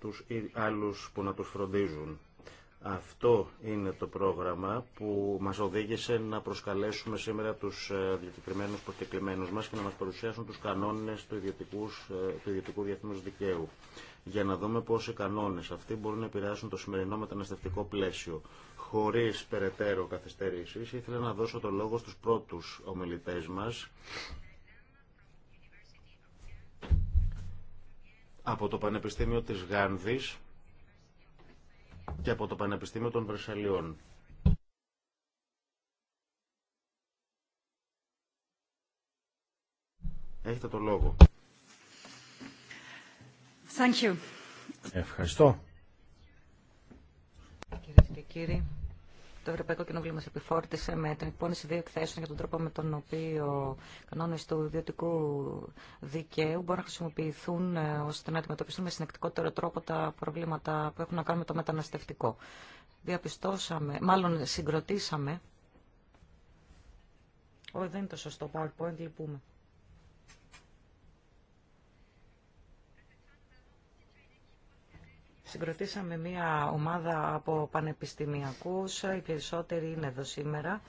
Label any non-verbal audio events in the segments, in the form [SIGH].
τους ή άλλους που να τους φροντίζουν. Αυτό είναι το πρόγραμμα που μας οδήγησε να προσκαλέσουμε σήμερα τους ε, διακεκριμένους προσκεκλημένους μας και να μας παρουσιάσουν τους κανόνες του, ε, του ιδιωτικού διεθνούς δικαίου για να δούμε πώς οι κανόνες αυτοί μπορούν να επηρεάσουν το σημερινό μεταναστευτικό πλαίσιο. Χωρίς περαιτέρω καθυστερήσεις ήθελα να δώσω το λόγο στους πρώτους ομιλητές μας από το Πανεπιστήμιο της Γάνδης και από το Πανεπιστήμιο των Βρυσαλίων. Έχετε το λόγο. Thank you. Ευχαριστώ. Κυρίες και το Ευρωπαϊκό Κοινοβούλιο μα επιφόρτησε με την εκπόνηση δύο εκθέσεων για τον τρόπο με τον οποίο οι κανόνε του ιδιωτικού δικαίου μπορούν να χρησιμοποιηθούν ε, ώστε να αντιμετωπιστούν με συνεκτικότερο τρόπο τα προβλήματα που έχουν να κάνουν με το μεταναστευτικό. Διαπιστώσαμε, μάλλον συγκροτήσαμε. Όχι, δεν είναι το σωστό PowerPoint, λυπούμε. Συγκροτήσαμε μία ομάδα από πανεπιστημιακούς, οι περισσότεροι είναι εδώ σήμερα.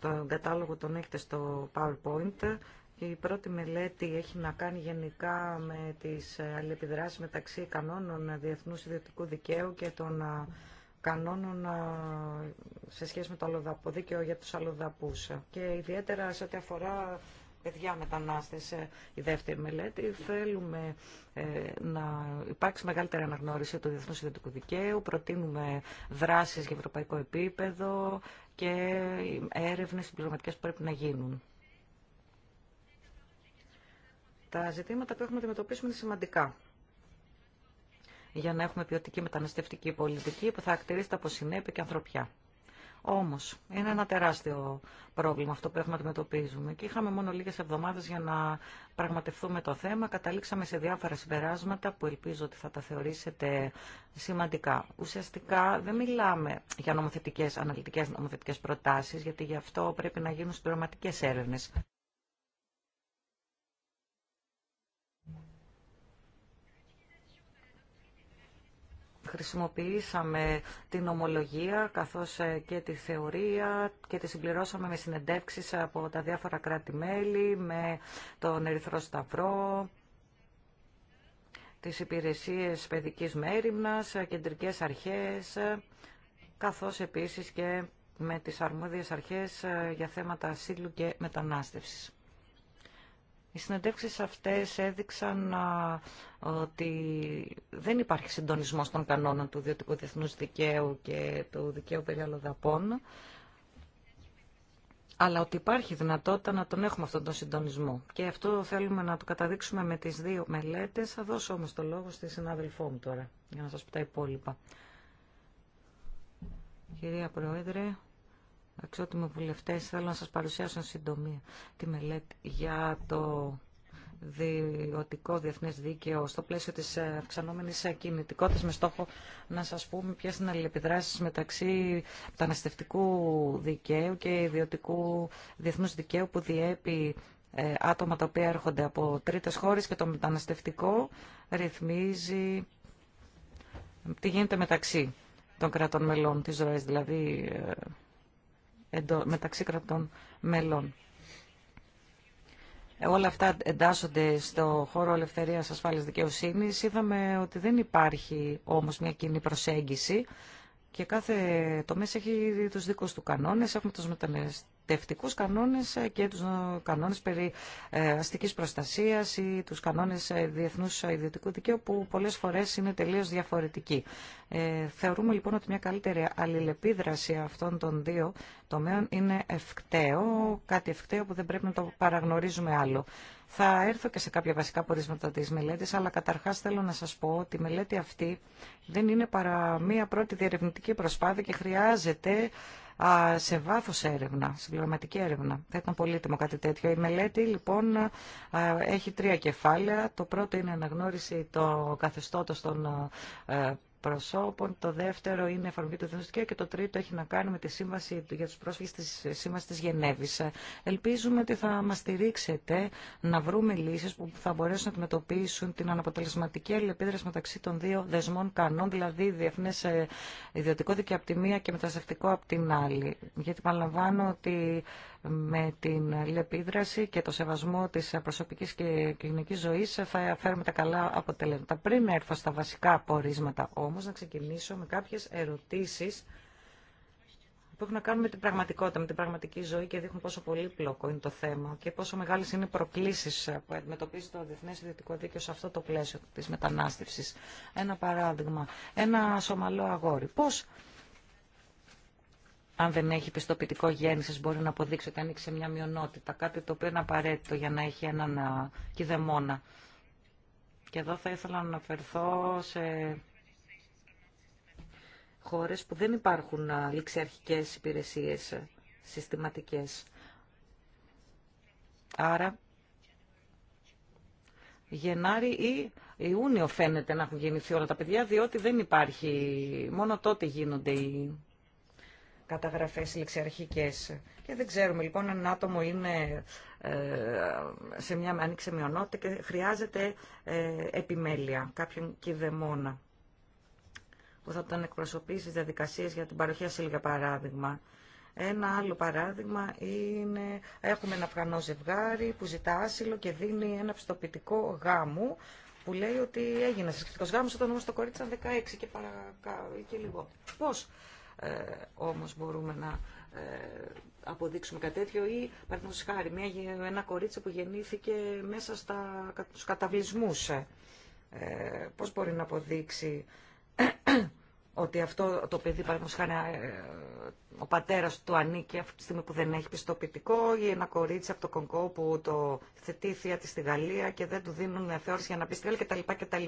Το κατάλογο τον έχετε στο PowerPoint. Η πρώτη μελέτη έχει να κάνει γενικά με τις αλληλεπιδράσεις μεταξύ κανόνων διεθνούς ιδιωτικού δικαίου και των κανόνων σε σχέση με το δίκαιο για τους αλλοδαπούς και ιδιαίτερα σε ό,τι αφορά παιδιά μετανάστες ε, η δεύτερη μελέτη. Θέλουμε ε, να υπάρξει μεγαλύτερη αναγνώριση του διεθνούς ιδιωτικού δικαίου, προτείνουμε δράσεις για ευρωπαϊκό επίπεδο και έρευνες συμπληρωματικές που πρέπει να γίνουν. Τα ζητήματα που έχουμε αντιμετωπίσουμε είναι σημαντικά για να έχουμε ποιοτική μεταναστευτική πολιτική που θα ακτηρίζεται από συνέπεια και ανθρωπιά. Όμως, είναι ένα τεράστιο πρόβλημα αυτό που έχουμε να αντιμετωπίζουμε και είχαμε μόνο λίγε εβδομάδες για να πραγματευτούμε το θέμα. Καταλήξαμε σε διάφορα συμπεράσματα που ελπίζω ότι θα τα θεωρήσετε σημαντικά. Ουσιαστικά δεν μιλάμε για νομοθετικές, αναλυτικές νομοθετικές προτάσεις, γιατί γι' αυτό πρέπει να γίνουν συμπληρωματικέ έρευνε. χρησιμοποιήσαμε την ομολογία καθώς ε, και τη θεωρία και τη συμπληρώσαμε με συνεντεύξεις από τα διάφορα κράτη-μέλη, με τον Ερυθρό Σταυρό, τις υπηρεσίες παιδικής μέρημνας, ε, κεντρικές αρχές, ε, καθώς επίσης και με τις αρμόδιες αρχές για θέματα ασύλου και μετανάστευσης. Οι συνεντεύξεις αυτές έδειξαν ότι δεν υπάρχει συντονισμός των κανόνων του ιδιωτικού διεθνούς δικαίου και του δικαίου περί αλλοδαπών, αλλά ότι υπάρχει δυνατότητα να τον έχουμε αυτόν τον συντονισμό. Και αυτό θέλουμε να το καταδείξουμε με τις δύο μελέτες. Θα δώσω όμως το λόγο στη συνάδελφό μου τώρα, για να σας πω τα υπόλοιπα. Κυρία Πρόεδρε, αξιότιμοι βουλευτέ, θέλω να σας παρουσιάσω συντομία τη μελέτη για το διωτικό διεθνέ δίκαιο στο πλαίσιο της αυξανόμενη κινητικότητα με στόχο να σας πούμε ποιε είναι οι αλληλεπίδράσει μεταξύ μεταναστευτικού δικαίου και ιδιωτικού διεθνούς δικαίου που διέπει ε, άτομα τα οποία έρχονται από τρίτες χώρες και το μεταναστευτικό ρυθμίζει τι γίνεται μεταξύ των κρατών μελών της ζωή, δηλαδή ε, μεταξύ κρατών μελών. Όλα αυτά εντάσσονται στο χώρο ελευθερίας ασφάλειας δικαιοσύνης. Είδαμε ότι δεν υπάρχει όμως μια κοινή προσέγγιση και κάθε τομέα έχει τους δικούς του κανόνες. Έχουμε τους μετανες και του κανόνε περί ε, αστικής προστασίας ή του κανόνε διεθνού ιδιωτικού δικαίου που πολλέ φορέ είναι τελείω διαφορετικοί. Ε, θεωρούμε λοιπόν ότι μια καλύτερη αλληλεπίδραση αυτών των δύο τομέων είναι ευκταίο, κάτι ευκταίο που δεν πρέπει να το παραγνωρίζουμε άλλο. Θα έρθω και σε κάποια βασικά πορίσματα της μελέτης, αλλά καταρχάς θέλω να σας πω ότι η μελέτη αυτή δεν είναι παρά μία πρώτη διερευνητική προσπάθεια και χρειάζεται σε βάθος έρευνα, συμπληρωματική έρευνα. Θα ήταν πολύτιμο κάτι τέτοιο. Η μελέτη λοιπόν έχει τρία κεφάλαια. Το πρώτο είναι αναγνώριση το καθεστώτος των προσώπων, το δεύτερο είναι η εφαρμογή του Διεθνού και το τρίτο έχει να κάνει με τη σύμβαση για του πρόσφυγε τη ε, Σύμβαση τη Γενέβη. Ελπίζουμε ότι θα μα στηρίξετε να βρούμε λύσει που θα μπορέσουν να αντιμετωπίσουν την αναποτελεσματική αλληλεπίδραση μεταξύ των δύο δεσμών κανόν, δηλαδή διεθνέ ε, ιδιωτικό δίκαιο από τη μία και μεταναστευτικό από την άλλη. Γιατί παραλαμβάνω ότι με την λεπίδραση και το σεβασμό τη προσωπική και κοινωνική ζωή, θα φέρουμε τα καλά αποτελέσματα. Πριν έρθω στα βασικά απορίσματα όμω, να ξεκινήσω με κάποιε ερωτήσει που έχουν να κάνουν με την πραγματικότητα, με την πραγματική ζωή και δείχνουν πόσο πολύπλοκο είναι το θέμα και πόσο μεγάλε είναι οι προκλήσει που αντιμετωπίζει το Διεθνέ Ιδιωτικό Δίκαιο σε αυτό το πλαίσιο τη μετανάστευση. Ένα παράδειγμα. Ένα σωμαλό αγόρι. Πώ αν δεν έχει πιστοποιητικό γέννηση μπορεί να αποδείξει ότι ανήκει σε μια μειονότητα, κάτι το οποίο είναι απαραίτητο για να έχει έναν κηδεμόνα. Και εδώ θα ήθελα να αναφερθώ σε χώρες που δεν υπάρχουν ληξιαρχικές υπηρεσίες συστηματικές. Άρα, Γενάρη ή Ιούνιο φαίνεται να έχουν γεννηθεί όλα τα παιδιά, διότι δεν υπάρχει, μόνο τότε γίνονται οι καταγραφές ληξιαρχικές. Και δεν ξέρουμε λοιπόν αν ένα άτομο είναι ε, σε μια άνοιξη μειονότητα και χρειάζεται ε, επιμέλεια κάποιον κηδεμόνα που θα τον εκπροσωπήσει στις διαδικασίες για την παροχή ασύλου για παράδειγμα. Ένα άλλο παράδειγμα είναι, έχουμε ένα Αφγανό ζευγάρι που ζητά άσυλο και δίνει ένα πιστοποιητικό γάμου που λέει ότι έγινε συσκευτικός γάμος όταν όμως το κορίτσι ήταν 16 και, παρακα... και λίγο. Πώς ε, όμως μπορούμε να ε, αποδείξουμε κάτι τέτοιο ή παραδείγματο χάρη ένα κορίτσι που γεννήθηκε μέσα στα, στους καταβλισμούς ε, ε πώς μπορεί να αποδείξει ότι αυτό το παιδί, παραδείγματος ε, ο πατέρας του ανήκει αυτή τη στιγμή που δεν έχει πιστοποιητικό ή ένα κορίτσι από το Κονκό που το θετεί της στη Γαλλία και δεν του δίνουν θεώρηση για να πει στη Γαλλία κτλ. κτλ.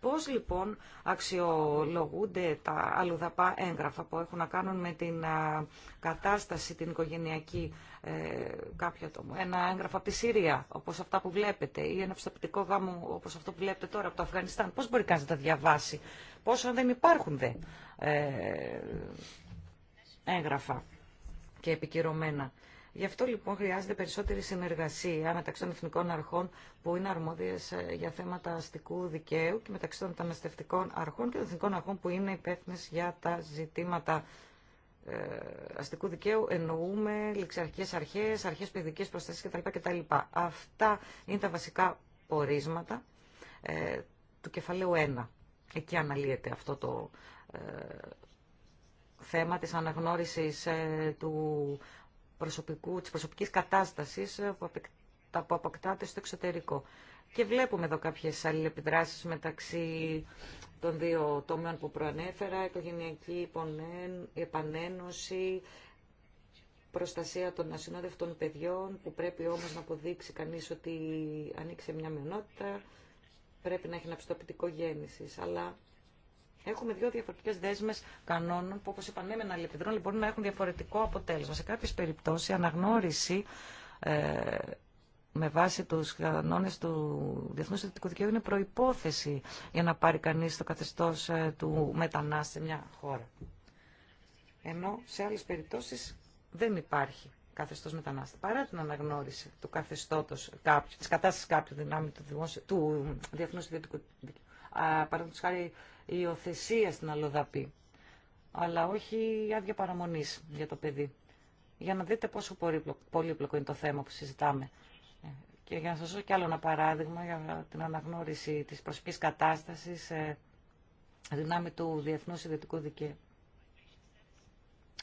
Πώς λοιπόν αξιολογούνται τα αλλουδαπά έγγραφα που έχουν να κάνουν με την κατάσταση την οικογενειακή ε, κάποιο άτομο. Ένα έγγραφο από τη Συρία, όπως αυτά που βλέπετε, ή ένα πιστοποιητικό γάμο όπω αυτό που βλέπετε τώρα από το Αφγανιστάν. Πώ μπορεί κανεί να τα διαβάσει πόσο δεν υπάρχουν δε ε, έγγραφα και επικυρωμένα. Γι' αυτό λοιπόν χρειάζεται περισσότερη συνεργασία μεταξύ των εθνικών αρχών που είναι αρμόδιε ε, για θέματα αστικού δικαίου και μεταξύ των μεταναστευτικών αρχών και των εθνικών αρχών που είναι υπεύθυνε για τα ζητήματα ε, αστικού δικαίου. Εννοούμε ληξιαρχικέ αρχέ, αρχέ παιδική προστασία κτλ, κτλ. Αυτά είναι τα βασικά πορίσματα του κεφαλαίου 1 Εκεί αναλύεται αυτό το ε, θέμα της αναγνώρισης ε, του προσωπικού, της προσωπικής κατάστασης ε, που, που αποκτάται στο εξωτερικό. Και βλέπουμε εδώ κάποιες αλληλεπιδράσεις μεταξύ των δύο τομέων που προανέφερα, οικογενειακή επανένωση, προστασία των ασυνόδευτων παιδιών, που πρέπει όμως να αποδείξει κανείς ότι ανοίξει μια μειονότητα, πρέπει να έχει ένα πιστοποιητικό γέννηση. Αλλά έχουμε δύο διαφορετικέ δέσμε κανόνων που, όπω είπαμε, ναι, να αλληλεπιδρούν, μπορεί λοιπόν, να έχουν διαφορετικό αποτέλεσμα. Σε κάποιε περιπτώσει, η αναγνώριση ε, με βάση τους κανόνες του Διεθνού Συντηρητικού Δικαίου είναι προϋπόθεση για να πάρει κανεί το καθεστώς ε, του μετανάστη σε μια χώρα. Ενώ σε άλλε περιπτώσει δεν υπάρχει Καθεστώ μετανάστη. Παρά την αναγνώριση του καθεστώτος κάποιου, της κατάστασης κάποιου δυνάμει του, διεθνούς ιδιωτικού δικαίου. Παραδείγματο χάρη η υιοθεσία στην Αλλοδαπή, αλλά όχι η άδεια παραμονή για το παιδί. Για να δείτε πόσο πολύπλοκο είναι το θέμα που συζητάμε. Ε, και για να σα δώσω κι άλλο ένα παράδειγμα για την αναγνώριση της προσωπική κατάστασης ε, δυνάμει του Διεθνού Ιδιωτικού Δικαίου.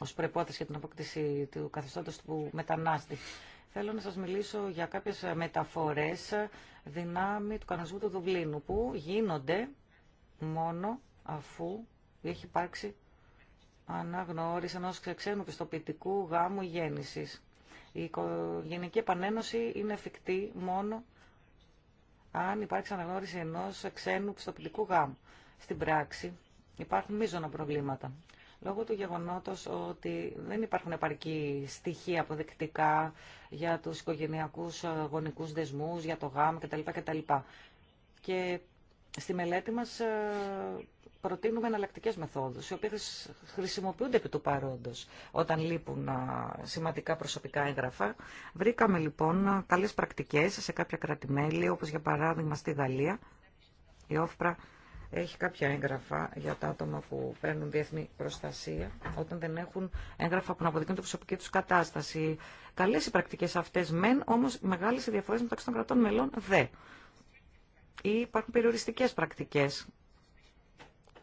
Ω προπόθεση για την αποκτήση του καθεστώτο του μετανάστη. Θέλω να σα μιλήσω για κάποιε μεταφορές δυνάμει του κανονισμού του Δουβλίνου που γίνονται μόνο αφού έχει υπάρξει αναγνώριση ενό ξένου πιστοποιητικού γάμου γέννηση. Η γενική επανένωση είναι εφικτή μόνο αν υπάρξει αναγνώριση ενό ξένου πιστοποιητικού γάμου. Στην πράξη υπάρχουν μείζωνα προβλήματα. Λόγω του γεγονότος ότι δεν υπάρχουν επαρκή στοιχεία αποδεικτικά για τους οικογενειακούς γονικούς δεσμούς, για το γάμο κτλ. κτλ. Και στη μελέτη μας ε, προτείνουμε εναλλακτικέ μεθόδους, οι οποίες χρησιμοποιούνται επί του παρόντος όταν λείπουν ε, σημαντικά προσωπικά έγγραφα. Βρήκαμε λοιπόν καλές πρακτικές σε κάποια κρατημέλη, όπως για παράδειγμα στη Γαλλία, η Όφπρα έχει κάποια έγγραφα για τα άτομα που παίρνουν διεθνή προστασία όταν δεν έχουν έγγραφα που να αποδεικνύουν την προσωπική του κατάσταση. Καλέ οι πρακτικέ αυτέ μεν, όμω μεγάλε οι διαφορέ μεταξύ των κρατών μελών δε. Ή υπάρχουν περιοριστικέ πρακτικέ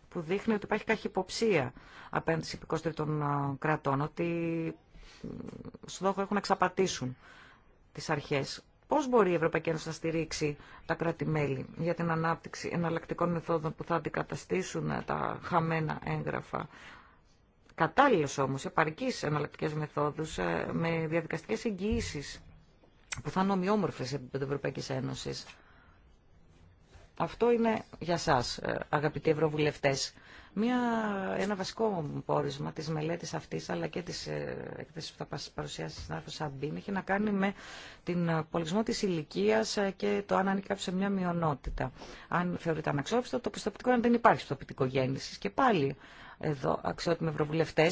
που δείχνει ότι υπάρχει καχυποψία απέναντι στι υπηκόστρε των κρατών, ότι δόχο έχουν να εξαπατήσουν τι αρχέ. Πώς μπορεί η Ευρωπαϊκή Ένωση να στηρίξει τα κράτη-μέλη για την ανάπτυξη εναλλακτικών μεθόδων που θα αντικαταστήσουν τα χαμένα έγγραφα. Κατάλληλες όμως, επαρκείς εναλλακτικές μεθόδους ε, με διαδικαστικές εγγυήσεις που θα είναι ομοιόμορφες επίπεδο Ευρωπαϊκής Ένωσης. Αυτό είναι για σας, ε, αγαπητοί Ευρωβουλευτές. Μια, ένα βασικό πόρισμα της μελέτης αυτής αλλά και της έκθεσης ε, που θα παρουσιάσει στην άρθρο Σαμπίν έχει να κάνει με την ε, πολιτισμό της ηλικία ε, και το αν ανήκει κάποιος σε μια μειονότητα. Αν θεωρείται αναξόπιστο, το πιστοποιητικό αν δεν υπάρχει πιστοποιητικό γέννησης. Και πάλι εδώ αξιότιμοι ευρωβουλευτέ.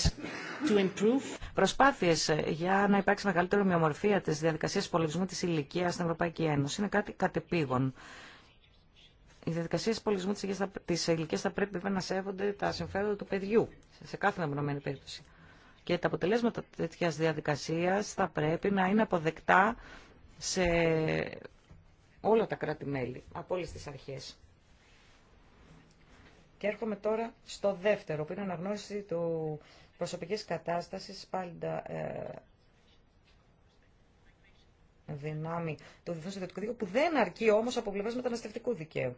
Προσπάθειε για να υπάρξει μεγαλύτερη ομοιομορφία τη διαδικασία πολιτισμού τη ηλικία στην Ευρωπαϊκή Ένωση είναι κάτι κατεπήγον οι διαδικασίε πολιτισμού τη ηλικία θα πρέπει βέβαια να σέβονται τα συμφέροντα του παιδιού σε κάθε μεμονωμένη περίπτωση. Και τα αποτελέσματα τέτοια διαδικασία θα πρέπει να είναι αποδεκτά σε όλα τα κράτη-μέλη, από όλε τι αρχέ. Και έρχομαι τώρα στο δεύτερο, που είναι αναγνώριση του προσωπικής κατάστασης, πάλι ε, δυνάμει του Διεθνούς Ιδιωτικού Δικαίου, που δεν αρκεί όμως από πλευράς μεταναστευτικού δικαίου.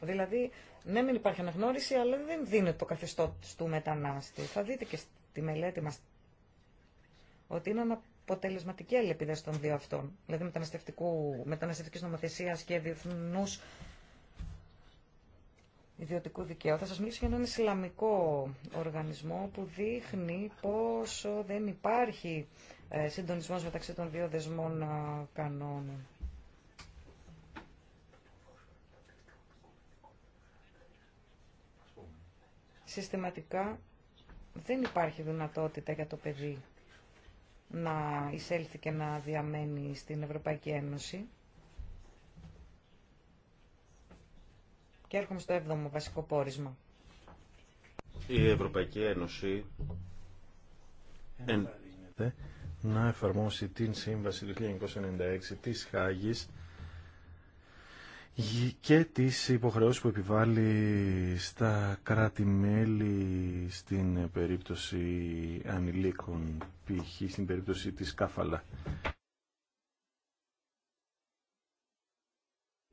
Δηλαδή, ναι, μην υπάρχει αναγνώριση, αλλά δεν δίνεται το καθεστώ του μετανάστη. Θα δείτε και στη μελέτη μας ότι είναι αναποτελεσματική αλληλεπίδραση των δύο αυτών. Δηλαδή, μεταναστευτική μεταναστευτικής και διεθνού ιδιωτικού δικαίου. Θα σας μιλήσω για έναν Ισλαμικό οργανισμό που δείχνει πόσο δεν υπάρχει ε, συντονισμός μεταξύ των δύο δεσμών ε, κανόνων. συστηματικά δεν υπάρχει δυνατότητα για το παιδί να εισέλθει και να διαμένει στην Ευρωπαϊκή Ένωση. Και έρχομαι στο έβδομο βασικό πόρισμα. Η Ευρωπαϊκή Ένωση εν... να εφαρμόσει την Σύμβαση του 1996 της Χάγης και τις υποχρεώσεις που επιβάλλει στα κράτη-μέλη στην περίπτωση ανηλίκων, π.χ. στην περίπτωση της Κάφαλα.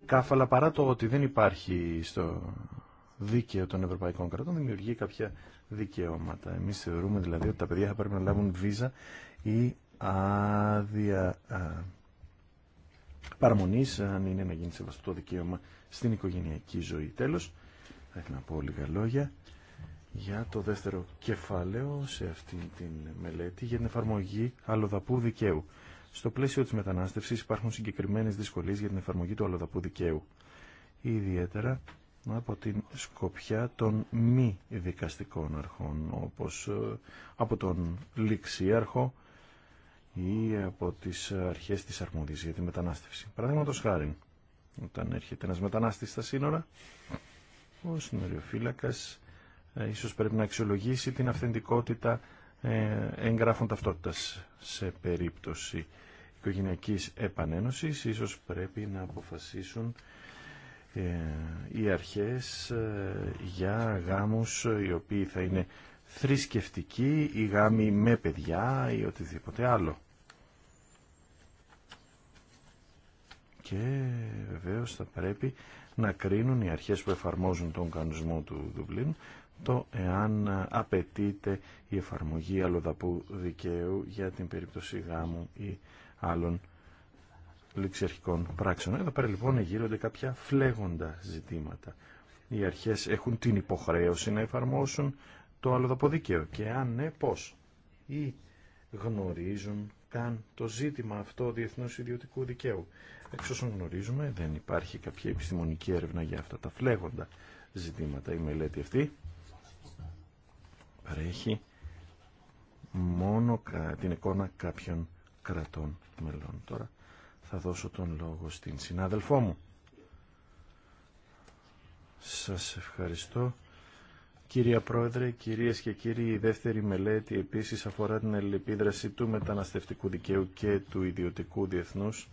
Κάφαλα παρά το ότι δεν υπάρχει στο δίκαιο των ευρωπαϊκών κρατών δημιουργεί κάποια δικαιώματα. Εμείς θεωρούμε δηλαδή ότι τα παιδιά θα πρέπει να λάβουν βίζα ή άδεια παραμονή, αν είναι να γίνει σεβαστό το δικαίωμα στην οικογενειακή ζωή. Τέλος, θα ήθελα να πω λίγα λόγια για το δεύτερο κεφάλαιο σε αυτή τη μελέτη για την εφαρμογή αλλοδαπού δικαίου. Στο πλαίσιο τη μετανάστευση υπάρχουν συγκεκριμένες δυσκολίες για την εφαρμογή του αλλοδαπού δικαίου. Ιδιαίτερα από την σκοπιά των μη δικαστικών αρχών, όπως ε, από τον ληξίαρχο, ή από τις αρχές της αρμόδιας για τη μετανάστευση. Παραδείγματος χάρη, όταν έρχεται ένας μετανάστης στα σύνορα, ο συνοριοφύλακας ε, ίσως πρέπει να αξιολογήσει την αυθεντικότητα ε, εγγράφων ταυτότητας σε περίπτωση οικογενειακής επανένωσης ίσως πρέπει να αποφασίσουν ε, οι αρχές για γάμους οι οποίοι θα είναι θρησκευτικοί ή γάμοι με παιδιά ή οτιδήποτε άλλο. και βεβαίως θα πρέπει να κρίνουν οι αρχές που εφαρμόζουν τον κανονισμό του Δουβλίνου το εάν απαιτείται η εφαρμογή αλλοδαπού δικαίου για την περίπτωση γάμου ή άλλων ληξιαρχικών πράξεων. Εδώ πέρα λοιπόν γύρονται κάποια φλέγοντα ζητήματα. Οι αρχές έχουν την υποχρέωση να εφαρμόσουν το αλλοδαπό και αν ναι πώς ή γνωρίζουν καν το ζήτημα αυτό διεθνούς ιδιωτικού δικαίου. Εξ όσων γνωρίζουμε δεν υπάρχει κάποια επιστημονική έρευνα για αυτά τα φλέγοντα ζητήματα. Η μελέτη αυτή παρέχει μόνο την εικόνα κάποιων κρατών μελών. Τώρα θα δώσω τον λόγο στην συνάδελφό μου. Σας ευχαριστώ. Κυρία Πρόεδρε, κυρίες και κύριοι, η δεύτερη μελέτη επίσης αφορά την αλληλεπίδραση του μεταναστευτικού δικαίου και του ιδιωτικού διεθνούς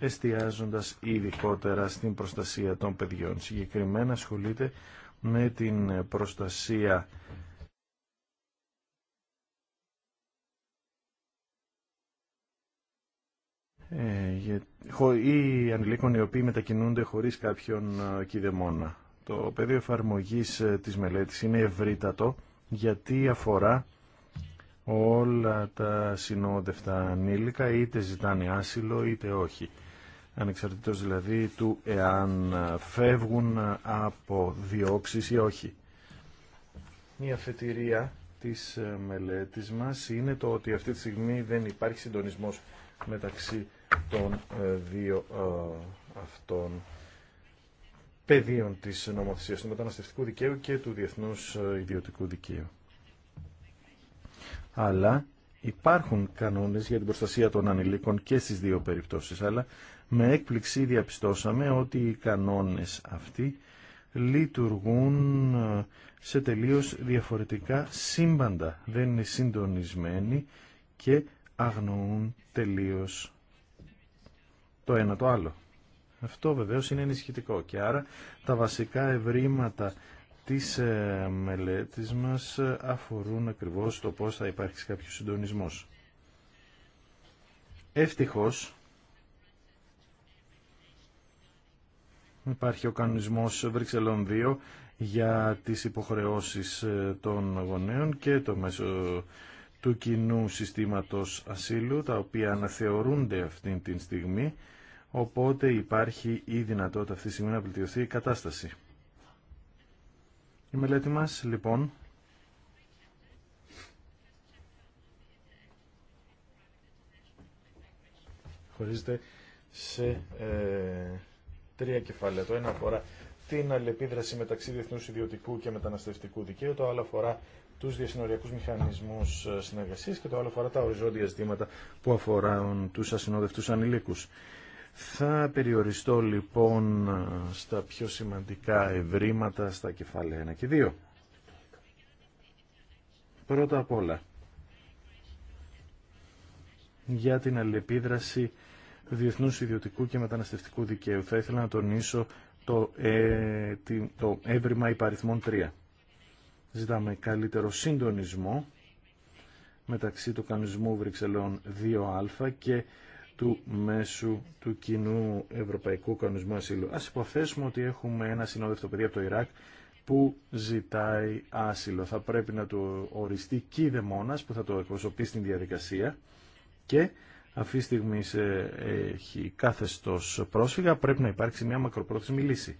εστιάζοντας ειδικότερα στην προστασία των παιδιών. Συγκεκριμένα ασχολείται με την προστασία ε, ή ανηλίκων οι οποίοι μετακινούνται χωρίς κάποιον ε, κηδεμόνα. Το πεδίο εφαρμογής ε, της μελέτης είναι ευρύτατο γιατί αφορά όλα τα συνόδευτα ανήλικα είτε ζητάνε άσυλο είτε όχι ανεξαρτήτως δηλαδή του εάν φεύγουν από διώξεις ή όχι. Η οχι Μία αφετηρια της μελέτης μας είναι το ότι αυτή τη στιγμή δεν υπάρχει συντονισμός μεταξύ των ε, δύο ε, αυτών πεδίων της νομοθεσίας του μεταναστευτικού δικαίου και του διεθνούς ε, ιδιωτικού δικαίου. Αλλά υπάρχουν κανόνες για την προστασία των ανηλίκων και στις δύο περιπτώσεις, αλλά με έκπληξη διαπιστώσαμε ότι οι κανόνες αυτοί λειτουργούν ε, σε τελείως διαφορετικά σύμπαντα. Δεν είναι συντονισμένοι και αγνοούν τελείως το ένα το άλλο. Αυτό βεβαίως είναι ενισχυτικό και άρα τα βασικά ευρήματα της ε, μελέτες μας αφορούν ακριβώς το πώς θα υπάρχει κάποιος συντονισμός. Ευτυχώς υπάρχει ο κανονισμός Βρυξελών 2 για τις υποχρεώσεις ε, των γονέων και το μέσο του κοινού συστήματος ασύλου, τα οποία αναθεωρούνται αυτή τη στιγμή, οπότε υπάρχει η δυνατότητα αυτή τη στιγμή να βελτιωθεί η κατάσταση. Η μελέτη μας, λοιπόν, χωρίζεται σε ε, τρία κεφάλαια. Το ένα αφορά την αλληλεπίδραση μεταξύ διεθνούς ιδιωτικού και μεταναστευτικού δικαίου, το άλλο αφορά τους διασυνοριακούς μηχανισμούς ε, συνεργασίας και το άλλο αφορά τα οριζόντια ζητήματα που αφορά τους ασυνόδευτους ανηλίκους. Θα περιοριστώ λοιπόν στα πιο σημαντικά ευρήματα στα κεφάλαια 1 και 2. Πρώτα απ' όλα, για την αλληλεπίδραση διεθνούς ιδιωτικού και μεταναστευτικού δικαίου. Θα ήθελα να τονίσω το, ε, το έβριμα υπαριθμών 3. Ζητάμε καλύτερο συντονισμό μεταξύ του κανονισμού Βρυξελών 2α και του μέσου του κοινού Ευρωπαϊκού Κανονισμού Ασύλου. Ας υποθέσουμε ότι έχουμε ένα συνόδευτο παιδί από το Ιράκ που ζητάει άσυλο. Θα πρέπει να του οριστεί κίδεμόνας που θα το εκπροσωπεί στην διαδικασία και αυτή τη στιγμή έχει κάθεστος πρόσφυγα πρέπει να υπάρξει μια μακροπρόθεσμη λύση.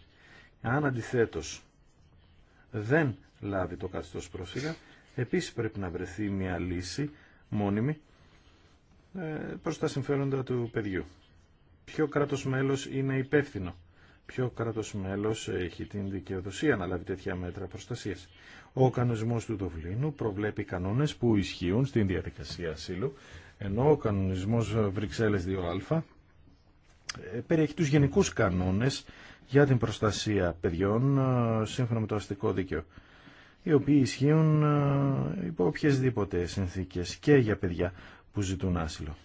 Αν αντιθέτω δεν λάβει το καθεστώς πρόσφυγα, επίσης πρέπει να βρεθεί μια λύση μόνιμη ε, προς τα συμφέροντα του παιδιού. Ποιο κράτος μέλος είναι υπεύθυνο. Ποιο κράτος μέλος έχει την δικαιοδοσία να λάβει τέτοια μέτρα προστασίας. Ο κανονισμός του Δοβλίνου προβλέπει κανόνες που ισχύουν στην διαδικασία ασύλου, ενώ ο κανονισμός Βρυξέλλες 2α ε, περιέχει τους γενικούς κανόνες για την προστασία παιδιών ε, σύμφωνα με το αστικό δίκαιο οι οποίοι ισχύουν υπό οποιασδήποτε συνθήκε και για παιδιά που ζητούν άσυλο.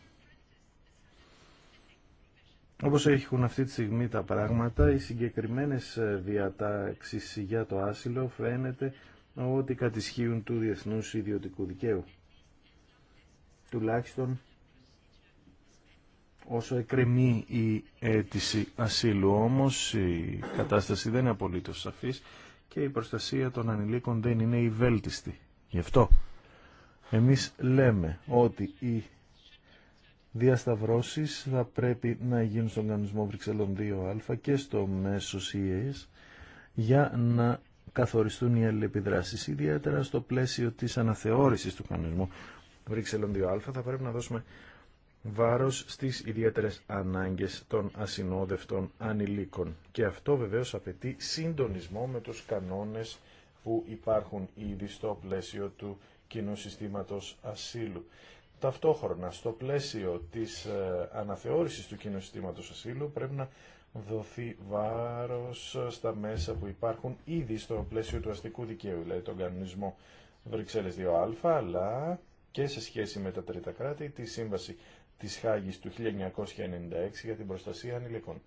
Όπως έχουν αυτή τη στιγμή τα πράγματα, οι συγκεκριμένες ε, διατάξεις για το άσυλο φαίνεται ότι κατησχύουν του διεθνούς ιδιωτικού δικαίου. Τουλάχιστον όσο εκκρεμεί η αίτηση ασύλου. Όμως η κατάσταση δεν είναι απολύτως σαφής και η προστασία των ανηλίκων δεν είναι η βέλτιστη. Γι' αυτό εμείς λέμε ότι οι διασταυρώσεις θα πρέπει να γίνουν στον κανονισμό Βρυξελών 2α και στο μέσο CAS για να καθοριστούν οι αλληλεπιδράσεις. Ιδιαίτερα στο πλαίσιο της αναθεώρησης του κανονισμού Βρυξελών 2α θα πρέπει να δώσουμε βάρος στις ιδιαίτερες ανάγκες των ασυνόδευτων ανηλίκων. Και αυτό βεβαίως απαιτεί συντονισμό με τους κανόνες που υπάρχουν ήδη στο πλαίσιο του κοινού συστήματος ασύλου. Ταυτόχρονα, στο πλαίσιο της ε, αναθεώρησης του κοινού συστήματος ασύλου πρέπει να δοθεί βάρος ε, στα μέσα που υπάρχουν ήδη στο πλαίσιο του αστικού δικαίου, δηλαδή τον κανονισμό Βρυξέλλες 2α, αλλά και σε σχέση με τα τρίτα κράτη, τη σύμβαση της Χάγης του 1996 για την προστασία ανηλίκων.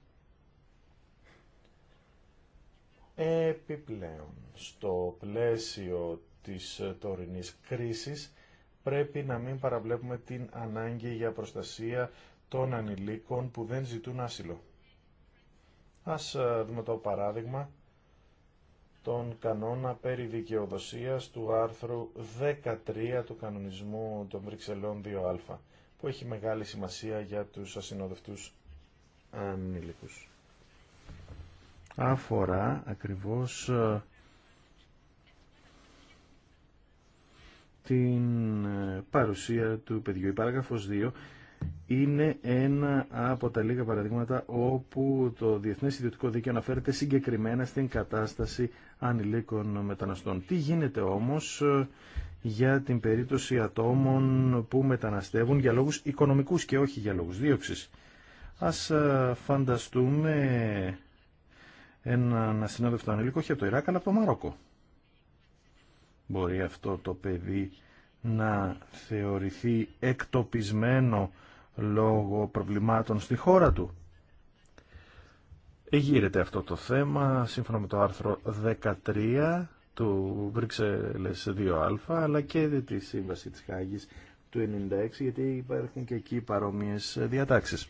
Επιπλέον, στο πλαίσιο της ε, τωρινής κρίσης, πρέπει να μην παραβλέπουμε την ανάγκη για προστασία των ανηλίκων που δεν ζητούν άσυλο. Ας ε, δούμε το παράδειγμα τον κανόνα περί δικαιοδοσίας του άρθρου 13 του κανονισμού των Βρυξελών 2α, που έχει μεγάλη σημασία για τους ασυνοδευτούς ανήλικους. Αφορά ακριβώς ε, την ε, παρουσία του παιδιού. Η παράγραφος 2 είναι ένα από τα λίγα παραδείγματα όπου το Διεθνές Ιδιωτικό Δίκαιο αναφέρεται συγκεκριμένα στην κατάσταση ανηλίκων μεταναστών. Τι γίνεται όμως ε, για την περίπτωση ατόμων που μεταναστεύουν για λόγους οικονομικούς και όχι για λόγους δίωξης. Ας ε, φανταστούμε έναν ασυνόδευτο ανήλικο όχι από το Ιράκ αλλά από το Μαρόκο Μπορεί αυτό το παιδί να θεωρηθεί εκτοπισμένο λόγω προβλημάτων στη χώρα του. Εγείρεται αυτό το θέμα σύμφωνα με το άρθρο 13 του Βρυξέλλες 2α αλλά και τη Σύμβαση της Χάγης του 96 γιατί υπάρχουν και εκεί παρόμοιες διατάξεις.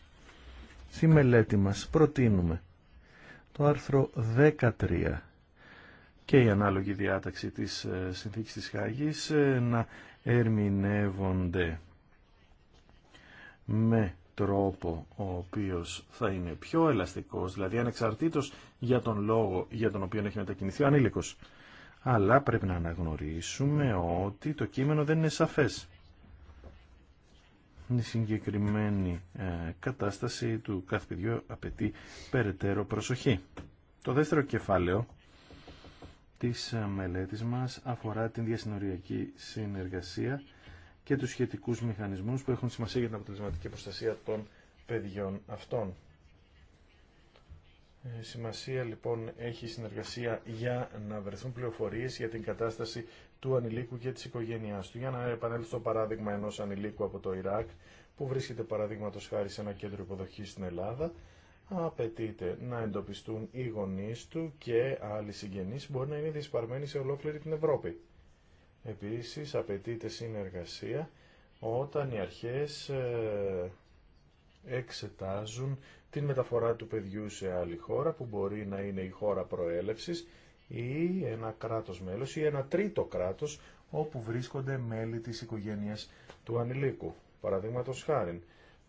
Στη μελέτη μας προτείνουμε το άρθρο 13 και η ανάλογη διάταξη της ε, συνθήκης της Χάγης ε, να ερμηνεύονται με τρόπο ο οποίος θα είναι πιο ελαστικός, δηλαδή ανεξαρτήτως για τον λόγο για τον οποίο έχει μετακινηθεί ο ανήλικος. Αλλά πρέπει να αναγνωρίσουμε ότι το κείμενο δεν είναι σαφές. Η συγκεκριμένη ε, κατάσταση του κάθε παιδιού απαιτεί περαιτέρω προσοχή. Το δεύτερο κεφάλαιο της μελέτης μας αφορά την διασυνοριακή συνεργασία και τους σχετικούς μηχανισμούς που έχουν σημασία για την αποτελεσματική προστασία των παιδιών αυτών. Ε, σημασία λοιπόν έχει συνεργασία για να βρεθούν πληροφορίες για την κατάσταση του ανηλίκου και της οικογένειάς του. Για να επανέλθω στο παράδειγμα ενός ανηλίκου από το Ιράκ που βρίσκεται παραδείγματος χάρη σε ένα κέντρο υποδοχής στην Ελλάδα απαιτείται να εντοπιστούν οι γονεί του και άλλοι συγγενείς μπορεί να είναι δυσπαρμένοι σε ολόκληρη την Ευρώπη. Επίσης απαιτείται συνεργασία όταν οι αρχές ε, εξετάζουν την μεταφορά του παιδιού σε άλλη χώρα που μπορεί να είναι η χώρα προέλευσης ή ένα κράτος μέλος ή ένα τρίτο κράτος όπου βρίσκονται μέλη της οικογένειας του ανηλίκου. Παραδείγματος χάριν,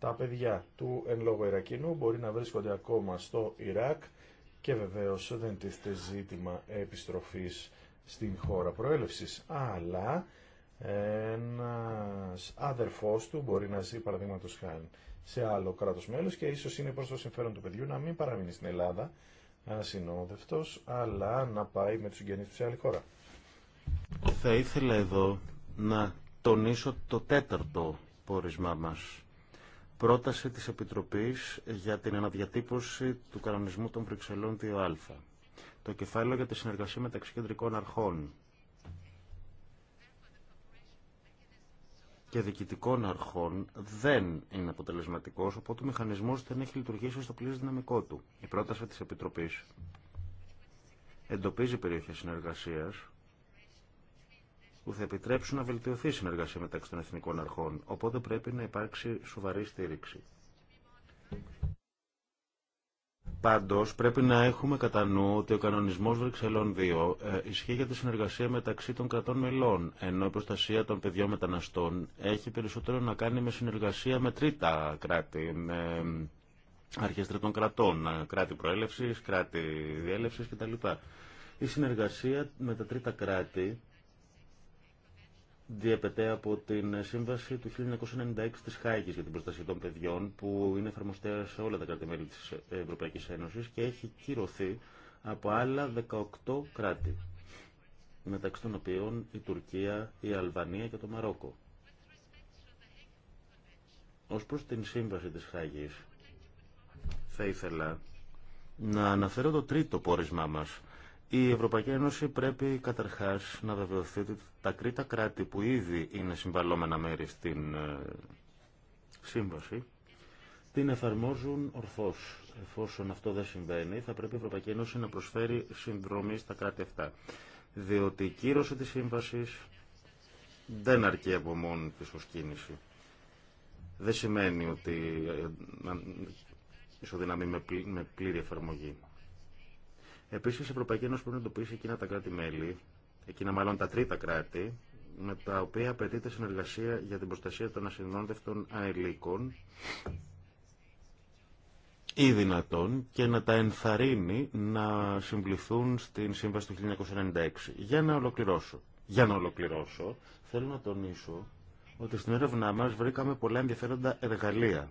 τα παιδιά του εν λόγω Ιρακινού μπορεί να βρίσκονται ακόμα στο Ιράκ και βεβαίως δεν τίθεται ζήτημα επιστροφής στην χώρα προέλευσης, αλλά ένας αδερφός του μπορεί να ζει παραδείγματος χάρη σε άλλο κράτος μέλος και ίσως είναι προς το συμφέρον του παιδιού να μην παραμείνει στην Ελλάδα ασυνόδευτος, αλλά να πάει με τους συγγενείς του σε άλλη χώρα. Θα ήθελα εδώ να τονίσω το τέταρτο πόρισμά μας πρόταση της Επιτροπής για την αναδιατύπωση του κανονισμού των Βρυξελών 2α. Το κεφάλαιο για τη συνεργασία μεταξύ κεντρικών αρχών και διοικητικών αρχών δεν είναι αποτελεσματικός, οπότε ο μηχανισμός δεν έχει λειτουργήσει στο πλήρες δυναμικό του. Η πρόταση της Επιτροπής εντοπίζει περιοχές συνεργασίας που θα επιτρέψουν να βελτιωθεί η συνεργασία μεταξύ των εθνικών αρχών. Οπότε πρέπει να υπάρξει σοβαρή στήριξη. Πάντω, πρέπει να έχουμε κατά νου ότι ο κανονισμό Βρυξελών 2 ε, ισχύει για τη συνεργασία μεταξύ των κρατών μελών, ενώ η προστασία των παιδιών μεταναστών έχει περισσότερο να κάνει με συνεργασία με τρίτα κράτη, με αρχέ τρίτων κρατών, ε, κράτη προέλευση, κράτη διέλευση κτλ. Η συνεργασία με τα τρίτα κράτη διεπεται από την Σύμβαση του 1996 της Χάγης για την προστασία των παιδιών που είναι εφαρμοστέα σε όλα τα κράτη-μέλη της Ευρωπαϊκής Ένωσης και έχει κυρωθεί από άλλα 18 κράτη μεταξύ των οποίων η Τουρκία, η Αλβανία και το Μαρόκο. Ως προς την Σύμβαση της Χάγης θα ήθελα να αναφέρω το τρίτο πόρισμά μας η Ευρωπαϊκή Ένωση πρέπει καταρχάς να βεβαιωθεί ότι τα κρήτα κράτη που ήδη είναι συμβαλόμενα μέρη στην ε, σύμβαση την εφαρμόζουν ορθώς. Εφόσον αυτό δεν συμβαίνει, θα πρέπει η Ευρωπαϊκή Ένωση να προσφέρει συνδρομή στα κράτη αυτά. Διότι η κύρωση της σύμβασης δεν αρκεί από μόνη της ως κίνηση. Δεν σημαίνει ότι ε, ε, ισοδυναμεί με πλήρη εφαρμογή. Επίση, η Ευρωπαϊκή Ένωση πρέπει να εντοπίσει εκείνα τα κράτη-μέλη, εκείνα μάλλον τα τρίτα κράτη, με τα οποία απαιτείται συνεργασία για την προστασία των ασυνόδευτων αελίκων ή δυνατών και να τα ενθαρρύνει να συμπληθούν στην Σύμβαση του 1996. Για να ολοκληρώσω. Για να ολοκληρώσω, θέλω να τονίσω ότι στην έρευνά μας βρήκαμε πολλά ενδιαφέροντα εργαλεία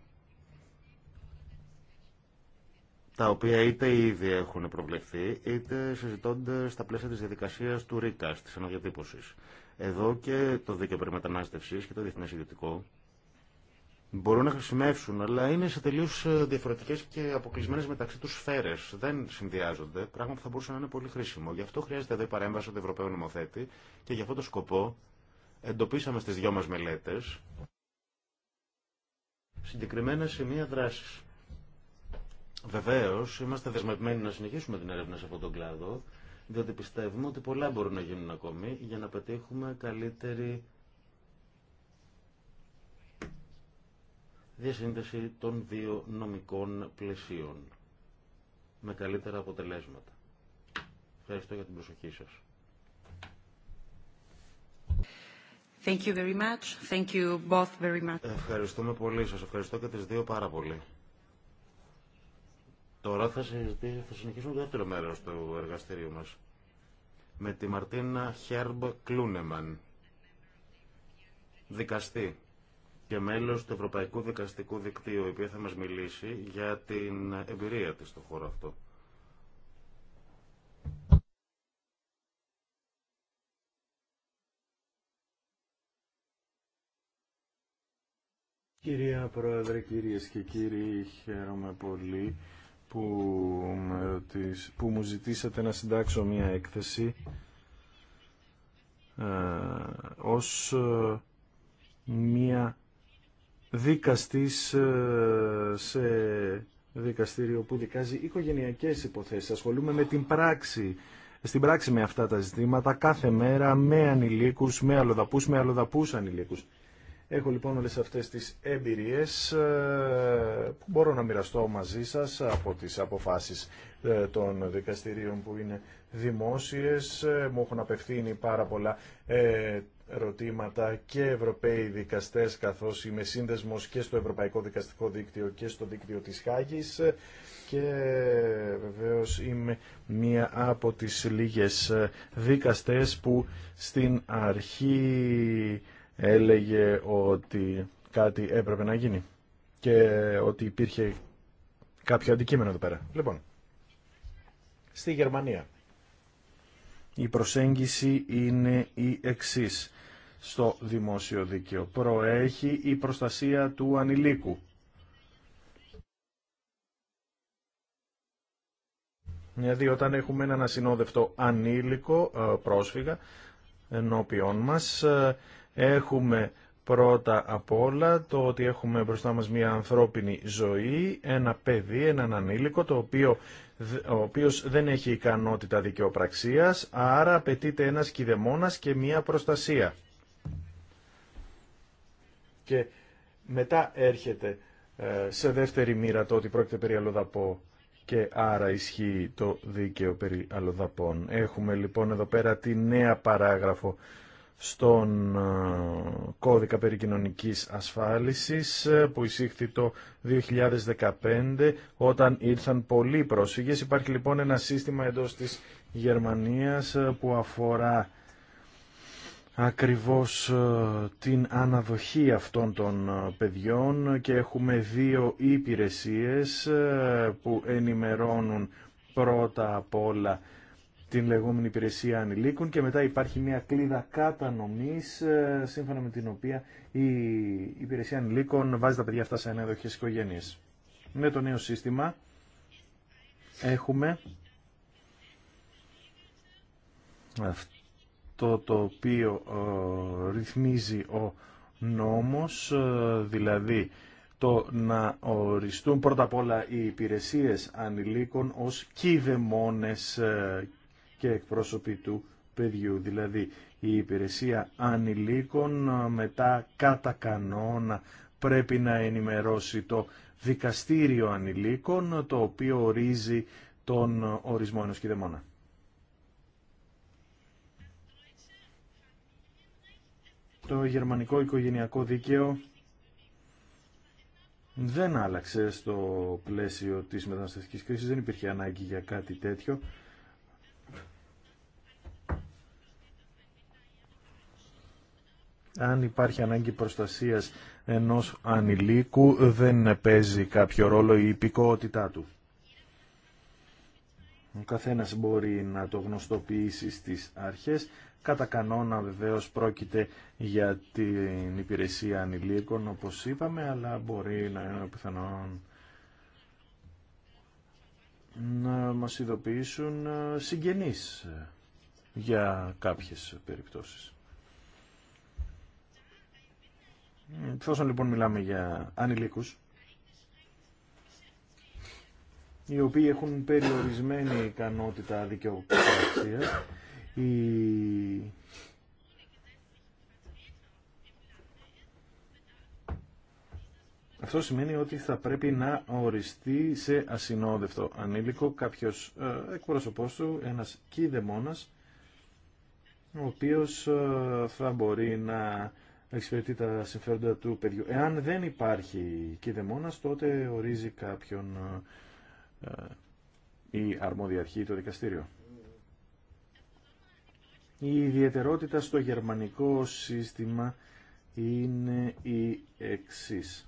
τα οποία είτε ήδη έχουν προβλεφθεί, είτε συζητώνται στα πλαίσια της διαδικασίας του ΡΙΚΑ, της αναδιατύπωσης. Εδώ και το δίκαιο περί μετανάστευσης και το διεθνές ιδιωτικό μπορούν να χρησιμεύσουν, αλλά είναι σε τελείως ε, διαφορετικές και αποκλεισμένες μεταξύ τους σφαίρες. Δεν συνδυάζονται, πράγμα που θα μπορούσε να είναι πολύ χρήσιμο. Γι' αυτό χρειάζεται εδώ η παρέμβαση του Ευρωπαίου Νομοθέτη και γι' αυτό το σκοπό εντοπίσαμε στις δυο μας μελέτες συγκεκριμένα σημεία δράσης Βεβαίω, είμαστε δεσμευμένοι να συνεχίσουμε την έρευνα σε αυτόν τον κλάδο, διότι πιστεύουμε ότι πολλά μπορούν να γίνουν ακόμη για να πετύχουμε καλύτερη διασύνδεση των δύο νομικών πλαισίων με καλύτερα αποτελέσματα. Ευχαριστώ για την προσοχή σας. Thank you very much. Ευχαριστούμε πολύ σας. Ευχαριστώ και τις δύο πάρα πολύ. Τώρα θα, θα συνεχίσουμε το δεύτερο μέρο του εργαστηρίου μα. με τη Μαρτίνα Χέρμπ Κλούνεμαν, δικαστή και μέλο του Ευρωπαϊκού Δικαστικού Δικτύου, η οποία θα μα μιλήσει για την εμπειρία τη στον χώρο αυτό. Κυρία Πρόεδρε, κυρίες και κύριοι, χαίρομαι πολύ που, που μου ζητήσατε να συντάξω μία έκθεση ε, ως ε, μία δικαστής ε, σε δικαστήριο που δικάζει οικογενειακές υποθέσεις. Ασχολούμαι με την πράξη, στην πράξη με αυτά τα ζητήματα κάθε μέρα με ανηλίκους, με αλλοδαπούς, με αλλοδαπούς ανηλίκους. Έχω λοιπόν όλες αυτές τις εμπειρίες ε, που μπορώ να μοιραστώ μαζί σας από τις αποφάσεις ε, των δικαστηρίων που είναι δημόσιες. Ε, μου έχουν απευθύνει πάρα πολλά ερωτήματα και Ευρωπαίοι δικαστές καθώς είμαι σύνδεσμος και στο Ευρωπαϊκό Δικαστικό Δίκτυο και στο Δίκτυο της Χάγης και βεβαίως είμαι μία από τις λίγες δικαστές που στην αρχή έλεγε ότι κάτι έπρεπε να γίνει και ότι υπήρχε κάποιο αντικείμενο εδώ πέρα. Λοιπόν, στη Γερμανία η προσέγγιση είναι η εξής στο δημόσιο δίκαιο. Προέχει η προστασία του ανηλίκου. Δηλαδή όταν έχουμε έναν ασυνόδευτο ανήλικο ε, πρόσφυγα ενώπιόν μας ε, Έχουμε πρώτα απ' όλα το ότι έχουμε μπροστά μας μια ανθρώπινη ζωή, ένα παιδί, έναν ανήλικο, το οποίο, ο οποίος δεν έχει ικανότητα δικαιοπραξίας, άρα απαιτείται ένας κηδεμόνας και μια προστασία. Και μετά έρχεται ε, σε δεύτερη μοίρα το ότι πρόκειται περί αλλοδαπό και άρα ισχύει το δίκαιο περί αλλοδαπών. Έχουμε λοιπόν εδώ πέρα τη νέα παράγραφο στον ε, κώδικα περί κοινωνικής ασφάλισης ε, που εισήχθη το 2015 όταν ήρθαν πολλοί πρόσφυγες. Υπάρχει λοιπόν ένα σύστημα εντός της Γερμανίας ε, που αφορά ακριβώς την αναδοχή αυτών των παιδιών και έχουμε δύο υπηρεσίες που ενημερώνουν πρώτα απ' όλα την λεγόμενη υπηρεσία ανηλίκων και μετά υπάρχει μια κλίδα κατανομής ε, σύμφωνα με την οποία η υπηρεσία ανηλίκων βάζει τα παιδιά αυτά σε ανεδοχές οικογένειες. Με το νέο σύστημα έχουμε αυτό το οποίο ε, ρυθμίζει ο νόμος, ε, δηλαδή το να οριστούν πρώτα απ' όλα οι υπηρεσίες ανηλίκων ως κηδεμόνες και εκπρόσωποι του παιδιού. Δηλαδή η υπηρεσία ανηλίκων μετά κατά κανόνα πρέπει να ενημερώσει το δικαστήριο ανηλίκων το οποίο ορίζει τον ορισμό ενός κηδεμόνα. Το γερμανικό οικογενειακό δίκαιο δεν άλλαξε στο πλαίσιο της μεταναστευτικής κρίσης, δεν υπήρχε ανάγκη για κάτι τέτοιο. αν υπάρχει ανάγκη προστασίας ενός ανηλίκου δεν παίζει κάποιο ρόλο η υπηκότητά του. Ο καθένας μπορεί να το γνωστοποιήσει στις αρχές. Κατά κανόνα βεβαίως πρόκειται για την υπηρεσία ανηλίκων όπως είπαμε, αλλά μπορεί να είναι πιθανόν να μας ειδοποιήσουν ε, συγγενείς για κάποιες περιπτώσεις. Εφόσον λοιπόν μιλάμε για ανηλίκους, οι οποίοι έχουν περιορισμένη ικανότητα δικαιοκρατία, Αυτό σημαίνει ότι θα πρέπει να οριστεί σε ασυνόδευτο ανήλικο κάποιος ε, εκπρόσωπός του, ένας κηδεμόνας ο οποίος ε, θα μπορεί να εξυπηρετεί τα συμφέροντα του παιδιού. Εάν δεν υπάρχει κηδεμόνας, τότε ορίζει κάποιον ε, ε, η αρμόδια αρχή το δικαστήριο. Η ιδιαιτερότητα στο γερμανικό σύστημα είναι η εξής.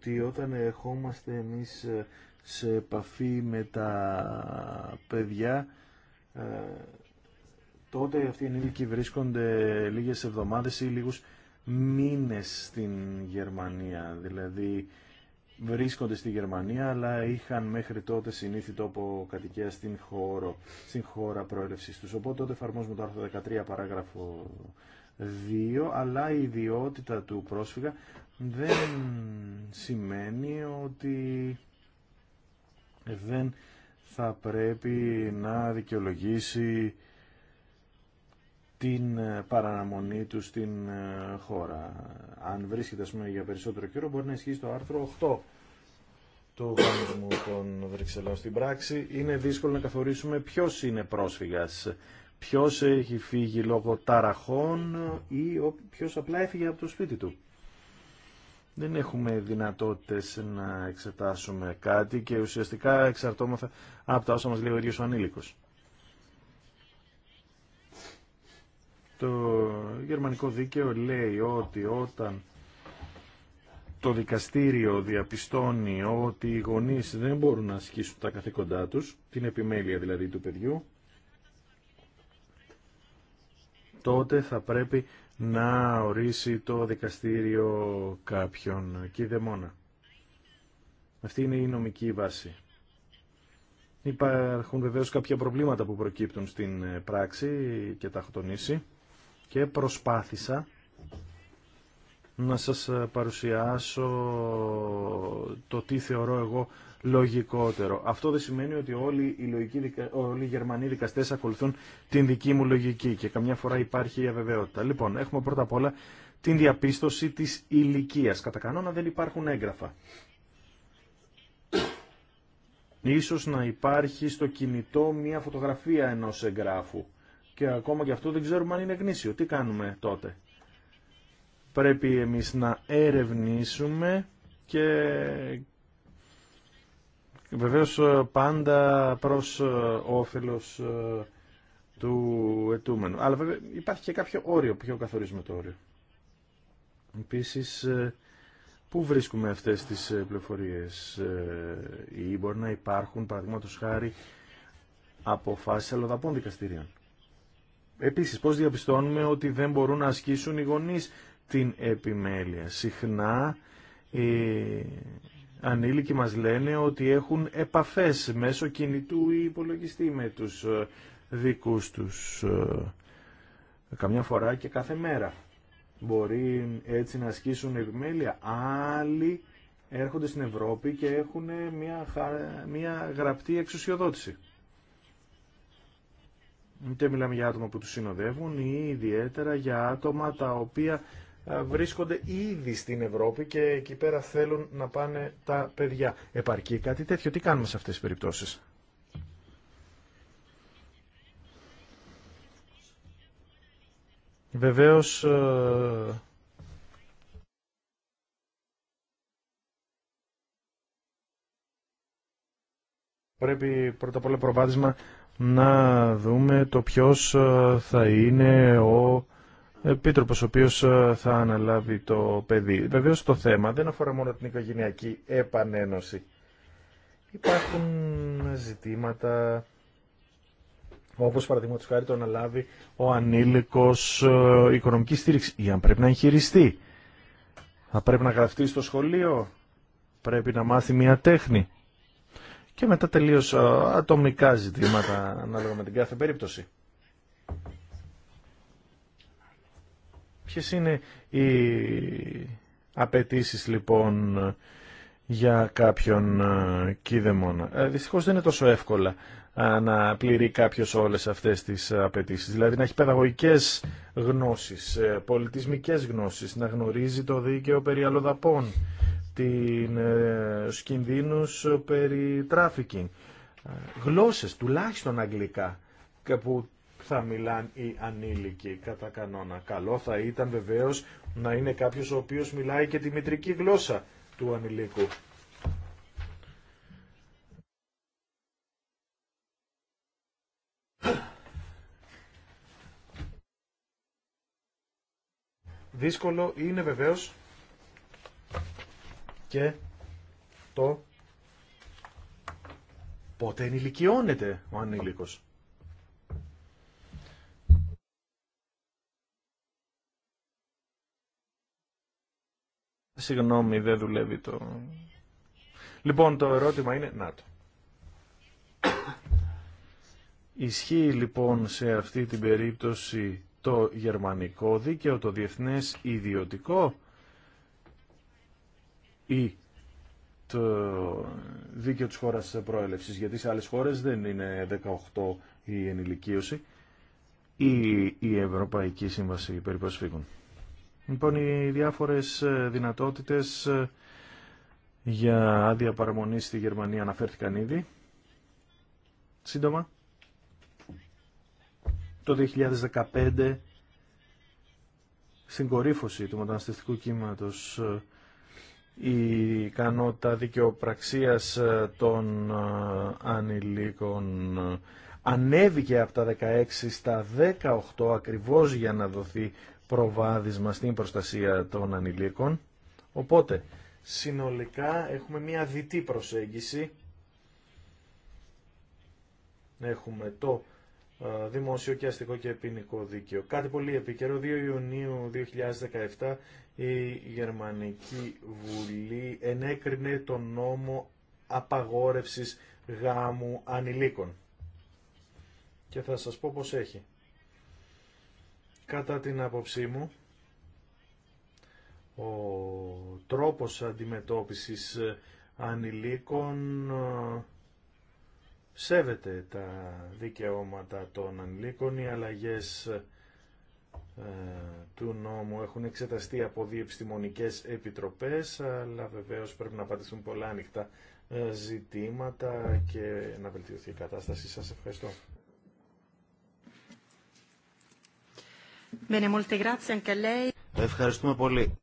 ότι όταν ερχόμαστε εμείς ε, σε επαφή με τα παιδιά ε, τότε αυτοί οι ενήλικοι βρίσκονται λίγες εβδομάδες ή λίγους μήνες στην Γερμανία. Δηλαδή βρίσκονται στη Γερμανία αλλά είχαν μέχρι τότε συνήθι τόπο κατοικία στην, χώρο, στην χώρα προέλευσης τους. Οπότε τότε εφαρμόζουμε το άρθρο 13 παράγραφο δύο, αλλά η ιδιότητα του πρόσφυγα δεν σημαίνει ότι δεν θα πρέπει να δικαιολογήσει την παραναμονή του στην ε, χώρα. Αν βρίσκεται πούμε, για περισσότερο καιρό μπορεί να ισχύσει το άρθρο 8 του κανονισμού των Βρυξελών. Στην πράξη είναι δύσκολο να καθορίσουμε ποιος είναι πρόσφυγας ποιος έχει φύγει λόγω ταραχών ή ποιος απλά έφυγε από το σπίτι του. Δεν έχουμε δυνατότητες να εξετάσουμε κάτι και ουσιαστικά εξαρτώμεθα από τα όσα μας λέει ο ίδιος ο ανήλικος. Το γερμανικό δίκαιο λέει ότι όταν το δικαστήριο διαπιστώνει ότι οι γονείς δεν μπορούν να ασκήσουν τα καθήκοντά τους, την επιμέλεια δηλαδή του παιδιού, τότε θα πρέπει να ορίσει το δικαστήριο κάποιον και δαιμόνα. Αυτή είναι η νομική βάση. Υπάρχουν βεβαίως κάποια προβλήματα που προκύπτουν στην πράξη και τα έχω τονίσει και προσπάθησα να σας παρουσιάσω το τι θεωρώ εγώ λογικότερο. Αυτό δεν σημαίνει ότι όλοι οι, λογικοί, όλοι οι Γερμανοί δικαστέ ακολουθούν την δική μου λογική και καμιά φορά υπάρχει η αβεβαιότητα. Λοιπόν, έχουμε πρώτα απ' όλα την διαπίστωση τη ηλικία. Κατά κανόνα δεν υπάρχουν έγγραφα. Ίσως να υπάρχει στο κινητό μία φωτογραφία ενός εγγράφου και ακόμα και αυτό δεν ξέρουμε αν είναι γνήσιο. Τι κάνουμε τότε. Πρέπει εμείς να ερευνήσουμε και Βεβαίω, ε, πάντα προς ε, όφελος ε, του ετούμενου. Αλλά βέβαια υπάρχει και κάποιο όριο, πιο καθορίζουμε το όριο. Επίσης, πού βρίσκουμε αυτές τις πληροφορίε, ή μπορεί να υπάρχουν, παραδείγματο χάρη, αποφάσει αλλοδαπών δικαστηρίων. Επίσης, πώς διαπιστώνουμε ότι δεν μπορούν να ασκήσουν οι γονεί την επιμέλεια. Συχνά, ανήλικοι μας λένε ότι έχουν επαφές μέσω κινητού ή υπολογιστή με τους ε, δικούς τους ε, καμιά φορά και κάθε μέρα. Μπορεί έτσι να ασκήσουν επιμέλεια. Άλλοι έρχονται στην Ευρώπη και έχουν μια, μια γραπτή εξουσιοδότηση. Είτε μιλάμε για άτομα που τους συνοδεύουν ή ιδιαίτερα για άτομα τα οποία βρίσκονται ήδη στην Ευρώπη και εκεί πέρα θέλουν να πάνε τα παιδιά. Επαρκεί κάτι τέτοιο. Τι κάνουμε σε αυτές τις περιπτώσεις. Βεβαίως... Ε, πρέπει πρώτα απ' όλα να δούμε το ποιος ε, θα είναι ο Επίτροπο ο οποίος ε, θα αναλάβει το παιδί. Βεβαίω το θέμα δεν αφορά μόνο την οικογενειακή επανένωση. Υπάρχουν ζητήματα όπως παραδείγματος χάρη το αναλάβει ο ανήλικος ε, οικονομική στήριξη ή αν πρέπει να εγχειριστεί. Θα πρέπει να γραφτεί στο σχολείο, πρέπει να μάθει μια τέχνη. Και μετά τελείως ε, ατομικά ζητήματα ανάλογα με την κάθε περίπτωση. Ποιες είναι οι απαιτήσει λοιπόν για κάποιον ε, κίδεμονα. Ε, δυστυχώς δεν είναι τόσο εύκολα ε, να πληρεί κάποιος όλες αυτές τις απαιτήσει. Δηλαδή να έχει παιδαγωγικές γνώσεις, πολιτισμικές γνώσεις, να γνωρίζει το δίκαιο περί αλλοδαπών, την κινδύνους περί τράφικινγκ, γλώσσες τουλάχιστον αγγλικά που θα μιλάνε οι ανήλικοι κατά κανόνα. Καλό θα ήταν βεβαίως να είναι κάποιος ο οποίος μιλάει και τη μητρική γλώσσα του ανηλίκου. Δύσκολο είναι βεβαίως και το πότε ενηλικιώνεται ο ανήλικος. Συγγνώμη, δεν δουλεύει το... Λοιπόν, το ερώτημα είναι... Να το. Ισχύει λοιπόν σε αυτή την περίπτωση το γερμανικό δίκαιο, το διεθνές ιδιωτικό ή το δίκαιο της χώρας προέλευσης, γιατί σε άλλες χώρες δεν είναι 18 η ενηλικίωση ή η Ευρωπαϊκή Σύμβαση Περιπροσφύγων. Λοιπόν, οι διάφορες ε, δυνατότητες ε, για άδεια παραμονή στη Γερμανία αναφέρθηκαν ήδη. Σύντομα. Το 2015 στην κορύφωση του μεταναστευτικού κύματος ε, η ικανότητα δικαιοπραξίας των ανηλίκων ανέβηκε από τα 16 στα 18 ακριβώς για να δοθεί προβάδισμα στην προστασία των ανηλίκων. Οπότε, συνολικά έχουμε μια διτή προσέγγιση. Έχουμε το ε, δημόσιο και αστικό και ποινικό δίκαιο. Κάτι πολύ επίκαιρο, 2 Ιουνίου 2017 η Γερμανική Βουλή ενέκρινε τον νόμο απαγόρευσης γάμου ανηλίκων. Και θα σας πω πως έχει. Κατά την άποψή μου, ο τρόπος αντιμετώπισης ε, ανηλίκων ε, σέβεται τα δικαιώματα των ανηλίκων. Οι αλλαγές ε, του νόμου έχουν εξεταστεί από επιστημονικές επιτροπές, αλλά βεβαίως πρέπει να απαντηθούν πολλά ανοιχτά ζητήματα και να βελτιωθεί η κατάσταση. Σας ευχαριστώ. Ευχαριστούμε πολύ.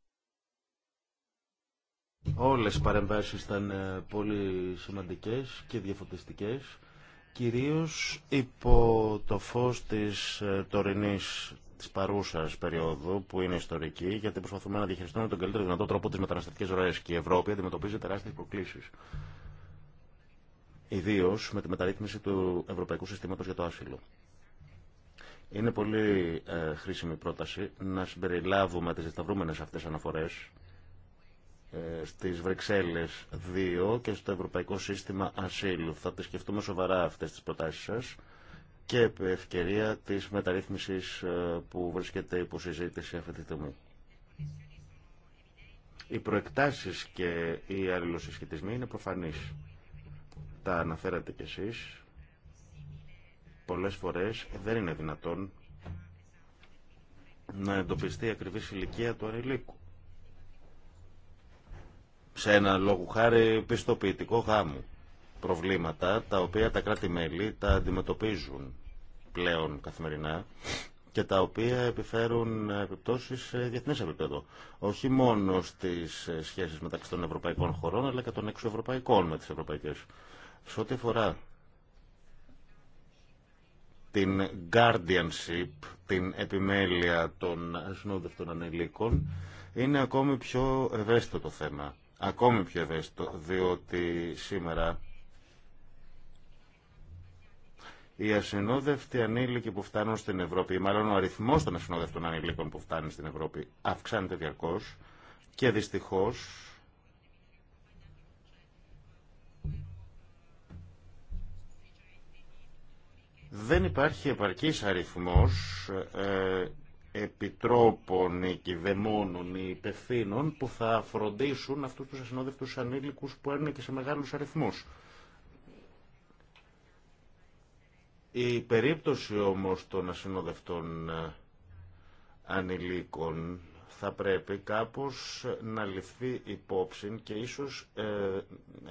Όλες οι παρεμβάσεις ήταν ε, πολύ σημαντικές και διαφωτιστικές, κυρίως υπό το φως της ε, τωρινής της παρούσας περίοδου που είναι ιστορική, γιατί προσπαθούμε να διαχειριστούμε τον καλύτερο δυνατό τρόπο τις μεταναστευτικές ροές και η Ευρώπη αντιμετωπίζει τεράστιες προκλήσεις. Ιδίω με τη μεταρρύθμιση του Ευρωπαϊκού Συστήματος για το Άσυλο. Είναι πολύ ε, χρήσιμη πρόταση να συμπεριλάβουμε τις δισταυρούμενες αυτές αναφορές ε, στις Βρυξέλλες 2 και στο Ευρωπαϊκό Σύστημα Ασύλου. Θα τις σκεφτούμε σοβαρά αυτές τις προτάσεις σας και επί ευκαιρία της μεταρρύθμισης ε, που βρίσκεται υπό συζήτηση αυτή τη στιγμή. Οι προεκτάσεις και οι αλληλοσυσχετισμοί είναι προφανείς. Τα αναφέρατε κι εσείς Πολλές φορές δεν είναι δυνατόν να εντοπιστεί η ακριβής ηλικία του ανηλίκου. Σε ένα λόγου χάρη πιστοποιητικό γάμου. Προβλήματα τα οποία τα κράτη-μέλη τα αντιμετωπίζουν πλέον καθημερινά και τα οποία επιφέρουν επιπτώσεις σε διεθνές επίπεδο. Όχι μόνο στις σχέσεις μεταξύ των ευρωπαϊκών χωρών, αλλά και των εξωευρωπαϊκών με τις ευρωπαϊκές. Σε ό,τι αφορά την guardianship, την επιμέλεια των ασυνόδευτων ανηλίκων, είναι ακόμη πιο ευαίσθητο το θέμα. Ακόμη πιο ευαίσθητο, διότι σήμερα οι ασυνόδευτοι ανήλικοι που φτάνουν στην Ευρώπη, ή μάλλον ο αριθμός των ασυνόδευτων ανηλίκων που φτάνει στην Ευρώπη, αυξάνεται διαρκώς και δυστυχώς Δεν υπάρχει επαρκής αριθμός ε, επιτρόπων ή κυβεμόνων ή υπευθύνων που θα φροντίσουν αυτούς τους ασυνόδευτους ανήλικους που έρνουν και σε μεγάλους αριθμούς. Η περίπτωση όμως των ασυνοδευτών ε, ανηλίκων θα πρέπει κάπως να ληφθεί υπόψη και ίσως ε,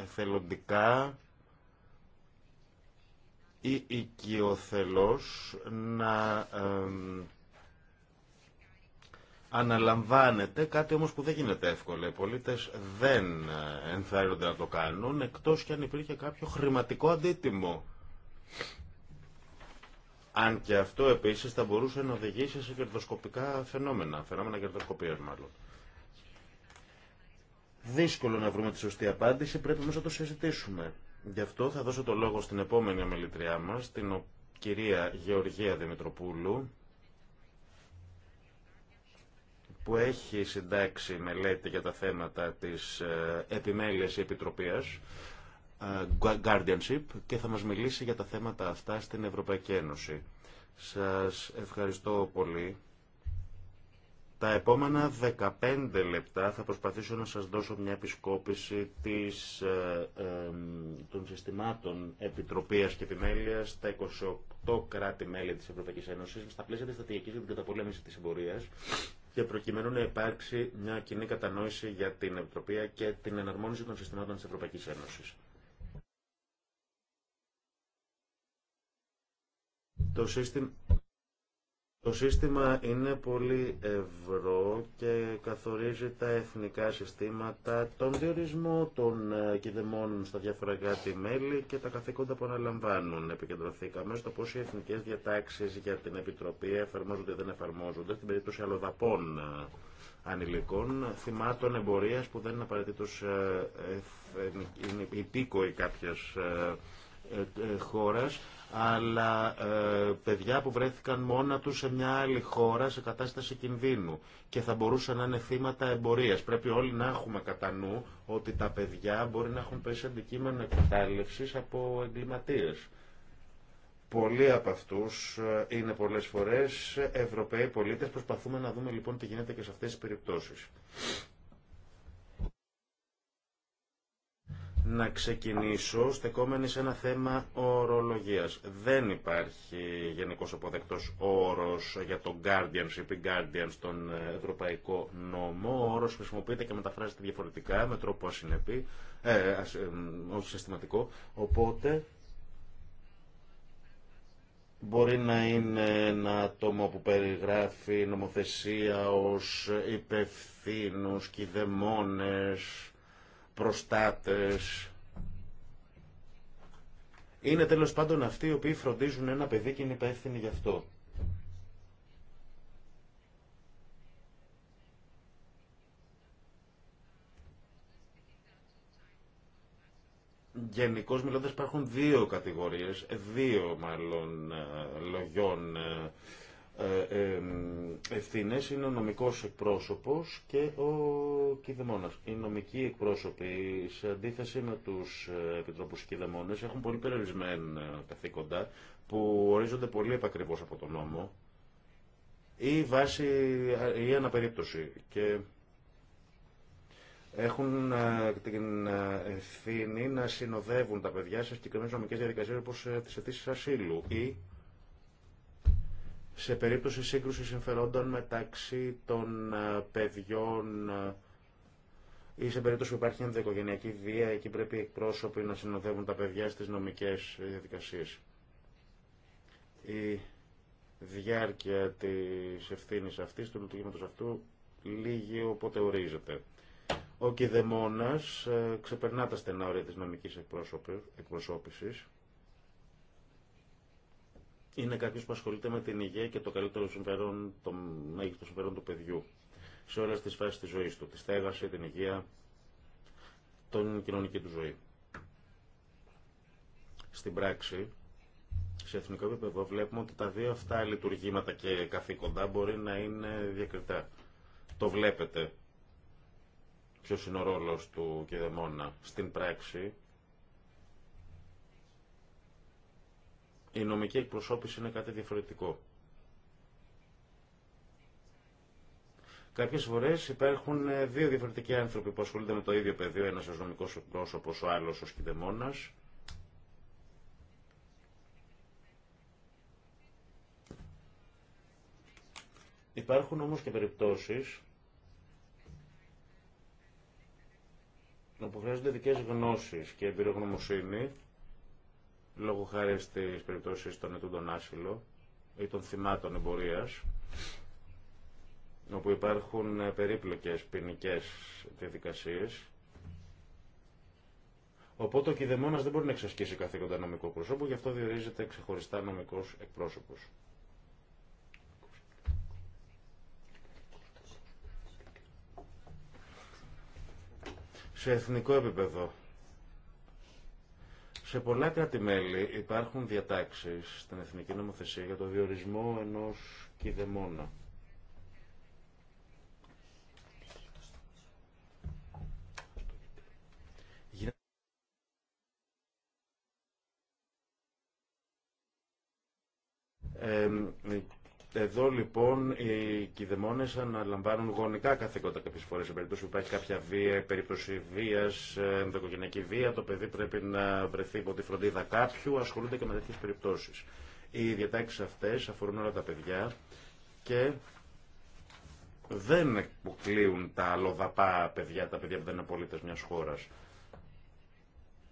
εθελοντικά ή οικειοθελώς να αναλαμβάνεται κάτι όμως που δεν γίνεται εύκολα. Οι πολίτες δεν ε, ενθαρρύνονται να το κάνουν εκτός και αν υπήρχε κάποιο χρηματικό αντίτιμο. Αν και αυτό επίσης θα μπορούσε να οδηγήσει σε κερδοσκοπικά φαινόμενα, φαινόμενα κερδοσκοπίας μάλλον. Δύσκολο να βρούμε τη σωστή απάντηση, πρέπει όμως να το συζητήσουμε. Γι' αυτό θα δώσω το λόγο στην επόμενη ομιλητριά μας, την κυρία Γεωργία Δημητροπούλου, που έχει συντάξει μελέτη για τα θέματα της ε, επιμέλειας επιτροπίας, ε, guardianship, και θα μας μιλήσει για τα θέματα αυτά στην Ευρωπαϊκή Ένωση. Σας ευχαριστώ πολύ τα επόμενα 15 λεπτά θα προσπαθήσω να σας δώσω μια επισκόπηση της, ε, ε, των συστημάτων επιτροπίας και επιμέλειας στα 28 κράτη-μέλη της Ευρωπαϊκής Ένωσης στα πλαίσια της στρατηγικής για την καταπολέμηση της εμπορίας και προκειμένου να υπάρξει μια κοινή κατανόηση για την επιτροπία και την εναρμόνιση των συστημάτων της Ευρωπαϊκής Ένωσης. Το σύστημα... Το σύστημα είναι πολύ ευρώ και καθορίζει τα εθνικά συστήματα, τον διορισμό των ε, κυδεμών στα διάφορα κράτη-μέλη και τα καθήκοντα που αναλαμβάνουν. Επικεντρωθήκαμε στο πώς οι εθνικές διατάξεις για την Επιτροπή εφαρμόζονται ή δεν εφαρμόζονται, στην περίπτωση αλλοδαπών ε, ανηλικών, θυμάτων εμπορία που δεν είναι απαραίτητος ε, υπήκοοι κάποιας χώρας, αλλά ε, παιδιά που βρέθηκαν μόνα τους σε μια άλλη χώρα σε κατάσταση κινδύνου και θα μπορούσαν να είναι θύματα εμπορίας. Πρέπει όλοι να έχουμε κατά νου ότι τα παιδιά μπορεί να έχουν πέσει αντικείμενο εκμετάλλευσης από εγκληματίες. Πολλοί από αυτούς ε, είναι πολλές φορές Ευρωπαίοι πολίτες. Προσπαθούμε να δούμε λοιπόν τι γίνεται και σε αυτές τις περιπτώσεις. να ξεκινήσω στεκόμενοι σε ένα θέμα ορολογίας. Δεν υπάρχει γενικός αποδεκτός όρος για τον guardians ή guardian στον ευρωπαϊκό νόμο. Ο όρος χρησιμοποιείται και μεταφράζεται διαφορετικά με τρόπο ασυνεπή, ε, ε όχι συστηματικό. Οπότε Μπορεί να είναι ένα άτομο που περιγράφει νομοθεσία ως υπευθύνους, δαιμόνες προστάτες. Είναι τέλος πάντων αυτοί οι οποίοι φροντίζουν ένα παιδί και είναι υπεύθυνοι γι' αυτό. Γενικώ μιλώντας υπάρχουν δύο κατηγορίες, δύο μάλλον ε, λογιών ε, ε, ε, ε, ευθύνε είναι ο νομικός εκπρόσωπος και ο κηδεμόνας. Οι νομικοί εκπρόσωποι, σε αντίθεση με τους επιτροπούς κηδεμόνες, έχουν πολύ περιορισμένα καθήκοντα που ορίζονται πολύ επακριβώς από τον νόμο ή βάση ή αναπερίπτωση. Και έχουν την ευθύνη να συνοδεύουν τα παιδιά σε συγκεκριμένε νομικέ διαδικασίε όπω τι αιτήσει ασύλου ή σε περίπτωση σύγκρουση συμφερόντων μεταξύ των ε, παιδιών ε, ή σε περίπτωση που υπάρχει ενδοοικογενειακή βία, εκεί πρέπει οι εκπρόσωποι να συνοδεύουν τα παιδιά στις νομικές διαδικασίες. Η διάρκεια της ευθύνης αυτής, του λειτουργήματος αυτού, λίγη οπότε ορίζεται. Ο κηδεμόνας ε, ξεπερνά τα στενά όρια της νομικής εκπροσώπησης, είναι κάποιο που ασχολείται με την υγεία και το καλύτερο συμφέρον, το μέγιστο συμφέρον του παιδιού σε όλε τι φάσει τη ζωή του, τη στέγαση, την υγεία, την κοινωνική του ζωή. Στην πράξη, σε εθνικό επίπεδο, βλέπουμε ότι τα δύο αυτά λειτουργήματα και καθήκοντα μπορεί να είναι διακριτά. Το βλέπετε ποιο είναι ο ρόλο του και στην πράξη Η νομική εκπροσώπηση είναι κάτι διαφορετικό. Κάποιες φορές υπάρχουν ε, δύο διαφορετικοί άνθρωποι που ασχολούνται με το ίδιο πεδίο, ένας ως νομικός εκπρόσωπο, ο άλλος ως κυδεμόνα. Υπάρχουν όμως και περιπτώσεις όπου χρειάζονται δικές γνώσεις και εμπειρογνωμοσύνη λόγω χάρη στι περιπτώσει των ετούντων άσυλο ή των θυμάτων εμπορία. όπου υπάρχουν περίπλοκες ποινικέ διαδικασίε. Οπότε ο κυδεμόνα δεν μπορεί να εξασκήσει καθήκοντα νομικό προσώπου, γι' αυτό διορίζεται ξεχωριστά νομικό εκπρόσωπο. Σε εθνικό επίπεδο σε πολλά κράτη-μέλη υπάρχουν διατάξεις στην Εθνική Νομοθεσία για το διορισμό ενός κηδεμόνα. Εδώ λοιπόν οι κυδεμόνε αναλαμβάνουν γονικά καθήκοντα κάποιε φορέ σε περίπτωση που υπάρχει κάποια βία, περίπτωση βία, ε, ενδοκογενειακή βία, το παιδί πρέπει να βρεθεί υπό τη φροντίδα κάποιου, ασχολούνται και με τέτοιε περιπτώσεις. Οι διατάξει αυτές αφορούν όλα τα παιδιά και δεν αποκλείουν τα αλλοδαπά παιδιά, τα παιδιά που δεν είναι πολίτε μια χώρα.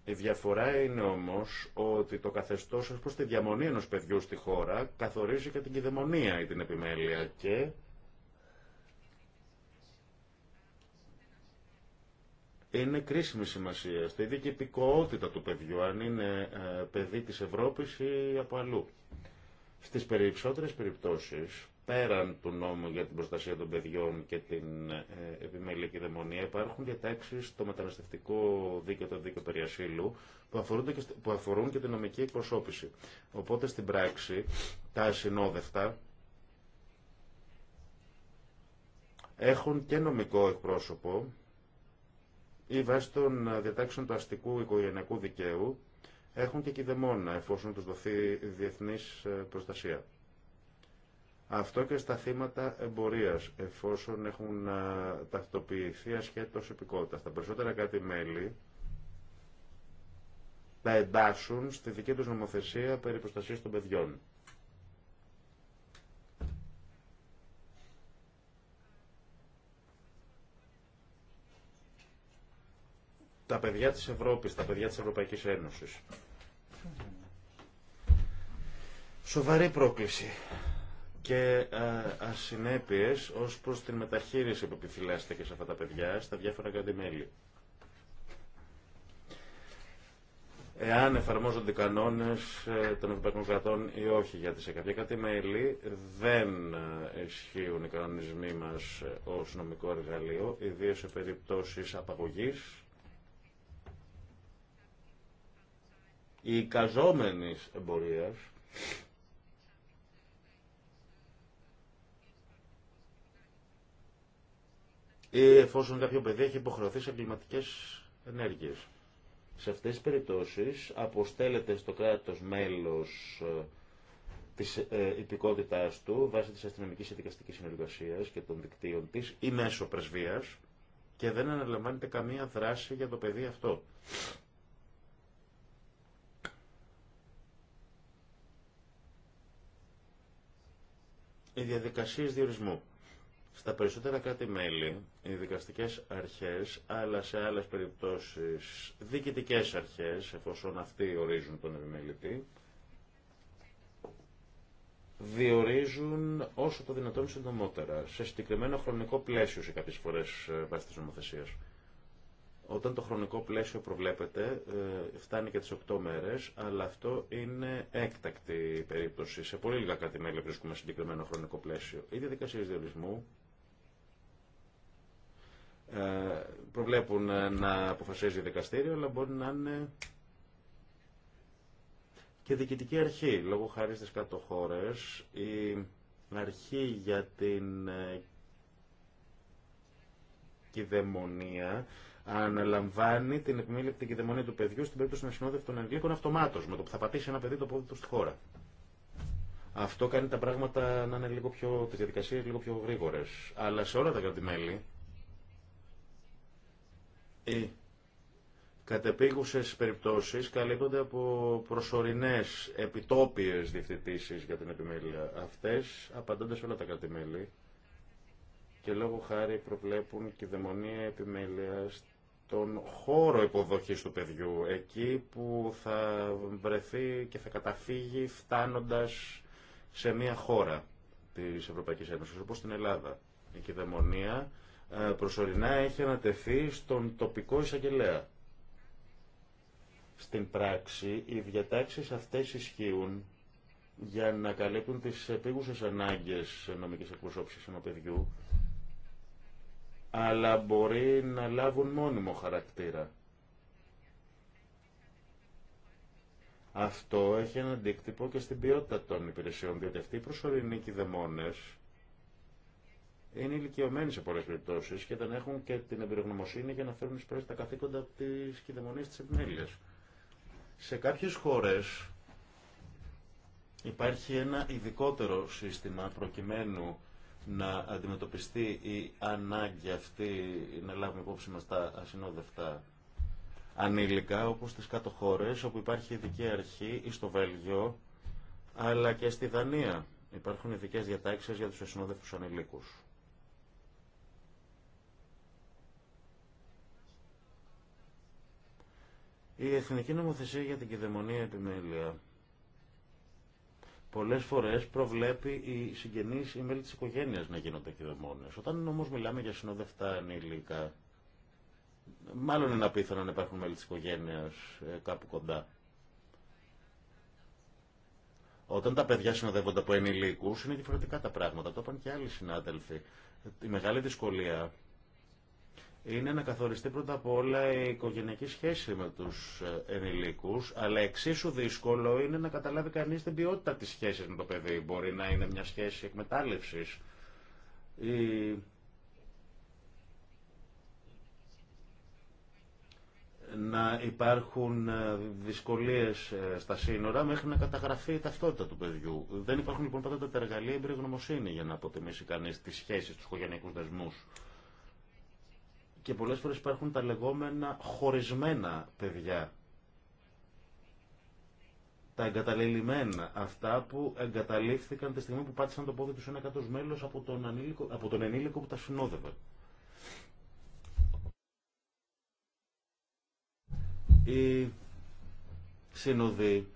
Η διαφορά είναι όμως ότι το καθεστώς ως προς τη διαμονή ενός παιδιού στη χώρα καθορίζει και την κυδαιμονία ή την επιμέλεια και είναι κρίσιμη σημασία στη δίκη υπηκότητα του παιδιού, αν είναι ε, παιδί της Ευρώπης ή από αλλού. Στις περισσότερες περιπτώσεις πέραν του νόμου για την προστασία των παιδιών και την ε, επιμέλεια και δαιμονία, υπάρχουν διατάξει στο μεταναστευτικό δίκαιο, το δίκαιο περί που, αφορούν και, που αφορούν και την νομική εκπροσώπηση. Οπότε στην πράξη τα ασυνόδευτα έχουν και νομικό εκπρόσωπο ή βάσει των διατάξεων του αστικού οικογενειακού δικαίου έχουν και κυδεμόνα εφόσον τους δοθεί διεθνής ε, προστασία. Αυτό και στα θύματα εμπορίας, εφόσον έχουν τακτοποιηθεί ασχέτως υπηκότητα. Τα περισσότερα κάτι μέλη τα εντάσσουν στη δική τους νομοθεσία περί προστασίας των παιδιών. τα παιδιά της Ευρώπης, τα παιδιά της Ευρωπαϊκής Ένωσης. Σοβαρή πρόκληση και ε, ασυνέπειες ως προς την μεταχείριση που επιφυλάσσεται σε αυτά τα παιδιά στα διαφορα κατημέλη. Εάν εφαρμόζονται οι κανόνες ε, των ευρωπαϊκών κρατών ή όχι, γιατί σε καποια κατημέλη δεν ε, ισχύουν οι κανονισμοί μας ως νομικό εργαλείο, ιδίως σε περιπτώσεις απαγωγής ή καζόμενης εμπορίας, ή εφόσον κάποιο παιδί έχει υποχρεωθεί σε εγκληματικέ ενέργειε. Σε αυτέ τι περιπτώσει αποστέλλεται στο κράτο μέλο ε, τη ε, υπηκότητά του βάσει τη αστυνομική και δικαστική συνεργασία και των δικτύων τη ή μέσω πρεσβεία και δεν αναλαμβάνεται καμία δράση για το παιδί αυτό. Οι διαδικασίε διορισμού. Στα περισσότερα κράτη-μέλη, οι δικαστικές αρχές, αλλά σε άλλες περιπτώσεις διοικητικές αρχές, εφόσον αυτοί ορίζουν τον επιμελητή, διορίζουν όσο το δυνατόν συντομότερα, σε συγκεκριμένο χρονικό πλαίσιο σε κάποιες φορές ε, βάσει της νομοθεσίας. Όταν το χρονικό πλαίσιο προβλέπεται, ε, φτάνει και τις 8 μέρες, αλλά αυτό είναι έκτακτη περίπτωση. Σε πολύ λίγα κάτι μέλη βρίσκουμε συγκεκριμένο χρονικό πλαίσιο. Οι διαδικασίες διορισμού ε, προβλέπουν ε, να αποφασίζει δικαστήριο, αλλά μπορεί να είναι και διοικητική αρχή. Λόγω χάρη στις κάτω χώρες, η αρχή για την ε, κυδαιμονία αναλαμβάνει την της κυδαιμονία του παιδιού στην περίπτωση τον Αγγλίκων αυτομάτως, με το που θα πατήσει ένα παιδί το πόδι του στη χώρα. Αυτό κάνει τα πράγματα να είναι λίγο πιο, τις λίγο πιο γρήγορες. Αλλά σε όλα τα κράτη-μέλη οι κατεπήγουσες περιπτώσεις καλύπτονται από προσωρινές επιτόπιες διευθυντήσεις για την επιμέλεια. Αυτές απαντώνται σε όλα τα κατημέλη και λόγω χάρη προβλέπουν και δαιμονία επιμέλειας τον χώρο υποδοχής του παιδιού, εκεί που θα βρεθεί και θα καταφύγει φτάνοντας σε μια χώρα της Ευρωπαϊκής Ένωσης, όπως στην Ελλάδα. Η ε, προσωρινά έχει ανατεθεί στον τοπικό εισαγγελέα. Στην πράξη, οι διατάξεις αυτές ισχύουν για να καλύπτουν τις επίγουσες ανάγκες νομικής εκπροσώπησης παιδιού, αλλά μπορεί να λάβουν μόνιμο χαρακτήρα. Αυτό έχει ένα αντίκτυπο και στην ποιότητα των υπηρεσιών, διότι αυτοί οι προσωρινοί είναι ηλικιωμένοι σε πολλέ περιπτώσει και δεν έχουν και την εμπειρογνωμοσύνη για να φέρουν ει τα καθήκοντα τη κυδαιμονία τη επιμέλεια. Σε κάποιε χώρε υπάρχει ένα ειδικότερο σύστημα προκειμένου να αντιμετωπιστεί η ανάγκη αυτή να λάβουμε υπόψη μα τα ασυνόδευτα ανήλικα, όπως στις κάτω χώρε όπου υπάρχει ειδική αρχή, ή στο Βέλγιο, αλλά και στη Δανία. Υπάρχουν ειδικέ διατάξει για του ασυνόδευτου ανηλίκου. Η Εθνική Νομοθεσία για την Κυδαιμονία Επιμέλεια πολλές φορές προβλέπει οι συγγενείς, Η μέλη της οικογένειας να γίνονται κυδαιμόνες. Όταν όμως μιλάμε για συνόδευτα ενήλικα, μάλλον είναι απίθανο να υπάρχουν μέλη της οικογένειας ε, κάπου κοντά. Όταν τα παιδιά συνοδεύονται από ενηλίκους είναι διαφορετικά τα πράγματα. Το είπαν και άλλοι συνάδελφοι. Η μεγάλη δυσκολία είναι να καθοριστεί πρώτα απ' όλα η οικογενειακή σχέση με τους ε, ενηλίκους, αλλά εξίσου δύσκολο είναι να καταλάβει κανείς την ποιότητα της σχέσης με το παιδί. Μπορεί να είναι μια σχέση εκμετάλλευσης ή να υπάρχουν ε, δυσκολίες ε, στα σύνορα μέχρι να καταγραφεί η ταυτότητα του παιδιού. Δεν υπάρχουν λοιπόν πάντα τα εργαλεία εμπειρογνωμοσύνη για να αποτιμήσει κανείς τις σχέσεις, τους οικογενειακούς δεσμούς και πολλές φορές υπάρχουν τα λεγόμενα χωρισμένα παιδιά. Τα εγκαταλελειμμένα, αυτά που εγκαταλείφθηκαν τη στιγμή που πάτησαν το πόδι τους ένα κάτω από τον, ανήλικο, από τον ενήλικο που τα συνόδευε. Οι συνοδοί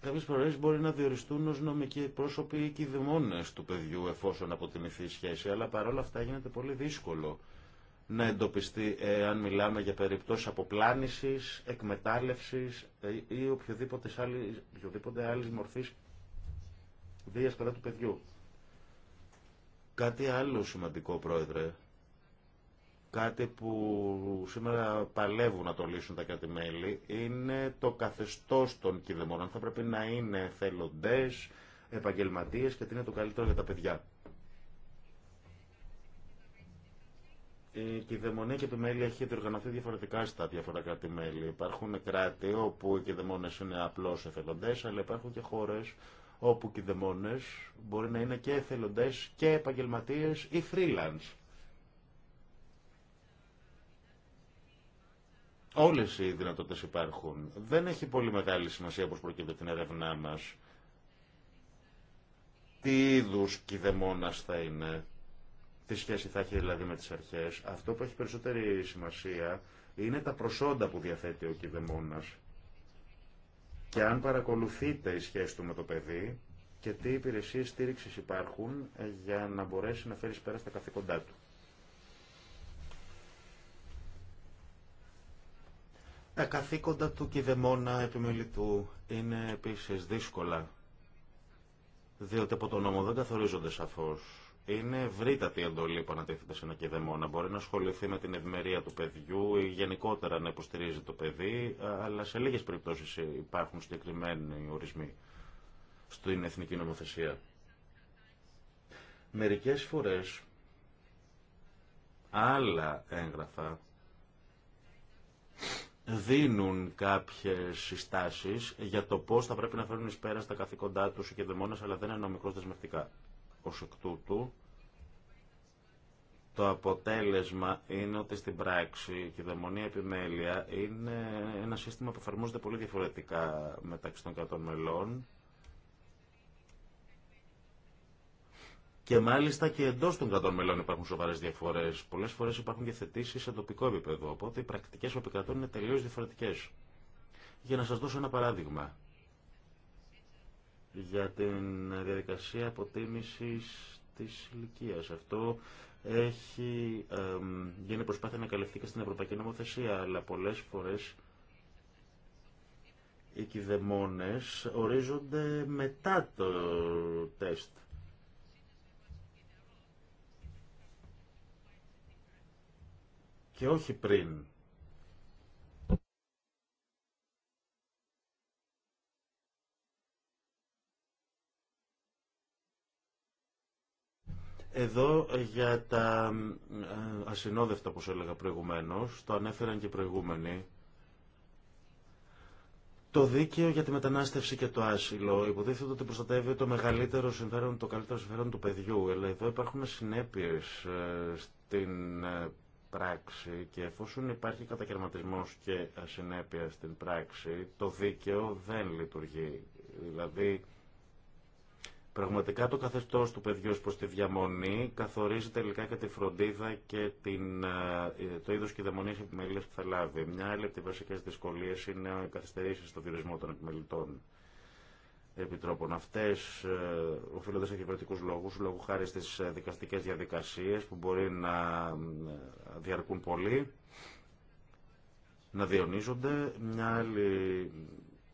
κάποιες φορές μπορεί να διοριστούν ως νομικοί πρόσωποι ή κηδημόνες του παιδιού εφόσον αποτιμηθεί η σχέση, αλλά παρόλα αυτά γίνεται πολύ δύσκολο να εντοπιστεί αν μιλάμε για περιπτώσεις αποπλάνησης, εκμετάλλευσης ε, ή οποιοδήποτε άλλη οποιοδήποτε άλλη μορφής βίας κατά του παιδιού. Κάτι άλλο σημαντικό, Πρόεδρε, κάτι που σήμερα παλεύουν να το λύσουν τα κρατημέλη, είναι το καθεστώς των κυδεμόνων. Θα πρέπει να είναι θελοντές, επαγγελματίες και τι είναι το καλύτερο για τα παιδιά. Η κυδαιμονία και η επιμέλεια έχει διοργανωθεί διαφορετικά στα διάφορα κράτη-μέλη. Υπάρχουν κράτη όπου οι κυδαιμόνε είναι απλώ εθελοντέ, αλλά υπάρχουν και χώρε όπου οι κυδαιμόνε μπορεί να είναι και εθελοντέ και επαγγελματίε ή freelance. Όλε οι δυνατότητε υπάρχουν. Δεν έχει πολύ μεγάλη σημασία όπω προκύπτει την έρευνά μα. Τι είδου κυδαιμόνα θα είναι τι σχέση θα έχει δηλαδή με τι αρχέ. Αυτό που έχει περισσότερη σημασία είναι τα προσόντα που διαθέτει ο κυδεμόνας. Και αν παρακολουθείτε η σχέση του με το παιδί και τι υπηρεσίε στήριξη υπάρχουν για να μπορέσει να φέρει πέρα στα καθήκοντά του. Τα καθήκοντα του κυδεμόνα επιμελητού είναι επίσης δύσκολα, διότι από τον νόμο δεν καθορίζονται σαφώς είναι ευρύτατη η εντολή που ανατίθεται σε ένα να Μπορεί να ασχοληθεί με την ευμερία του παιδιού ή γενικότερα να υποστηρίζει το παιδί, αλλά σε λίγε περιπτώσει υπάρχουν συγκεκριμένοι ορισμοί στην εθνική νομοθεσία. Μερικέ φορέ άλλα έγγραφα δίνουν κάποιες συστάσεις για το πώς θα πρέπει να φέρουν ει πέρα στα καθήκοντά του οι κεδεμόνες, αλλά δεν είναι νομικώ δεσμευτικά. Ως εκ τούτου, το αποτέλεσμα είναι ότι στην πράξη η κυδαιμονία επιμέλεια είναι ένα σύστημα που εφαρμόζεται πολύ διαφορετικά μεταξύ των κρατών μελών και μάλιστα και εντός των κρατών μελών υπάρχουν σοβαρές διαφορές. Πολλές φορές υπάρχουν και θετήσεις σε τοπικό επίπεδο, οπότε οι πρακτικές των είναι τελείως διαφορετικές. Για να σας δώσω ένα παράδειγμα για την διαδικασία αποτίμησης της ηλικία. Αυτό έχει γίνει προσπάθεια να καλυφθεί και στην Ευρωπαϊκή Νομοθεσία, αλλά πολλές φορές οι κηδεμόνες ορίζονται μετά το τεστ. Και όχι πριν. Εδώ ε, για τα ε, ασυνόδευτα, όπως έλεγα προηγουμένως, το ανέφεραν και οι προηγούμενοι, το δίκαιο για τη μετανάστευση και το άσυλο υποτίθεται ότι προστατεύει το μεγαλύτερο συμφέρον, το καλύτερο συμφέρον του παιδιού. Αλλά εδώ υπάρχουν συνέπειε ε, στην πράξη και εφόσον υπάρχει κατακαιρματισμό και ασυνέπεια στην πράξη, το δίκαιο δεν λειτουργεί. Δηλαδή, Πραγματικά το καθεστώς του παιδιού προς τη διαμονή καθορίζει τελικά και τη φροντίδα και την, ε, το είδος και δαιμονίες επιμελίας που θα λάβει. Μια άλλη από τις βασικές δυσκολίες είναι οι καθυστερήσει στο διορισμό των επιμελητών επιτρόπων. Αυτέ ε, οφείλονται σε διαφορετικού λόγου, λόγω χάρη στι ε, δικαστικέ διαδικασίε που μπορεί να διαρκούν πολύ, να διονύζονται. Μια άλλη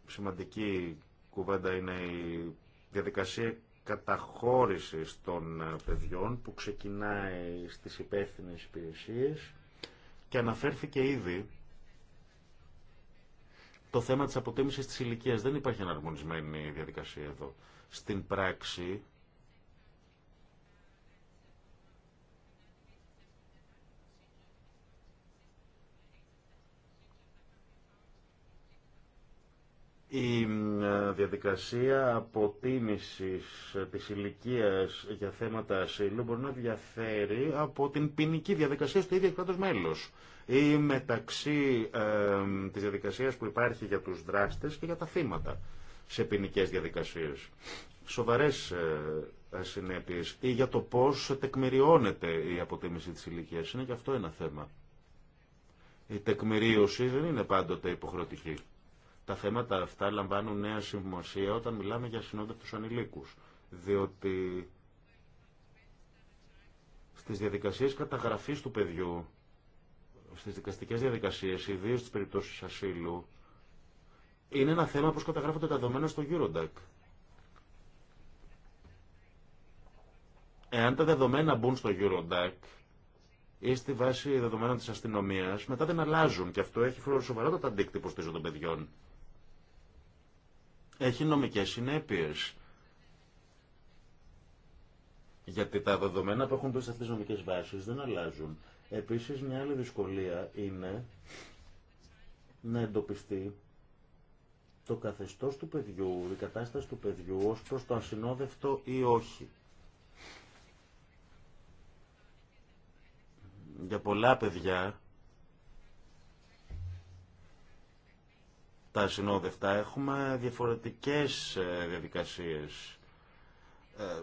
σημαντική κουβέντα είναι η διαδικασία καταχώρησης των ε, παιδιών που ξεκινάει στις υπεύθυνε υπηρεσίες και αναφέρθηκε ήδη το θέμα της αποτίμησης της ηλικία. Δεν υπάρχει αναρμονισμένη διαδικασία εδώ. Στην πράξη Η ε, διαδικασία αποτίμησης της ηλικία για θέματα ασύλου μπορεί να διαφέρει από την ποινική διαδικασία στο ίδιο κράτος μέλος ή μεταξύ ε, της διαδικασίας που υπάρχει για τους δράστες και για τα θύματα σε ποινικέ διαδικασίες. Σοβαρές ε, ή για το πώς τεκμηριώνεται η αποτίμηση της ηλικία είναι και αυτό ένα θέμα. Η τεκμηρίωση δεν είναι πάντοτε υποχρεωτική. Τα θέματα αυτά λαμβάνουν νέα σημασία όταν μιλάμε για συνόδευτους ανηλίκους, διότι στις διαδικασίες καταγραφής του παιδιού, στις δικαστικές διαδικασίες, ιδίως στις περιπτώσεις ασύλου, είναι ένα θέμα πώς καταγράφονται τα δεδομένα στο Eurodac. Εάν τα δεδομένα μπουν στο Eurodac ή στη βάση δεδομένων της αστυνομίας, μετά δεν αλλάζουν και αυτό έχει σοβαρότατα αντίκτυπο στη ζωή των παιδιών έχει νομικές συνέπειες. Γιατί τα δεδομένα που έχουν σε αυτές τις νομικές βάσεις δεν αλλάζουν. Επίσης μια άλλη δυσκολία είναι να εντοπιστεί το καθεστώς του παιδιού, η κατάσταση του παιδιού ως προς το ασυνόδευτο ή όχι. Για πολλά παιδιά τα συνόδευτα έχουμε διαφορετικές ε, διαδικασίες. Ε,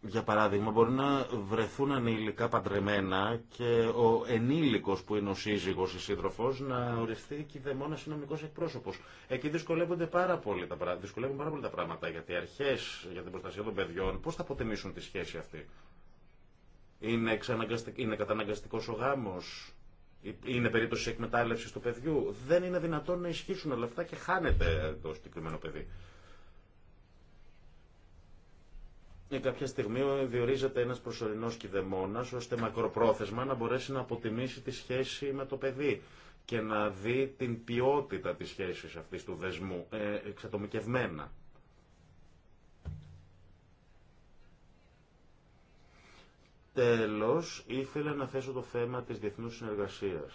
για παράδειγμα, μπορεί να βρεθούν ανήλικα παντρεμένα και ο ενήλικος που είναι ο σύζυγος ή σύντροφος να οριστεί και μόνος συνομικός εκπρόσωπος. Εκεί δυσκολεύονται πάρα πολύ τα, πράγματα, πάρα πολύ τα πράγματα, γιατί οι αρχές για την προστασία των παιδιών πώς θα αποτιμήσουν τη σχέση αυτή. Είναι, είναι καταναγκαστικός ο γάμος, είναι περίπτωση εκμετάλλευση του παιδιού. Δεν είναι δυνατόν να ισχύσουν όλα αυτά και χάνεται το συγκεκριμένο παιδί. Και κάποια στιγμή διορίζεται ένας προσωρινός κυδεμόνας ώστε μακροπρόθεσμα να μπορέσει να αποτιμήσει τη σχέση με το παιδί και να δει την ποιότητα της σχέσης αυτής του δεσμού ε, εξατομικευμένα. Τέλος, ήθελα να θέσω το θέμα της διεθνούς συνεργασίας.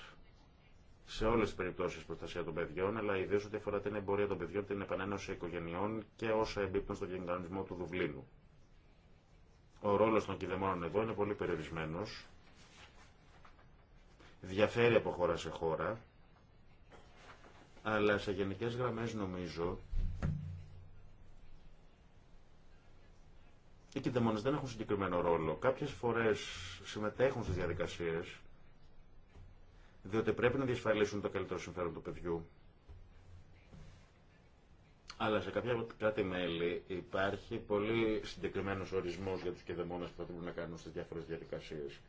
Σε όλε τι περιπτώσει προστασία των παιδιών, αλλά ιδίω ό,τι αφορά την εμπορία των παιδιών, την επανένωση οικογενειών και όσα εμπίπτουν στον γενικανισμό του Δουβλίνου. Ο ρόλο των κυδεμόνων εδώ είναι πολύ περιορισμένο. Διαφέρει από χώρα σε χώρα. Αλλά σε γενικέ γραμμέ νομίζω Οι δαιμονές δεν έχουν συγκεκριμένο ρόλο. Κάποιες φορές συμμετέχουν στις διαδικασίες, διότι πρέπει να διασφαλίσουν το καλύτερο συμφέρον του παιδιού. Αλλά σε κάποια κράτη-μέλη υπάρχει πολύ συγκεκριμένο ορισμός για του δαιμόνες που θα πρέπει να κάνουν στις διάφορες διαδικασίες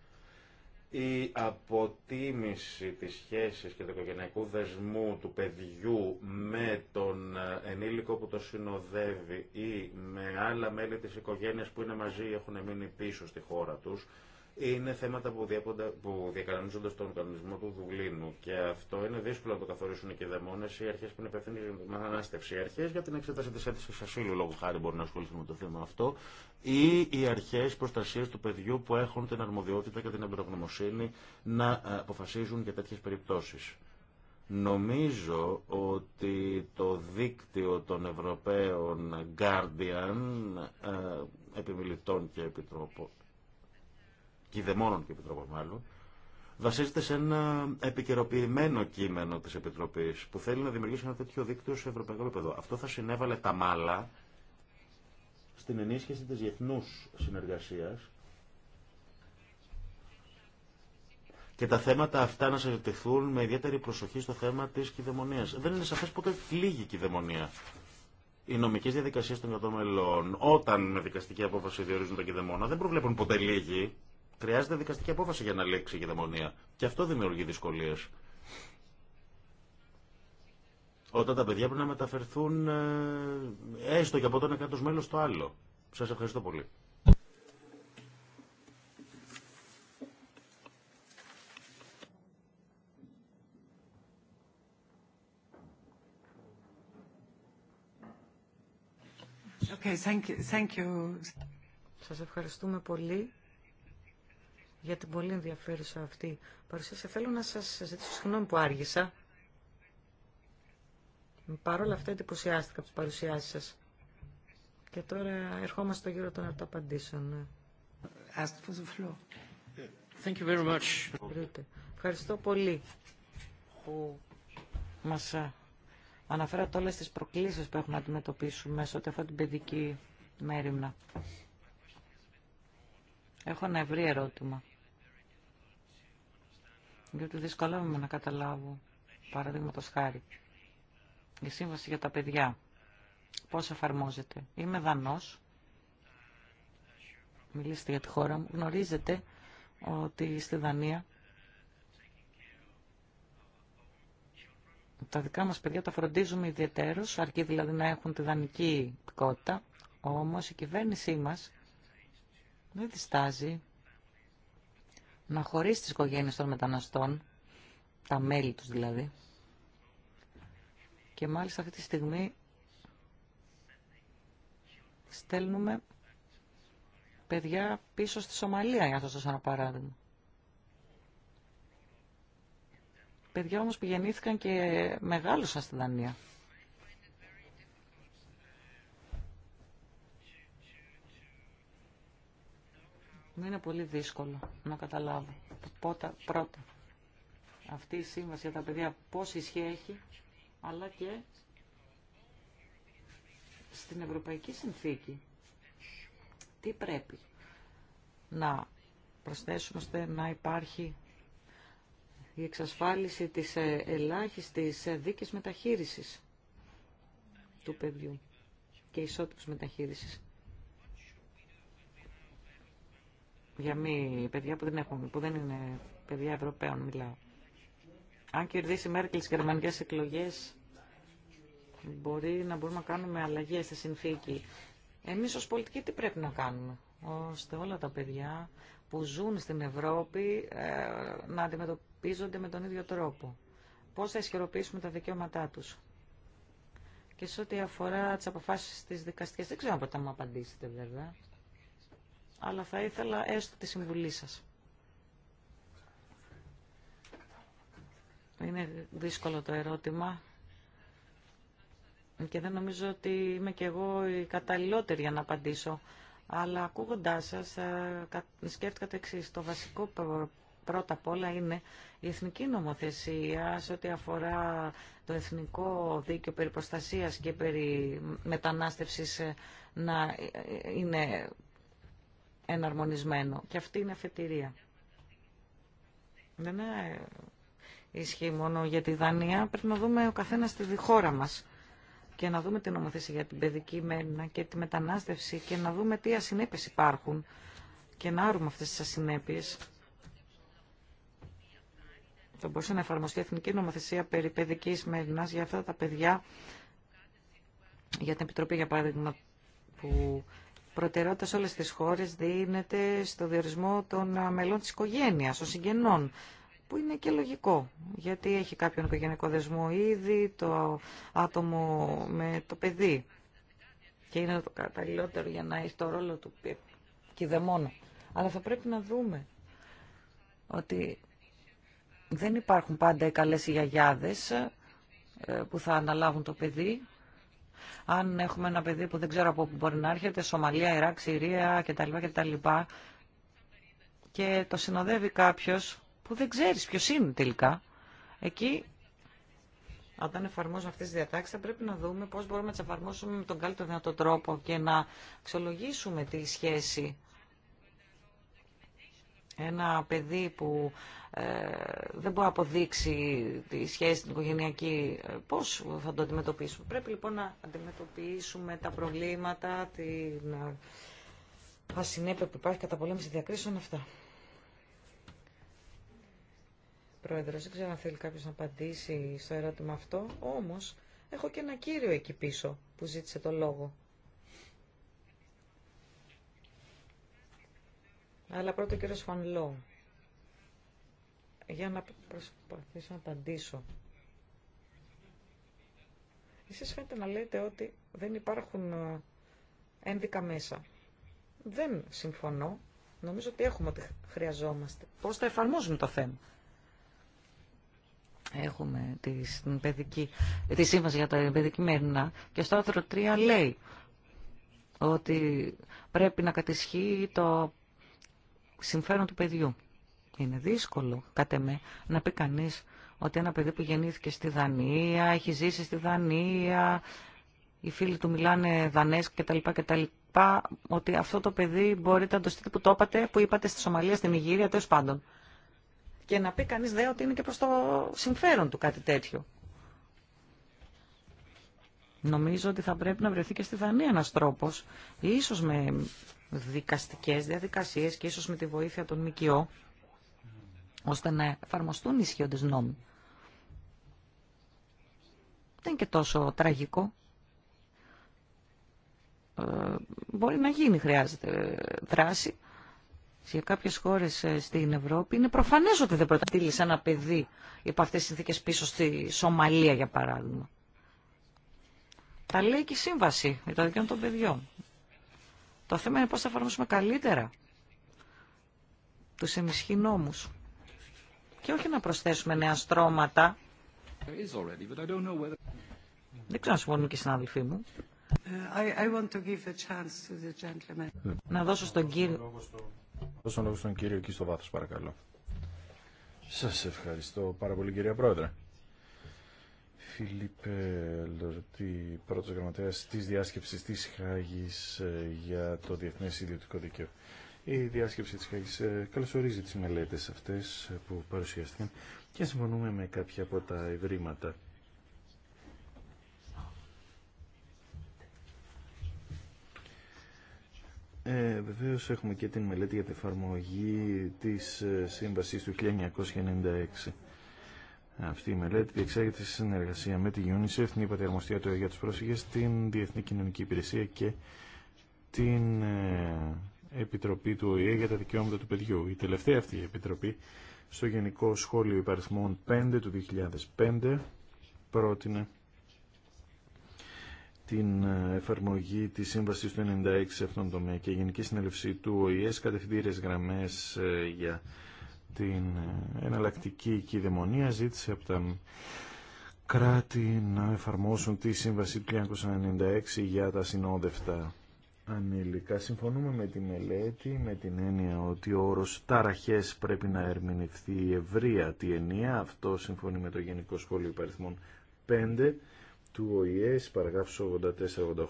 η αποτίμηση της σχέσης και του οικογενειακού δεσμού του παιδιού με τον ε, ενήλικο που το συνοδεύει ή με άλλα μέλη της οικογένειας που είναι μαζί ή έχουν μείνει πίσω στη χώρα τους είναι θέματα που, που διακανονίζονται στον κανονισμό του Δουβλίνου και αυτό είναι δύσκολο να το καθορίσουν και οι δαιμόνε, οι αρχέ που είναι υπεύθυνε για την ανάστευση. Οι αρχέ για την εξέταση τη αίτηση ασύλου λόγω χάρη μπορεί να ασχοληθούν με το θέμα αυτό ή οι αρχέ προστασία του παιδιού που έχουν την αρμοδιότητα και την εμπειρογνωμοσύνη να ε, αποφασίζουν για τέτοιε περιπτώσει. Νομίζω ότι το δίκτυο των Ευρωπαίων Guardian, ε, επιμιλητών και επιτρόπων, κυδεμόνων και επιτρόπων μάλλον, βασίζεται σε ένα επικαιροποιημένο κείμενο τη Επιτροπή που θέλει να δημιουργήσει ένα τέτοιο δίκτυο σε ευρωπαϊκό επίπεδο. Αυτό θα συνέβαλε τα μάλα στην ενίσχυση τη διεθνού συνεργασία και τα θέματα αυτά να συζητηθούν με ιδιαίτερη προσοχή στο θέμα τη κυδαιμονία. Δεν είναι σαφέ πότε λίγη η κυδαιμονία. Οι νομικέ διαδικασίε των κρατών μελών, όταν με δικαστική απόφαση διορίζουν τα κυδαιμόνα, δεν προβλέπουν ποτέ λίγη. Χρειάζεται δικαστική απόφαση για να λήξει η Και αυτό δημιουργεί δυσκολίε. Όταν τα παιδιά πρέπει να μεταφερθούν ε, έστω και από το ένα κράτο μέλο στο άλλο. Σα ευχαριστώ πολύ. Okay, thank you, thank you. Σας ευχαριστούμε πολύ για την πολύ ενδιαφέρουσα αυτή παρουσίαση. Θέλω να σας ζητήσω συγγνώμη που άργησα. Παρ' όλα αυτά εντυπωσιάστηκα από τις παρουσιάσεις σας. Και τώρα ερχόμαστε στο γύρο των αρταπαντήσεων. Ευχαριστώ πολύ που μας ε, αναφέρατε όλες τις προκλήσεις που έχουμε να αντιμετωπίσουμε σε ό,τι αφορά την παιδική μέρημνα. Έχω ένα ευρύ ερώτημα διότι δυσκολεύομαι να καταλάβω, παραδείγματος χάρη, η σύμβαση για τα παιδιά, πώς εφαρμόζεται. Είμαι Δανός, μιλήστε για τη χώρα μου, γνωρίζετε ότι στη Δανία τα δικά μας παιδιά τα φροντίζουμε ιδιαιτέρως, αρκεί δηλαδή να έχουν τη δανική ποιότητα, όμως η κυβέρνησή μας δεν διστάζει να χωρίσει τις οικογένειες των μεταναστών, τα μέλη τους δηλαδή. Και μάλιστα αυτή τη στιγμή στέλνουμε παιδιά πίσω στη Σομαλία, για να σας ένα παράδειγμα. Παιδιά όμως που γεννήθηκαν και μεγάλωσαν στην Δανία. είναι πολύ δύσκολο να καταλάβω. Πότα, πρώτα, αυτή η σύμβαση για τα παιδιά πώς ισχύει έχει, αλλά και στην Ευρωπαϊκή Συνθήκη. Τι πρέπει να προσθέσουμε ώστε να υπάρχει η εξασφάλιση της ε, ελάχιστης ε, δίκης μεταχείρισης του παιδιού και ισότητας μεταχείρισης. για μη παιδιά που δεν, έχουν, που δεν είναι παιδιά Ευρωπαίων μιλάω. Αν κερδίσει η Μέρκελ στις γερμανικές εκλογές, μπορεί να μπορούμε να κάνουμε αλλαγές στη συνθήκη. Εμείς ως πολιτικοί τι πρέπει να κάνουμε, ώστε όλα τα παιδιά που ζουν στην Ευρώπη ε, να αντιμετωπίζονται με τον ίδιο τρόπο. Πώς θα ισχυροποιήσουμε τα δικαιώματά τους. Και σε ό,τι αφορά τις αποφάσεις της δικαστικής, δεν ξέρω αν μου απαντήσετε βέβαια αλλά θα ήθελα έστω τη συμβουλή σας. Είναι δύσκολο το ερώτημα και δεν νομίζω ότι είμαι και εγώ η καταλληλότερη για να απαντήσω. Αλλά ακούγοντάς σας ε, σκέφτηκα το εξής. Το βασικό πρώτα απ' όλα είναι η εθνική νομοθεσία σε ό,τι αφορά το εθνικό δίκαιο περί και περί μετανάστευσης ε, να ε, είναι εναρμονισμένο. Και αυτή είναι αφετηρία. Δεν είναι ναι, ισχύει μόνο για τη Δανία. Πρέπει να δούμε ο καθένα τη χώρα μα και να δούμε την νομοθεσία για την παιδική μέρη και τη μετανάστευση και να δούμε τι ασυνέπειες υπάρχουν και να άρουμε αυτές τις ασυνέπειες. Θα μπορούσε να εφαρμοστεί η εθνική νομοθεσία περί παιδική μέρη για αυτά τα παιδιά, για την Επιτροπή για παράδειγμα που προτεραιότητα σε όλες τις χώρες δίνεται στο διορισμό των μελών της οικογένειας, των συγγενών, που είναι και λογικό, γιατί έχει κάποιον οικογενειακό δεσμό ήδη, το άτομο με το παιδί. Και είναι το καταλληλότερο για να έχει το ρόλο του μόνο. Αλλά θα πρέπει να δούμε ότι δεν υπάρχουν πάντα οι καλές γιαγιάδες ε, που θα αναλάβουν το παιδί αν έχουμε ένα παιδί που δεν ξέρω από πού μπορεί να έρχεται, Σομαλία, Ιράκ, Συρία κτλ. κτλ και το συνοδεύει κάποιο που δεν ξέρει ποιο είναι τελικά, εκεί όταν εφαρμόζουμε αυτές τις διατάξεις θα πρέπει να δούμε πώς μπορούμε να τι εφαρμόσουμε με τον καλύτερο δυνατό τρόπο και να αξιολογήσουμε τη σχέση ένα παιδί που ε, δεν μπορεί να αποδείξει τη σχέση την οικογενειακή, ε, πώς θα το αντιμετωπίσουμε. Πρέπει λοιπόν να αντιμετωπίσουμε τα προβλήματα, την ε, ασυνέπεια που υπάρχει κατά πολέμηση διακρίσεων, αυτά. Πρόεδρος, δεν ξέρω αν θέλει κάποιος να απαντήσει στο ερώτημα αυτό, όμως έχω και ένα κύριο εκεί πίσω που ζήτησε το λόγο. Αλλά πρώτο κύριο Σφανλό, Για να προσπαθήσω να απαντήσω. Εσείς φαίνεται να λέτε ότι δεν υπάρχουν ε, ένδικα μέσα. Δεν συμφωνώ. Νομίζω ότι έχουμε ό,τι χρειαζόμαστε. Πώς θα εφαρμόζουμε το θέμα. Έχουμε τη, παιδική, τη σύμβαση για τα παιδική μέρηνα και στο άρθρο 3 λέει ότι πρέπει να κατησχύει το συμφέρον του παιδιού. Είναι δύσκολο, κάτε με, να πει κανεί ότι ένα παιδί που γεννήθηκε στη Δανία, έχει ζήσει στη Δανία, οι φίλοι του μιλάνε Δανέσκ κτλ. κτλ ότι αυτό το παιδί μπορείτε να το στείλετε που το είπατε, που είπατε στη Σομαλία, στην Ιγύρια, τέλο πάντων. Και να πει κανεί δε ότι είναι και προ το συμφέρον του κάτι τέτοιο. Νομίζω ότι θα πρέπει να βρεθεί και στη Δανία ένα τρόπο. ίσως με δικαστικές διαδικασίες και ίσως με τη βοήθεια των ΜΚΟ, ώστε να εφαρμοστούν οι ισχύοντες νόμοι. Δεν είναι και τόσο τραγικό. Ε, μπορεί να γίνει, χρειάζεται δράση. Σε κάποιες χώρες ε, στην Ευρώπη είναι προφανές ότι δεν προτατήλησε ένα παιδί υπό αυτές τις συνθήκες πίσω στη Σομαλία, για παράδειγμα. Τα λέει και η σύμβαση για τα δικαιώματα των παιδιών. Το θέμα είναι πώς θα εφαρμόσουμε καλύτερα τους ενισχύ νόμου. Και όχι να προσθέσουμε νέα στρώματα. Already, Δεν ξέρω να συμφωνούν και οι συνάδελφοί μου. Να δώσω στον κύριο. Δώσω λόγο στον κύριο εκεί στο βάθος παρακαλώ. Σας ευχαριστώ πάρα πολύ κυρία Πρόεδρε. Φίλιππε Λορτή, πρώτος γραμματέας της διάσκεψης της Χάγης ε, για το Διεθνές Ιδιωτικό Δίκαιο. Η διάσκεψη της Χάγης ε, καλωσορίζει τις μελέτες αυτές ε, που παρουσιάστηκαν και συμφωνούμε με κάποια από τα ευρήματα. Ε, Βεβαίω έχουμε και την μελέτη για την εφαρμογή της σύμβασης του 1996 αυτή η μελέτη διεξάγεται σε συνεργασία με τη UNICEF, την υπατερμοστία του ΕΕ, για τους πρόσφυγες, την Διεθνή Κοινωνική Υπηρεσία και την ε, Επιτροπή του ΟΗΕ για τα Δικαιώματα του Παιδιού. Η τελευταία αυτή η επιτροπή στο Γενικό Σχόλιο Υπαριθμών 5 του 2005 πρότεινε την ε, εφαρμογή της Σύμβασης του 96 σε αυτόν τον τομέα και η Γενική Συνέλευση του ΟΗΕ κατευθυντήρες γραμμές ε, για την εναλλακτική κυδαιμονία ζήτησε από τα κράτη να εφαρμόσουν τη Σύμβαση του 1996 για τα συνόδευτα ανήλικα. Συμφωνούμε με τη μελέτη, με την έννοια ότι ο όρος ταραχές πρέπει να ερμηνευθεί ευρεία τη ενία. Αυτό συμφωνεί με το Γενικό Σχόλιο Υπαριθμών 5 του ΟΗΕ, παραγράφους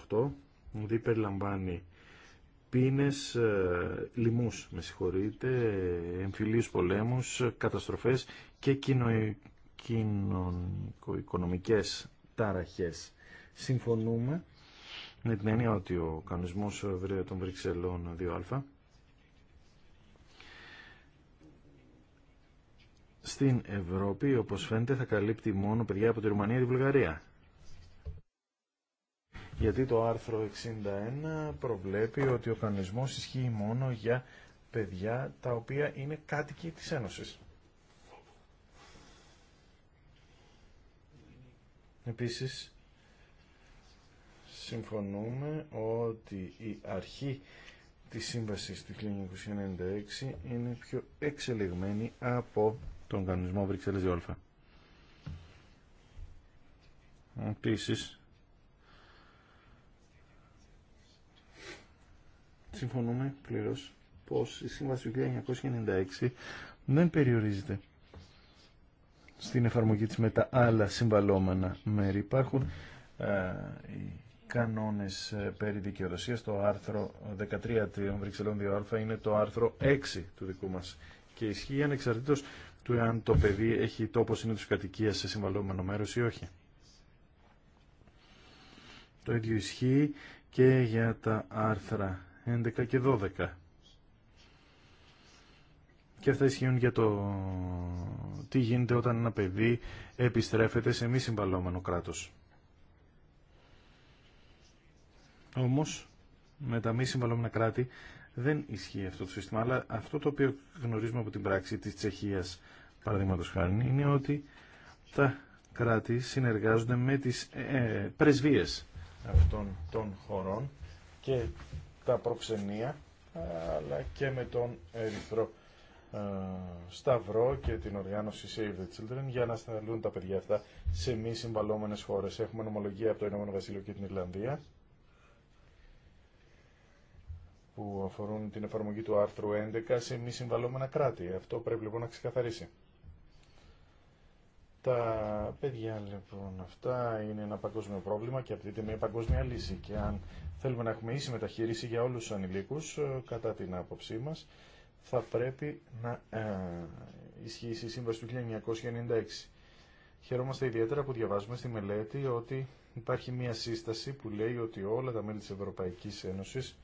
84-88, περιλαμβάνει πίνες, ε, λιμούς, με συγχωρείτε, εμφυλίους πολέμους, καταστροφές και κοινωνικο-οικονομικές τάραχες. Συμφωνούμε με την έννοια ότι ο κανονισμός των Βρυξελών 2α στην Ευρώπη, όπως φαίνεται, θα καλύπτει μόνο παιδιά από τη Ρουμανία και τη Βουλγαρία γιατί το άρθρο 61 προβλέπει ότι ο κανονισμός ισχύει μόνο για παιδιά τα οποία είναι κάτοικοι της Ένωσης. Επίσης, συμφωνούμε ότι η αρχή της σύμβασης του 1996 είναι πιο εξελιγμένη από τον κανονισμό Βρυξέλλες Ιόλφα. Επίσης, συμφωνούμε πλήρω πώ η Σύμβαση του 1996 δεν περιορίζεται στην εφαρμογή της με τα άλλα συμβαλώμενα μέρη. Υπάρχουν ε, οι κανόνες ε, περί δικαιοδοσίας, το άρθρο 13 του Βρυξελών 2α είναι το άρθρο 6 του δικού μας και ισχύει ανεξαρτήτως του εάν το παιδί έχει τόπο συνήθως κατοικία σε συμβαλώμενο μέρος ή όχι. Το ίδιο ισχύει και για τα άρθρα 11 και 12. Και αυτά ισχύουν για το τι γίνεται όταν ένα παιδί επιστρέφεται σε μη συμβαλόμενο κράτος. Όμως, με τα μη συμβαλόμενα κράτη δεν ισχύει αυτό το σύστημα, αλλά αυτό το οποίο γνωρίζουμε από την πράξη της Τσεχίας, παραδείγματος χάρη, είναι ότι τα κράτη συνεργάζονται με τις ε, ε πρεσβείες αυτών των χωρών και τα προξενία αλλά και με τον Ερυθρό Σταυρό και την οργάνωση Save the Children για να σταλούν τα παιδιά αυτά σε μη συμβαλόμενες χώρες. Έχουμε νομολογία από το Ηνωμένο Βασίλειο και την Ιρλανδία που αφορούν την εφαρμογή του άρθρου 11 σε μη συμβαλόμενα κράτη. Αυτό πρέπει λοιπόν να ξεκαθαρίσει. Τα παιδιά λοιπόν αυτά είναι ένα παγκόσμιο πρόβλημα και απαιτείται μια παγκόσμια λύση και αν θέλουμε να έχουμε ίση μεταχείριση για όλους τους ανηλίκους ε, κατά την άποψή μας θα πρέπει να ε, ισχύσει η σύμβαση του 1996. Χαιρόμαστε ιδιαίτερα που διαβάζουμε στη μελέτη ότι υπάρχει μια σύσταση που λέει ότι όλα τα μέλη της Ευρωπαϊκής Ένωσης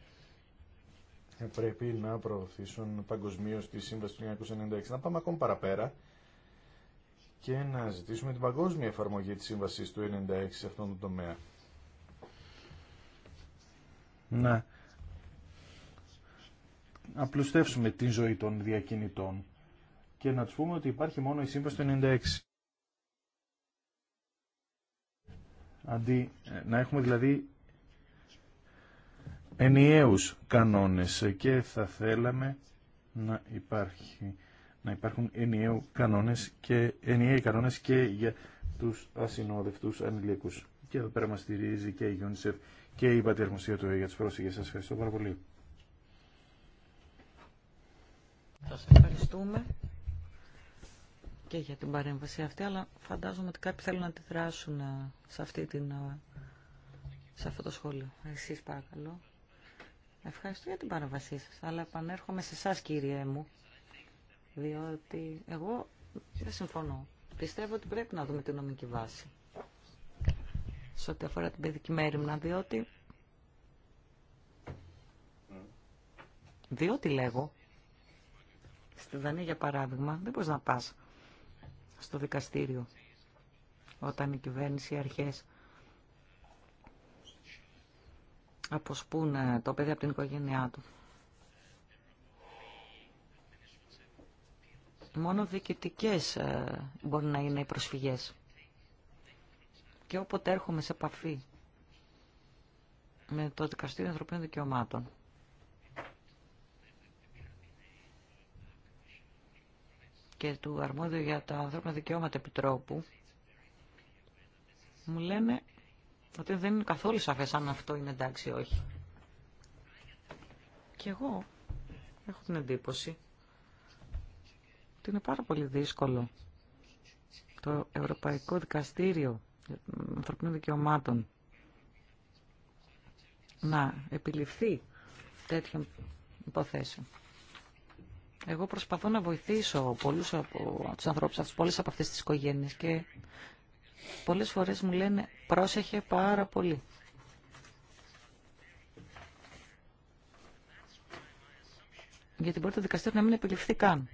πρέπει να προωθήσουν παγκοσμίω τη σύμβαση του 1996. Να πάμε ακόμα παραπέρα και να ζητήσουμε την παγκόσμια εφαρμογή της σύμβασης του 96 σε αυτόν τον τομέα. Να απλουστεύσουμε την ζωή των διακινητών και να τους πούμε ότι υπάρχει μόνο η σύμβαση του 96. Αντί ε, να έχουμε δηλαδή ενιαίους κανόνες και θα θέλαμε να υπάρχει να υπάρχουν ενιαίου κανόνες και, ενιαίοι κανόνες και για τους ασυνόδευτούς ανηλίκους. Και εδώ πέρα μας στηρίζει και η UNICEF και η Πατερμοσία του για τις πρόσφυγες. Σας ευχαριστώ πάρα πολύ. Σας ευχαριστούμε και για την παρέμβαση αυτή, αλλά φαντάζομαι ότι κάποιοι θέλουν να αντιδράσουν ε, σε, αυτή την, ε, σε αυτό το σχόλιο. Εσείς παρακαλώ. Ευχαριστώ για την παρέμβασή σας, αλλά επανέρχομαι σε εσά κύριε μου. Διότι εγώ δεν συμφωνώ. Πιστεύω ότι πρέπει να δούμε την νομική βάση σε ό,τι αφορά την παιδική μέρημνα, διότι... Διότι λέγω, στη Δανία για παράδειγμα, δεν μπορείς να πας στο δικαστήριο όταν η κυβέρνηση, οι αρχές αποσπούν ε, το παιδί από την οικογένειά του. Μόνο διοικητικές ε, μπορεί να είναι οι προσφυγές. Και όποτε έρχομαι σε επαφή με το Δικαστήριο Ανθρωπίνων Δικαιωμάτων, και του αρμόδιου για τα ανθρώπινα δικαιώματα επιτρόπου μου λένε ότι δεν είναι καθόλου σαφές αν αυτό είναι εντάξει ή όχι. Και εγώ έχω την εντύπωση ότι είναι πάρα πολύ δύσκολο το Ευρωπαϊκό Δικαστήριο Ανθρωπίνων Δικαιωμάτων να επιληφθεί τέτοιων υποθέσεων. Εγώ προσπαθώ να βοηθήσω πολλούς από τους ανθρώπους αυτούς, από αυτές τις οικογένειες και πολλές φορές μου λένε πρόσεχε πάρα πολύ. Γιατί μπορεί το δικαστήριο να μην επιληφθεί καν.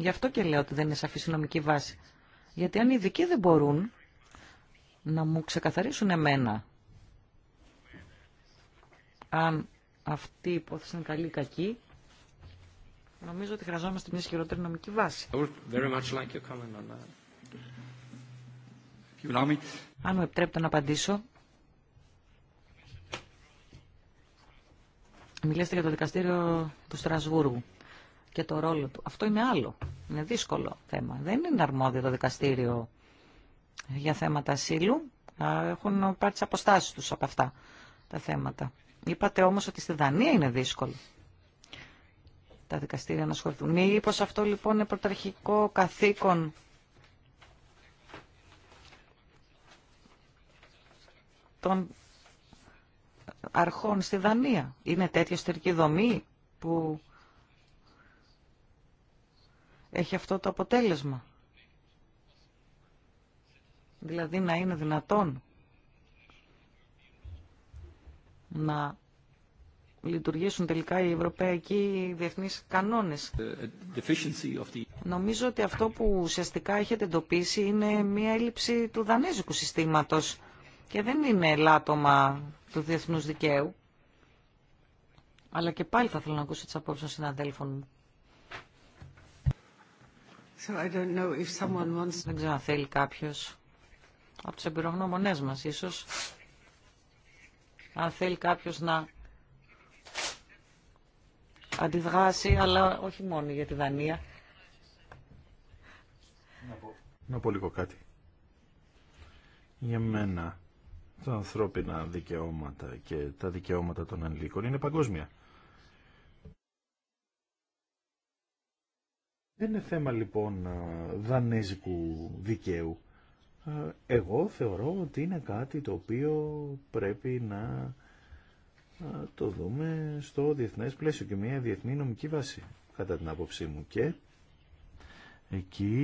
Γι' αυτό και λέω ότι δεν είναι σαφή η νομική βάση. Γιατί αν οι ειδικοί δεν μπορούν να μου ξεκαθαρίσουν εμένα αν αυτή η υπόθεση είναι καλή ή κακή, νομίζω ότι χρειαζόμαστε μια ισχυρότερη νομική βάση. Αν μου επιτρέπετε να απαντήσω, μιλήστε για το δικαστήριο του Στρασβούργου και το ρόλο του. Αυτό είναι άλλο. Είναι δύσκολο θέμα. Δεν είναι αρμόδιο το δικαστήριο για θέματα ασύλου. Έχουν πάρει τι αποστάσει του από αυτά τα θέματα. Είπατε όμω ότι στη Δανία είναι δύσκολο τα δικαστήρια να ασχοληθούν. Μήπω αυτό λοιπόν είναι πρωταρχικό καθήκον των αρχών στη Δανία. Είναι τέτοια στερική δομή που έχει αυτό το αποτέλεσμα. Δηλαδή να είναι δυνατόν να λειτουργήσουν τελικά οι ευρωπαϊκοί διεθνείς κανόνες. The... Νομίζω ότι αυτό που ουσιαστικά έχετε εντοπίσει είναι μια έλλειψη του δανέζικου συστήματος και δεν είναι ελάττωμα του διεθνούς δικαίου. Αλλά και πάλι θα θέλω να ακούσω τις απόψεις των συναδέλφων μου. Δεν ξέρω αν θέλει κάποιος από τους εμπειρογνώμονές μας ίσως. Αν θέλει κάποιος να αντιδράσει, αλλά όχι μόνο για τη Δανία. Να πολύ να πω λίγο κάτι. Για μένα τα ανθρώπινα δικαιώματα και τα δικαιώματα των ανηλίκων είναι παγκόσμια. Δεν είναι θέμα λοιπόν δανέζικου δικαίου. Εγώ θεωρώ ότι είναι κάτι το οποίο πρέπει να το δούμε στο διεθνές πλαίσιο και μια διεθνή νομική βάση κατά την άποψή μου και εκεί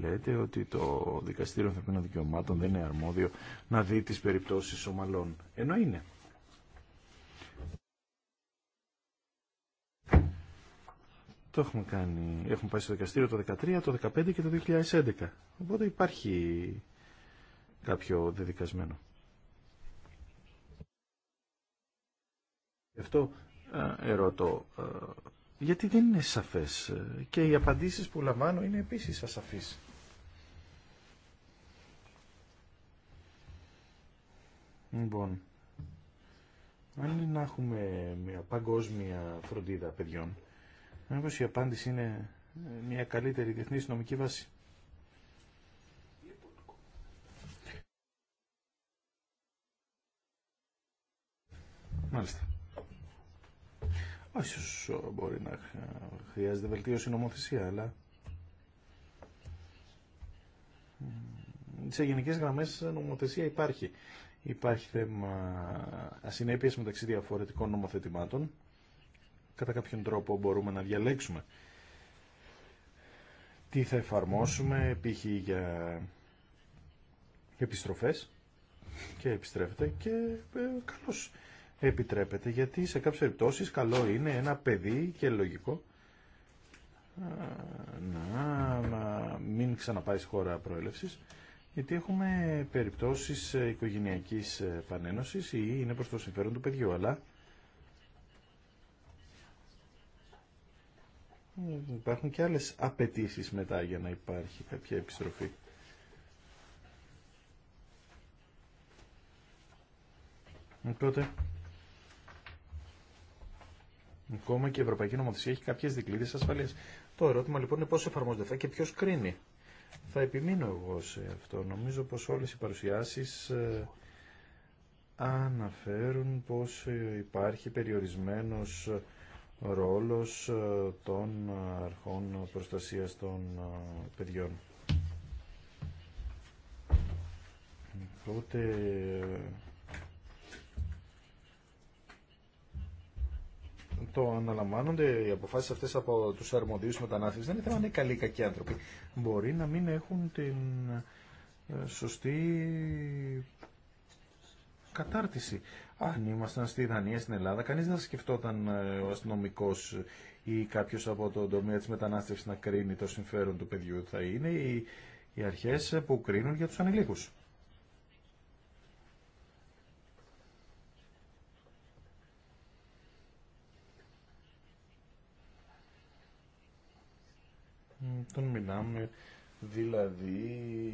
λέτε ότι το Δικαστήριο Ανθρωπίνων Δικαιωμάτων δεν είναι αρμόδιο να δει τις περιπτώσεις ομαλών ενώ είναι Το έχουμε κάνει, έχουμε πάει στο δικαστήριο το 2013, το 2015 και το 2011. Οπότε υπάρχει κάποιο δεδικασμένο. Γι' αυτό ε, ερωτώ, ε, γιατί δεν είναι σαφές ε, και οι απαντήσεις που λαμβάνω είναι επίσης ασαφείς. Λοιπόν, αν να έχουμε μια παγκόσμια φροντίδα παιδιών, Μήπω η απάντηση είναι ε, μια καλύτερη διεθνή νομική βάση. Μάλιστα. Όχι, ε, μπορεί να χρειάζεται βελτίωση νομοθεσία, αλλά σε γενικές γραμμές ε, νομοθεσία υπάρχει. Υπάρχει θέμα ασυνέπειας μεταξύ διαφορετικών νομοθετημάτων κατά κάποιον τρόπο μπορούμε να διαλέξουμε τι θα εφαρμόσουμε, π.χ. για επιστροφές και επιστρέφεται και ε, καλώς επιτρέπεται γιατί σε κάποιες περιπτώσεις καλό είναι ένα παιδί και λογικό να, να μην ξαναπάει στη χώρα προέλευσης γιατί έχουμε περιπτώσεις ε, οικογενειακής ε, πανένωσης ή είναι προς το συμφέρον του παιδιού αλλά Υπάρχουν και άλλες απαιτήσει μετά για να υπάρχει κάποια επιστροφή. Οπότε, ακόμα και η Ευρωπαϊκή Νομοθεσία έχει κάποιες δικλείδες ασφαλείας. Το ερώτημα λοιπόν είναι πώς εφαρμόζονται αυτά και ποιος κρίνει. Θα επιμείνω εγώ σε αυτό. Νομίζω πως όλες οι παρουσιάσεις ε, αναφέρουν πως ε, υπάρχει περιορισμένος ε, ρόλος ε, των ε, αρχών προστασίας των ε, παιδιών. Οπότε το αναλαμβάνονται οι αποφάσεις αυτές από του αρμοδίους μετανάστες. Δεν είναι θέμα αν είναι καλοί ή κακοί άνθρωποι. Μπορεί να μην έχουν την σωστή κατάρτιση αν ήμασταν στη Δανία, στην Ελλάδα, κανείς δεν σκεφτόταν ε, ο αστυνομικό ή κάποιο από τον τομέα της μετανάστευσης να κρίνει το συμφέρον του παιδιού. Θα είναι οι, οι αρχές που κρίνουν για τους ανηλίκου. Τον μιλάμε δηλαδή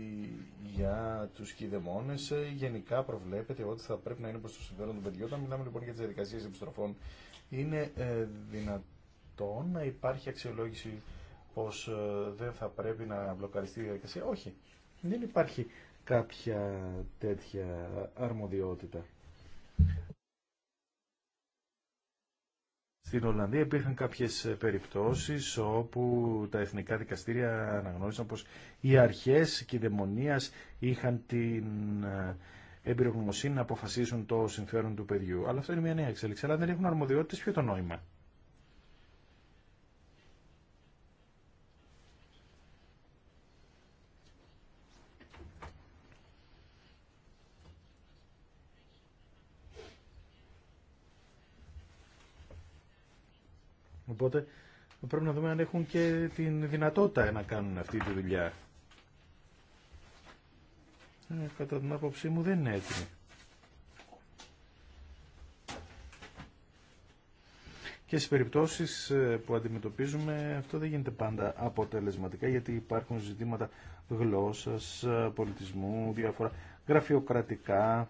για τους κηδεμόνες ε, γενικά προβλέπεται ότι θα πρέπει να είναι προς το συμφέρον των παιδιών. Όταν μιλάμε λοιπόν για τις διαδικασίες επιστροφών, είναι ε, δυνατόν να υπάρχει αξιολόγηση πως ε, δεν θα πρέπει να μπλοκαριστεί η διαδικασία. Όχι. Δεν υπάρχει κάποια τέτοια αρμοδιότητα. Στην Ολλανδία υπήρχαν κάποιες περιπτώσεις όπου τα εθνικά δικαστήρια αναγνώρισαν πως οι αρχές δαιμονία είχαν την ε, εμπειρογνωμοσύνη να αποφασίσουν το συμφέρον του παιδιού. Αλλά αυτό είναι μια νέα εξέλιξη. Αλλά δεν έχουν αρμοδιότητες, ποιο το νόημα. Οπότε πρέπει να δούμε αν έχουν και την δυνατότητα να κάνουν αυτή τη δουλειά. Ε, κατά την άποψή μου δεν είναι έτοιμη. Και στις περιπτώσεις ε, που αντιμετωπίζουμε αυτό δεν γίνεται πάντα αποτελεσματικά γιατί υπάρχουν ζητήματα γλώσσας, ε, πολιτισμού, διάφορα γραφειοκρατικά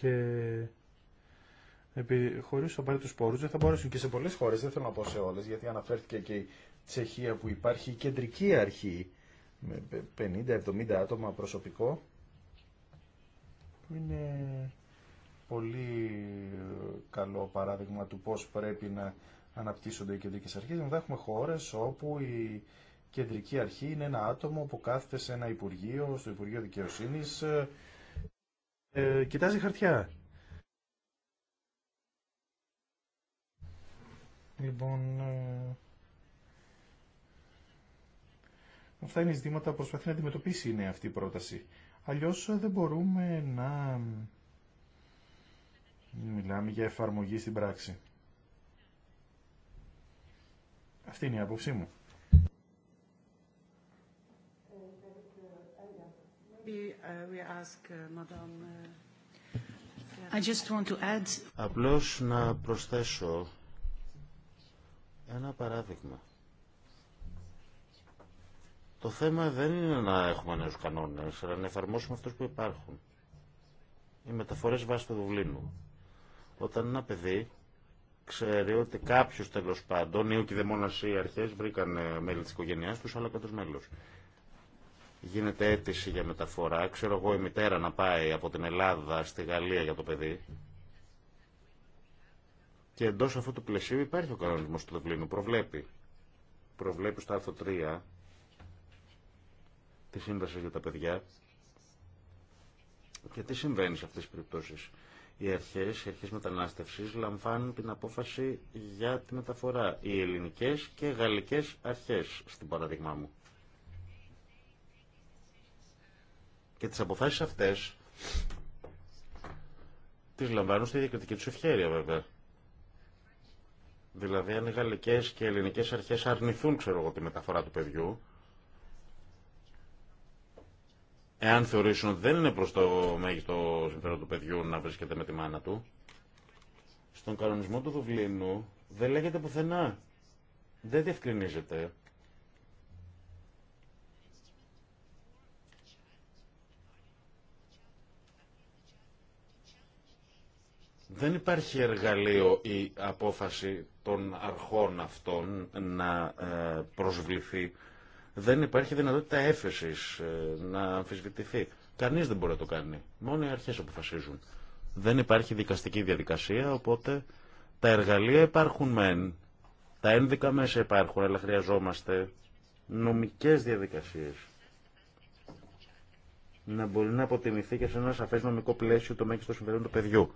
και επί, χωρίς απαραίτητους πόρους δεν θα μπορέσουν και σε πολλές χώρες, δεν θέλω να πω σε όλες, γιατί αναφέρθηκε και η Τσεχία που υπάρχει η κεντρική αρχή με 50-70 άτομα προσωπικό που είναι πολύ ε, καλό παράδειγμα του πώς πρέπει να αναπτύσσονται οι κεντρικές αρχές. Μετά έχουμε χώρες όπου η κεντρική αρχή είναι ένα άτομο που κάθεται σε ένα υπουργείο, στο Υπουργείο Δικαιοσύνη. Ε, ε, κοιτάζει χαρτιά. Λοιπόν, ε, αυτά είναι ζητήματα που προσπαθεί να αντιμετωπίσει είναι αυτή η πρόταση. Αλλιώς ε, δεν μπορούμε να μιλάμε για εφαρμογή στην πράξη. Αυτή είναι η άποψή μου. Maybe Απλώς να προσθέσω ένα παράδειγμα. Το θέμα δεν είναι να έχουμε νέους κανόνες, αλλά να εφαρμόσουμε αυτούς που υπάρχουν. Οι μεταφορές βάσει του Δουβλίνου. Όταν ένα παιδί ξέρει ότι κάποιο τέλο πάντων, ή ο δεν ή οι αρχέ, βρήκαν μέλη τη οικογένειά του, αλλά κάποιο μέλο γίνεται αίτηση για μεταφορά. Ξέρω εγώ η μητέρα να πάει από την Ελλάδα στη Γαλλία για το παιδί. Και εντό αυτού του πλαισίου υπάρχει ο κανονισμό του Δευλίνου. Προβλέπει. Προβλέπει στο άρθρο 3 τη σύμβαση για τα παιδιά. Και τι συμβαίνει σε αυτέ τι περιπτώσει. Οι αρχέ, οι αρχέ μετανάστευση λαμβάνουν την απόφαση για τη μεταφορά. Οι ελληνικέ και γαλλικέ αρχέ, στην παραδείγμα μου. Και τις αποφάσεις αυτές τις λαμβάνουν στη διακριτική του ευχαίρεια βέβαια. Δηλαδή αν οι γαλλικές και ελληνικές αρχές αρνηθούν ξέρω εγώ τη μεταφορά του παιδιού εάν θεωρήσουν ότι δεν είναι προς το μέγιστο συμφέρον του παιδιού να βρίσκεται με τη μάνα του στον κανονισμό του Δουβλίνου δεν λέγεται πουθενά. Δεν διευκρινίζεται Δεν υπάρχει εργαλείο ή απόφαση των αρχών αυτών να ε, προσβληθεί. Δεν υπάρχει δυνατότητα έφεσης ε, να αμφισβητηθεί. Κανείς δεν μπορεί να το κάνει. Μόνο οι αρχές αποφασίζουν. Δεν υπάρχει δικαστική διαδικασία, οπότε τα εργαλεία υπάρχουν μεν. Τα ένδικα μέσα υπάρχουν, αλλά χρειαζόμαστε νομικές διαδικασίες. Να μπορεί να αποτιμηθεί και σε ένα σαφές νομικό πλαίσιο το μέγιστο συμφέρον του παιδιού.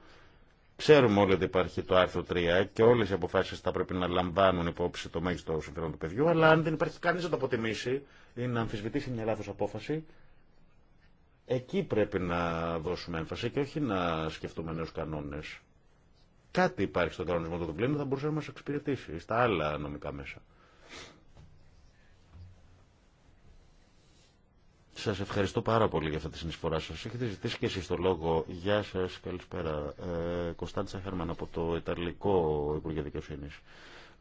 Ξέρουμε όλοι ότι υπάρχει το άρθρο 3 και όλε οι αποφάσει θα πρέπει να λαμβάνουν υπόψη το μέγιστο συμφέρον του παιδιού, αλλά αν δεν υπάρχει κανεί να το αποτιμήσει ή να αμφισβητήσει μια λάθο απόφαση, εκεί πρέπει να δώσουμε έμφαση και όχι να σκεφτούμε νέου κανόνε. Κάτι υπάρχει στον κανονισμό του Δουβλίνου θα μπορούσε να μα εξυπηρετήσει στα άλλα νομικά μέσα. Σας ευχαριστώ πάρα πολύ για αυτή τη συνεισφορά σας. Έχετε ζητήσει και εσείς το λόγο. Γεια σας, καλησπέρα. Ε, Κωνσταντσα Χέρμαν από το Ιταλικό Υπουργείο Δικαιοσύνη.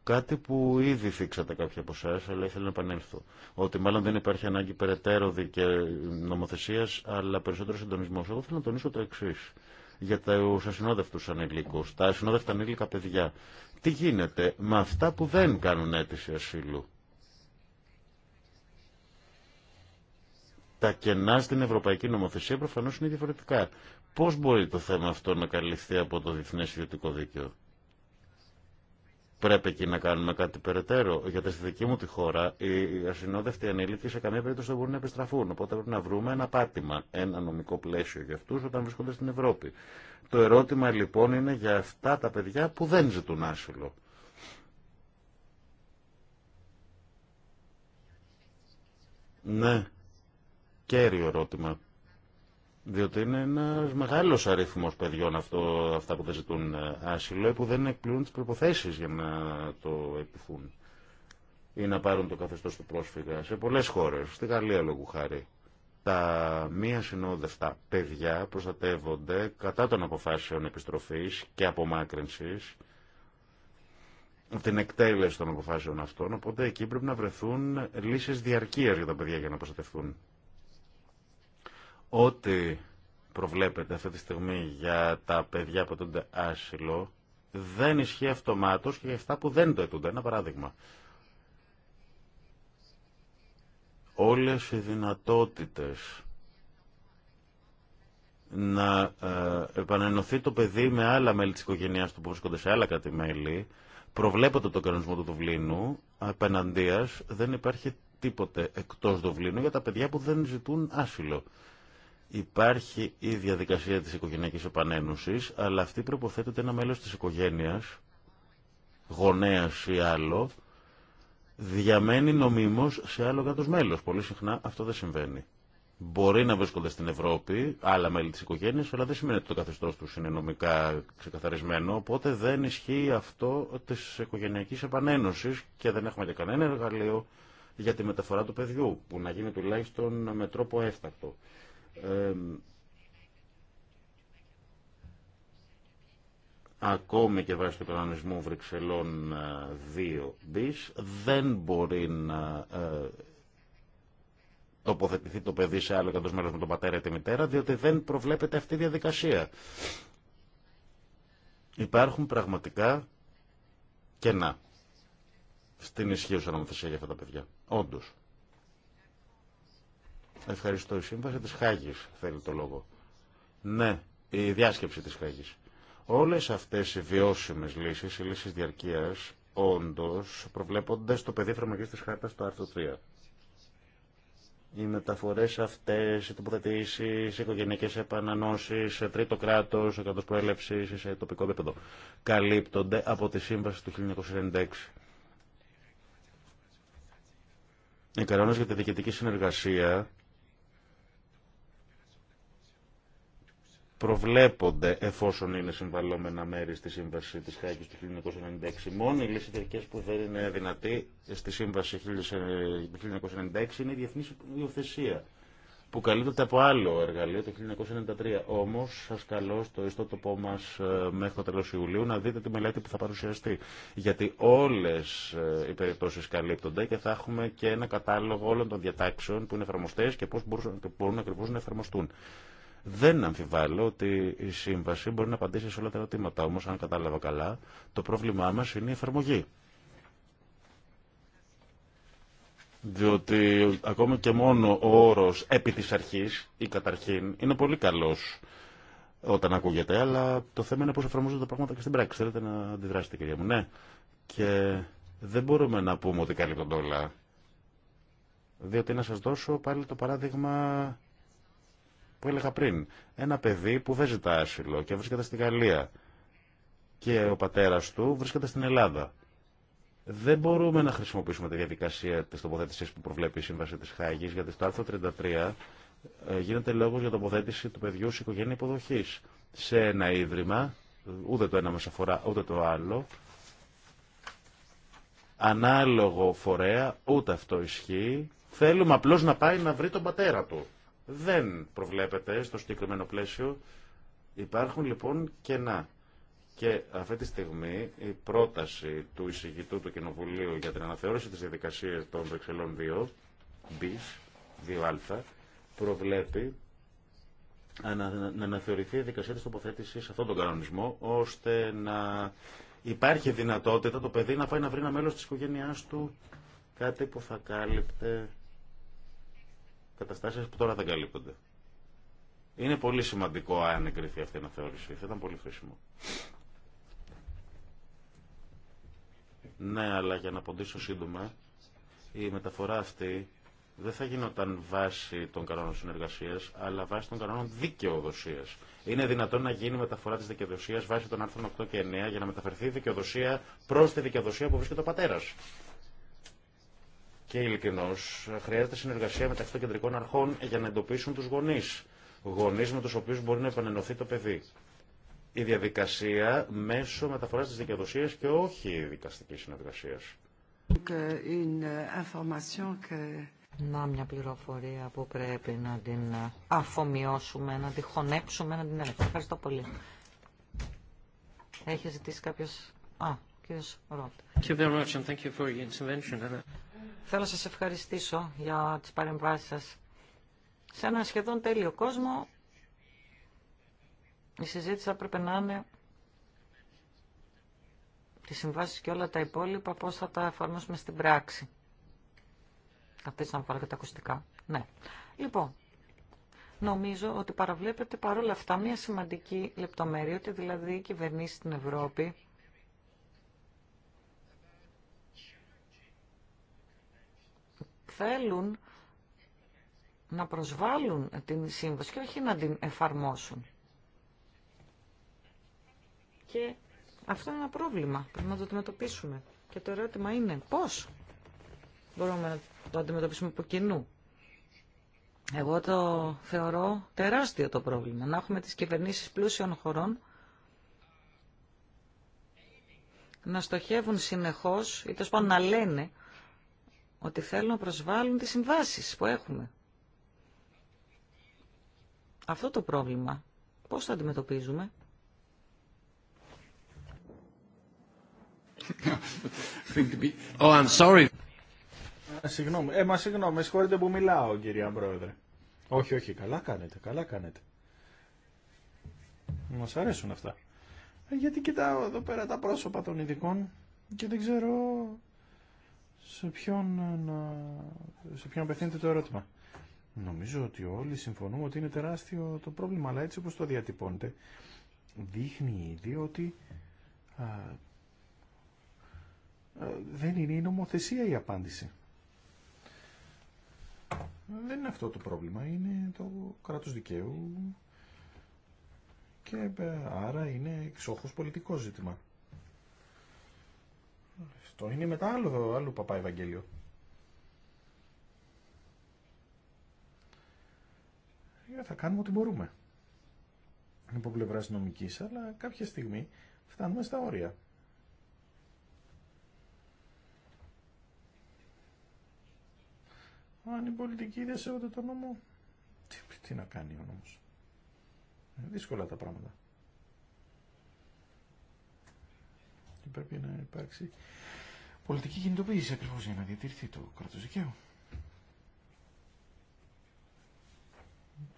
Κάτι που ήδη θίξατε κάποιοι από εσά, αλλά ήθελα να επανέλθω. Ότι μάλλον δεν υπάρχει ανάγκη περαιτέρω νομοθεσία, αλλά περισσότερο συντονισμό. Εγώ θέλω να τονίσω το εξή για του ασυνόδευτου ανηλίκου, τα ασυνόδευτα ανήλικα παιδιά. Τι γίνεται με αυτά που δεν κάνουν αίτηση ασύλου τα κενά στην ευρωπαϊκή νομοθεσία προφανώς είναι διαφορετικά. Πώς μπορεί το θέμα αυτό να καλυφθεί από το Διεθνές Ιδιωτικό Δίκαιο. Πρέπει εκεί να κάνουμε κάτι περαιτέρω. Γιατί στη δική μου τη χώρα οι ασυνόδευτοι ανήλικοι σε καμία περίπτωση δεν μπορούν να επιστραφούν. Οπότε πρέπει να βρούμε ένα πάτημα, ένα νομικό πλαίσιο για αυτού όταν βρίσκονται στην Ευρώπη. Το ερώτημα λοιπόν είναι για αυτά τα παιδιά που δεν ζητούν άσυλο. Ναι, κέριο ερώτημα. Διότι είναι ένα μεγάλο αριθμό παιδιών αυτό, αυτά που δεν ζητούν ε, άσυλο που δεν εκπληρούν τι προποθέσει για να το επιθούν ή να πάρουν το καθεστώ του πρόσφυγα σε πολλέ χώρε. Στη Γαλλία, λόγου χάρη. Τα μία συνόδευτα παιδιά προστατεύονται κατά των αποφάσεων επιστροφή και απομάκρυνσης την εκτέλεση των αποφάσεων αυτών, οπότε εκεί πρέπει να βρεθούν λύσει διαρκεία για τα παιδιά για να προστατευτούν. Ό,τι προβλέπεται αυτή τη στιγμή για τα παιδιά που αιτούνται άσυλο δεν ισχύει αυτομάτως και για αυτά που δεν το αιτούνται. Ένα παράδειγμα. Όλες οι δυνατότητες να ε, επανενωθεί το παιδί με άλλα μέλη της οικογένειάς του που βρίσκονται σε άλλα κάτι μέλη προβλέπεται το κανονισμό του Δουβλίνου απέναντίας δεν υπάρχει τίποτε εκτός Δουβλίνου για τα παιδιά που δεν ζητούν άσυλο. Υπάρχει η διαδικασία της οικογενειακής επανένωσης, αλλά αυτή προποθέτει ένα μέλος της οικογένειας, γονέας ή άλλο, διαμένει νομίμως σε άλλο κάτω μέλος. Πολύ συχνά αυτό δεν συμβαίνει. Μπορεί να βρίσκονται στην Ευρώπη άλλα μέλη της οικογένειας, αλλά δεν σημαίνει ότι το καθεστώς τους είναι νομικά ξεκαθαρισμένο, οπότε δεν ισχύει αυτό της οικογενειακής επανένωσης και δεν έχουμε και κανένα εργαλείο για τη μεταφορά του παιδιού, που να γίνει τουλάχιστον με τρόπο έφτακτο ακόμη και βάσει του κανονισμού Βρυξελών 2 ε, 2B δεν μπορεί να ε, τοποθετηθεί το παιδί σε άλλο κατός μέρος με τον πατέρα ή τη μητέρα, διότι δεν προβλέπεται αυτή η διαδικασία. Υπάρχουν πραγματικά κενά στην ισχύουσα νομοθεσία για αυτά τα παιδιά. Όντως. Ευχαριστώ. Η σύμβαση τη Χάγης θέλει το λόγο. Ναι, η διάσκεψη τη Χάγη. Όλε αυτέ οι βιώσιμε λύσει οι λύσεις διαρκεία, όντω, προβλέπονται στο πεδίο εφαρμογή τη Χάρτα το άρθρο 3. Οι μεταφορέ αυτέ οι τοποθετήσει, οι οικογενειακέ επανανώσει σε τρίτο κράτος, σε προέλευση ή σε τοπικό επίπεδο, καλύπτονται από τη σύμβαση του 1996. Οι κανόνε για τη διοικητική συνεργασία προβλέπονται εφόσον είναι συμβαλλόμενα μέρη στη Σύμβαση της Χάκης του 1996. Μόνο οι λύσεις που δεν είναι δυνατή στη Σύμβαση του 1996 είναι η διεθνής υιοθεσία που καλύπτεται από άλλο εργαλείο το 1993. Όμως σας καλώ στο ιστότοπό μας ε, μέχρι το τέλος Ιουλίου να δείτε τη μελέτη που θα παρουσιαστεί. Γιατί όλες ε, οι περιπτώσεις καλύπτονται και θα έχουμε και ένα κατάλογο όλων των διατάξεων που είναι εφαρμοστές και πώς μπορούν, μπορούν να εφαρμοστούν. Δεν αμφιβάλλω ότι η σύμβαση μπορεί να απαντήσει σε όλα τα ερωτήματα. Όμω, αν κατάλαβα καλά, το πρόβλημά μα είναι η εφαρμογή. Διότι ακόμα και μόνο ο όρο επί της αρχής ή καταρχήν είναι πολύ καλός όταν ακούγεται, αλλά το θέμα είναι πώς εφαρμόζονται τα πράγματα και στην πράξη. Θέλετε να αντιδράσετε κυρία μου, ναι. Και δεν μπορούμε να πούμε ότι καλύπτονται όλα. Διότι να σα δώσω πάλι το παράδειγμα που έλεγα πριν. Ένα παιδί που δεν ζητά άσυλο και βρίσκεται στη Γαλλία και ο πατέρα του βρίσκεται στην Ελλάδα. Δεν μπορούμε να χρησιμοποιήσουμε τη διαδικασία τη τοποθέτηση που προβλέπει η Σύμβαση τη Χάγη, γιατί στο άρθρο 33 ε, γίνεται λόγο για τοποθέτηση του παιδιού σε οικογένεια υποδοχή σε ένα ίδρυμα, ούτε το ένα μας αφορά ούτε το άλλο, ανάλογο φορέα, ούτε αυτό ισχύει. Θέλουμε απλώ να πάει να βρει τον πατέρα του δεν προβλέπεται στο συγκεκριμένο πλαίσιο. Υπάρχουν λοιπόν κενά. Και αυτή τη στιγμή η πρόταση του εισηγητού του Κοινοβουλίου για την αναθεώρηση της διαδικασίας των Βεξελών 2, bis, 2α, προβλέπει να αναθεωρηθεί η διαδικασία της τοποθέτησης σε αυτόν τον κανονισμό, ώστε να υπάρχει δυνατότητα το παιδί να πάει να βρει ένα μέλος της οικογένειάς του, κάτι που θα κάλυπτε καταστάσεις που τώρα δεν καλύπτονται. Είναι πολύ σημαντικό αν εγκριθεί αυτή η αναθεώρηση. Θα ήταν πολύ χρήσιμο. Ναι, αλλά για να απαντήσω σύντομα, η μεταφορά αυτή δεν θα γινόταν βάση των κανόνων συνεργασία, αλλά βάσει των κανόνων δικαιοδοσία. Είναι δυνατόν να γίνει μεταφορά τη δικαιοδοσία βάσει των άρθρων 8 και 9 για να μεταφερθεί η δικαιοδοσία προ τη δικαιοδοσία που βρίσκεται ο πατέρα και ειλικρινώ, χρειάζεται συνεργασία μεταξύ των κεντρικών αρχών για να εντοπίσουν του γονεί. Γονεί με του οποίου μπορεί να επανενωθεί το παιδί. Η διαδικασία μέσω μεταφορά τη δικαιοδοσία και όχι δικαστική συνεργασία. Να μια πληροφορία που πρέπει να την αφομοιώσουμε, να τη χωνέψουμε, να την ελέγχουμε. Ευχαριστώ πολύ. Έχει ζητήσει κάποιο. Α, κύριο Ρόπ. Θέλω να σας ευχαριστήσω για τις παρεμβάσεις σας. Σε ένα σχεδόν τέλειο κόσμο, η συζήτηση θα πρέπει να είναι τις συμβάσεις και όλα τα υπόλοιπα, πώς θα τα εφαρμόσουμε στην πράξη. Αυτή να βάλω και τα ακουστικά. Ναι. Λοιπόν, νομίζω ότι παραβλέπετε παρόλα αυτά μια σημαντική λεπτομέρεια, ότι δηλαδή οι κυβερνήσει στην Ευρώπη θέλουν να προσβάλλουν την σύμβαση και όχι να την εφαρμόσουν. Και αυτό είναι ένα πρόβλημα. Πρέπει να το αντιμετωπίσουμε. Και το ερώτημα είναι πώς μπορούμε να το αντιμετωπίσουμε από κοινού. Εγώ το θεωρώ τεράστιο το πρόβλημα. Να έχουμε τις κυβερνήσεις πλούσιων χωρών να στοχεύουν συνεχώς, ή τόσο να λένε ότι θέλουν να προσβάλλουν τις συμβάσεις που έχουμε. Αυτό το πρόβλημα πώς θα αντιμετωπίζουμε. [LAUGHS] oh, I'm sorry. Ε, συγγνώμη, ε, μα συγγνώμη, συγχωρείτε που μιλάω, κυρία Πρόεδρε. Όχι, όχι, καλά κάνετε, καλά κάνετε. Μας αρέσουν αυτά. Ε, γιατί κοιτάω εδώ πέρα τα πρόσωπα των ειδικών και δεν ξέρω σε ποιον, ε, να... σε ποιον απευθύνεται το ερώτημα. Νομίζω ότι όλοι συμφωνούμε ότι είναι τεράστιο το πρόβλημα, αλλά έτσι όπως το διατυπώνετε, δείχνει ήδη ότι δεν είναι η νομοθεσία η απάντηση. Δεν είναι αυτό το πρόβλημα, είναι το κράτος δικαίου και ε, άρα είναι εξόχως πολιτικό ζήτημα. Αυτό είναι μετά άλλο, άλλο παπά Ευαγγέλιο. Ε, θα κάνουμε ό,τι μπορούμε από πλευρά νομική, αλλά κάποια στιγμή φτάνουμε στα όρια. Αν οι πολιτικοί δεν σέβονται τον νόμο, τι, τι να κάνει ο νόμος. Είναι δύσκολα τα πράγματα. Και πρέπει να υπάρξει πολιτική κινητοποίηση ακριβώ για να διατηρηθεί το κράτος δικαίου.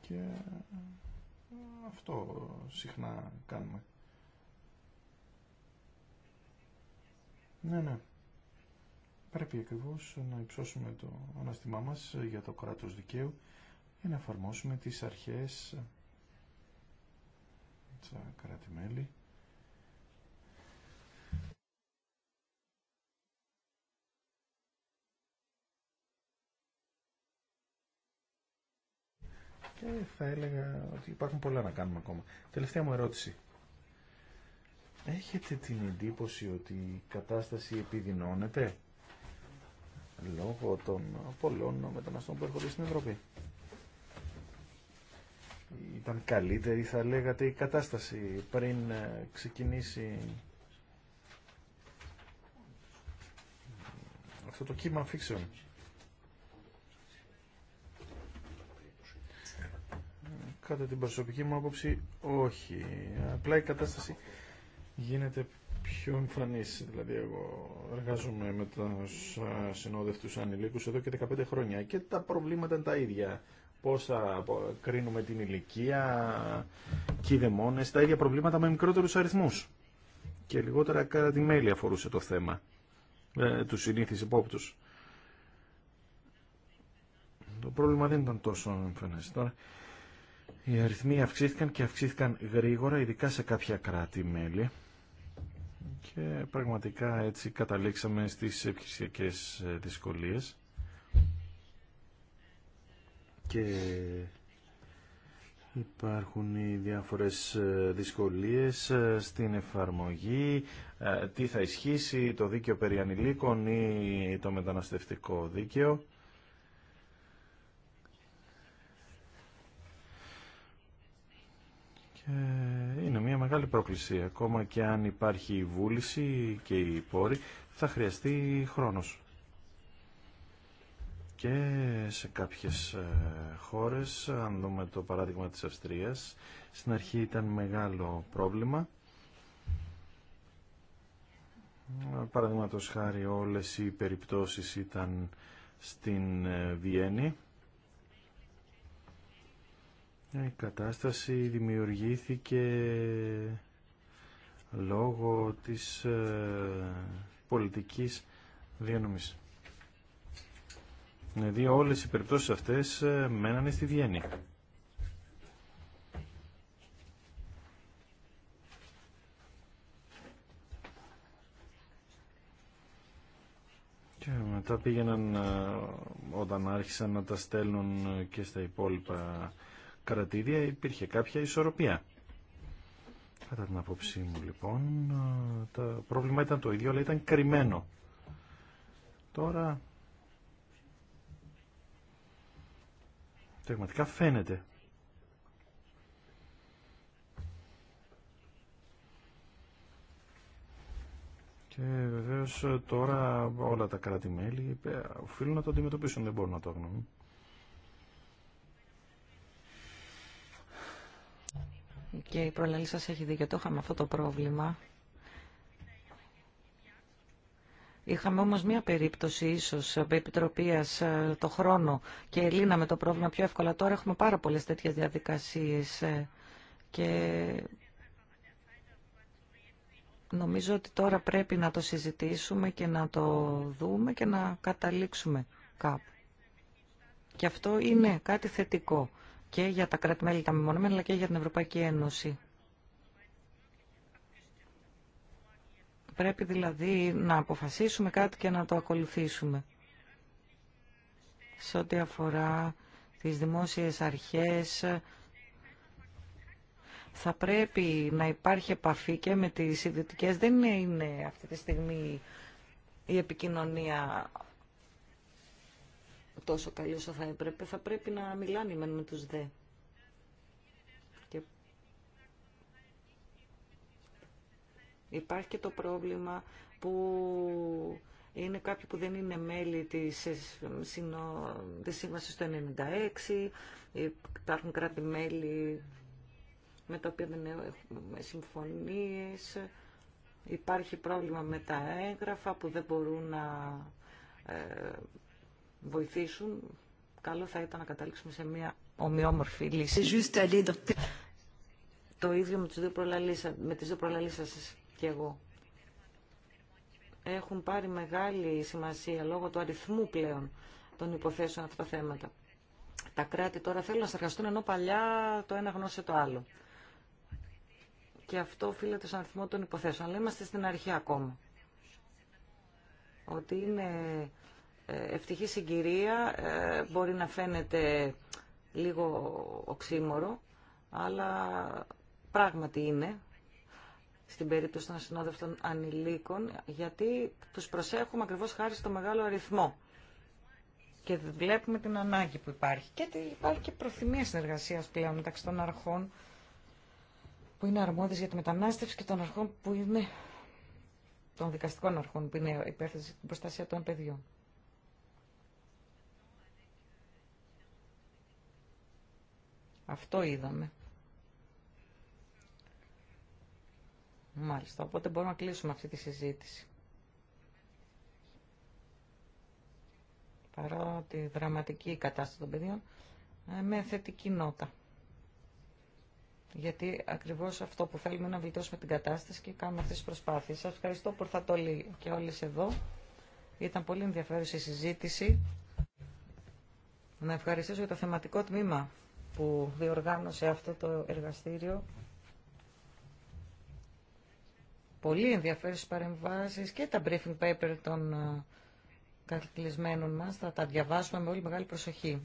Και αυτό συχνά κάνουμε. Ναι, ναι. Πρέπει ακριβώς να υψώσουμε το αναστημά μας για το κράτος δικαίου και να εφαρμόσουμε τις αρχές τα κράτη-μέλη Και ε, θα έλεγα ότι υπάρχουν πολλά να κάνουμε ακόμα. Τελευταία μου ερώτηση. Έχετε την εντύπωση ότι η κατάσταση επιδεινώνεται λόγω των πολλών μεταναστών που έρχονται στην Ευρώπη. Ήταν καλύτερη θα λέγατε η κατάσταση πριν ε, ξεκινήσει αυτό το κύμα φίξεων. Κατά την προσωπική μου άποψη, όχι. Απλά η κατάσταση γίνεται πιο εμφανή Δηλαδή, εγώ εργάζομαι με τους συνόδευτους ανήλικου εδώ και 15 χρόνια και τα προβλήματα είναι τα ίδια. Πώς θα κρίνουμε την ηλικία, κυδεμόνε, τα ίδια προβλήματα με μικρότερους αριθμού. Και λιγότερα κατά τη μέλη αφορούσε το θέμα ε, του συνήθεις υπόπτου. Το πρόβλημα δεν ήταν τόσο εμφανέ. Οι αριθμοί αυξήθηκαν και αυξήθηκαν γρήγορα, ειδικά σε κάποια κράτη-μέλη. Και πραγματικά έτσι καταλήξαμε στις επιχειρησιακές ε, δυσκολίες. Και Υπάρχουν οι διάφορες ε, δυσκολίες ε, στην εφαρμογή, τι θα ισχύσει, το δίκαιο περί ανηλίκων ή το μεταναστευτικό δίκαιο. Ε, είναι μια μεγάλη πρόκληση. Ακόμα και αν υπάρχει η βούληση και η πόρη, θα χρειαστεί χρόνος. Και σε κάποιες ε, χώρες, αν δούμε το παράδειγμα της Αυστρίας, στην αρχή ήταν μεγάλο πρόβλημα. Ε, παραδείγματος χάρη όλες οι περιπτώσεις ήταν στην Βιέννη η κατάσταση δημιουργήθηκε λόγω της ε, πολιτικής διανομής. Δηλαδή όλες οι περιπτώσεις αυτές ε, μένανε στη Βιέννη. Και μετά πήγαιναν ε, όταν άρχισαν να τα στέλνουν και στα υπόλοιπα κρατήδια υπήρχε κάποια ισορροπία. Κατά την απόψή μου λοιπόν, το πρόβλημα ήταν το ίδιο, αλλά ήταν κρυμμένο. Τώρα, πραγματικά φαίνεται. Και βεβαίως τώρα όλα τα κράτη-μέλη ε, οφείλουν να το αντιμετωπίσουν, δεν μπορούν να το αγνοούν. Και η προλαλή σας έχει δίκιο, το είχαμε αυτό το πρόβλημα. Είχαμε όμως μία περίπτωση ίσως επιτροπίας ε, το χρόνο και λύναμε το πρόβλημα πιο εύκολα. Τώρα έχουμε πάρα πολλές τέτοιες διαδικασίες ε, και νομίζω ότι τώρα πρέπει να το συζητήσουμε και να το δούμε και να καταλήξουμε κάπου. Και αυτό είναι κάτι θετικό και για τα κράτη-μέλη τα μεμονωμένα, αλλά και για την Ευρωπαϊκή Ένωση. Πρέπει δηλαδή να αποφασίσουμε κάτι και να το ακολουθήσουμε. Σε ό,τι αφορά τις δημόσιες αρχές, θα πρέπει να υπάρχει επαφή και με τις ιδιωτικές. Δεν είναι αυτή τη στιγμή η επικοινωνία τόσο καλή όσο θα έπρεπε. Θα πρέπει να μιλάνε με τους δε. υπάρχει και το πρόβλημα που είναι κάποιοι που δεν είναι μέλη της, της σύμβασης του 1996, υπάρχουν κράτη-μέλη με τα οποία δεν έχουμε συμφωνίες, υπάρχει πρόβλημα με τα έγγραφα που δεν μπορούν να ε, βοηθήσουν, καλό θα ήταν να καταλήξουμε σε μια ομοιόμορφη λύση. Το ίδιο με τις δύο προλαλήσεις, με και εγώ. Έχουν πάρει μεγάλη σημασία λόγω του αριθμού πλέον των υποθέσεων αυτά τα θέματα. Τα κράτη τώρα θέλουν να συνεργαστούν ενώ παλιά το ένα γνώσε το άλλο. Και αυτό οφείλεται στον αριθμό των υποθέσεων. Αλλά είμαστε στην αρχή ακόμα. Ότι είναι ευτυχή συγκυρία ε, μπορεί να φαίνεται λίγο οξύμορο, αλλά πράγματι είναι στην περίπτωση των ασυνόδευτων ανηλίκων, γιατί τους προσέχουμε ακριβώς χάρη στο μεγάλο αριθμό. Και βλέπουμε την ανάγκη που υπάρχει. Και υπάρχει και προθυμία συνεργασίας πλέον μεταξύ των αρχών που είναι αρμόδιες για τη μετανάστευση και των αρχών που είναι των δικαστικών αρχών που είναι την προστασία των παιδιών. Αυτό είδαμε. Μάλιστα, οπότε μπορούμε να κλείσουμε αυτή τη συζήτηση. Παρά τη δραματική κατάσταση των παιδιών, ε, με θετική νότα. Γιατί ακριβώς αυτό που θέλουμε είναι να βελτιώσουμε την κατάσταση και κάνουμε αυτές τις προσπάθειες. Σας ευχαριστώ που ήρθατε όλοι και όλες εδώ. Ήταν πολύ ενδιαφέρουσα η συζήτηση. Να ευχαριστήσω για το θεματικό τμήμα που διοργάνωσε αυτό το εργαστήριο. Πολύ ενδιαφέρουσες παρεμβάσεις και τα briefing paper των ε, κατακλυσμένων μας. Θα τα διαβάσουμε με όλη μεγάλη προσοχή.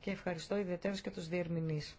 Και ευχαριστώ ιδιαίτερα και τους διερμηνείς.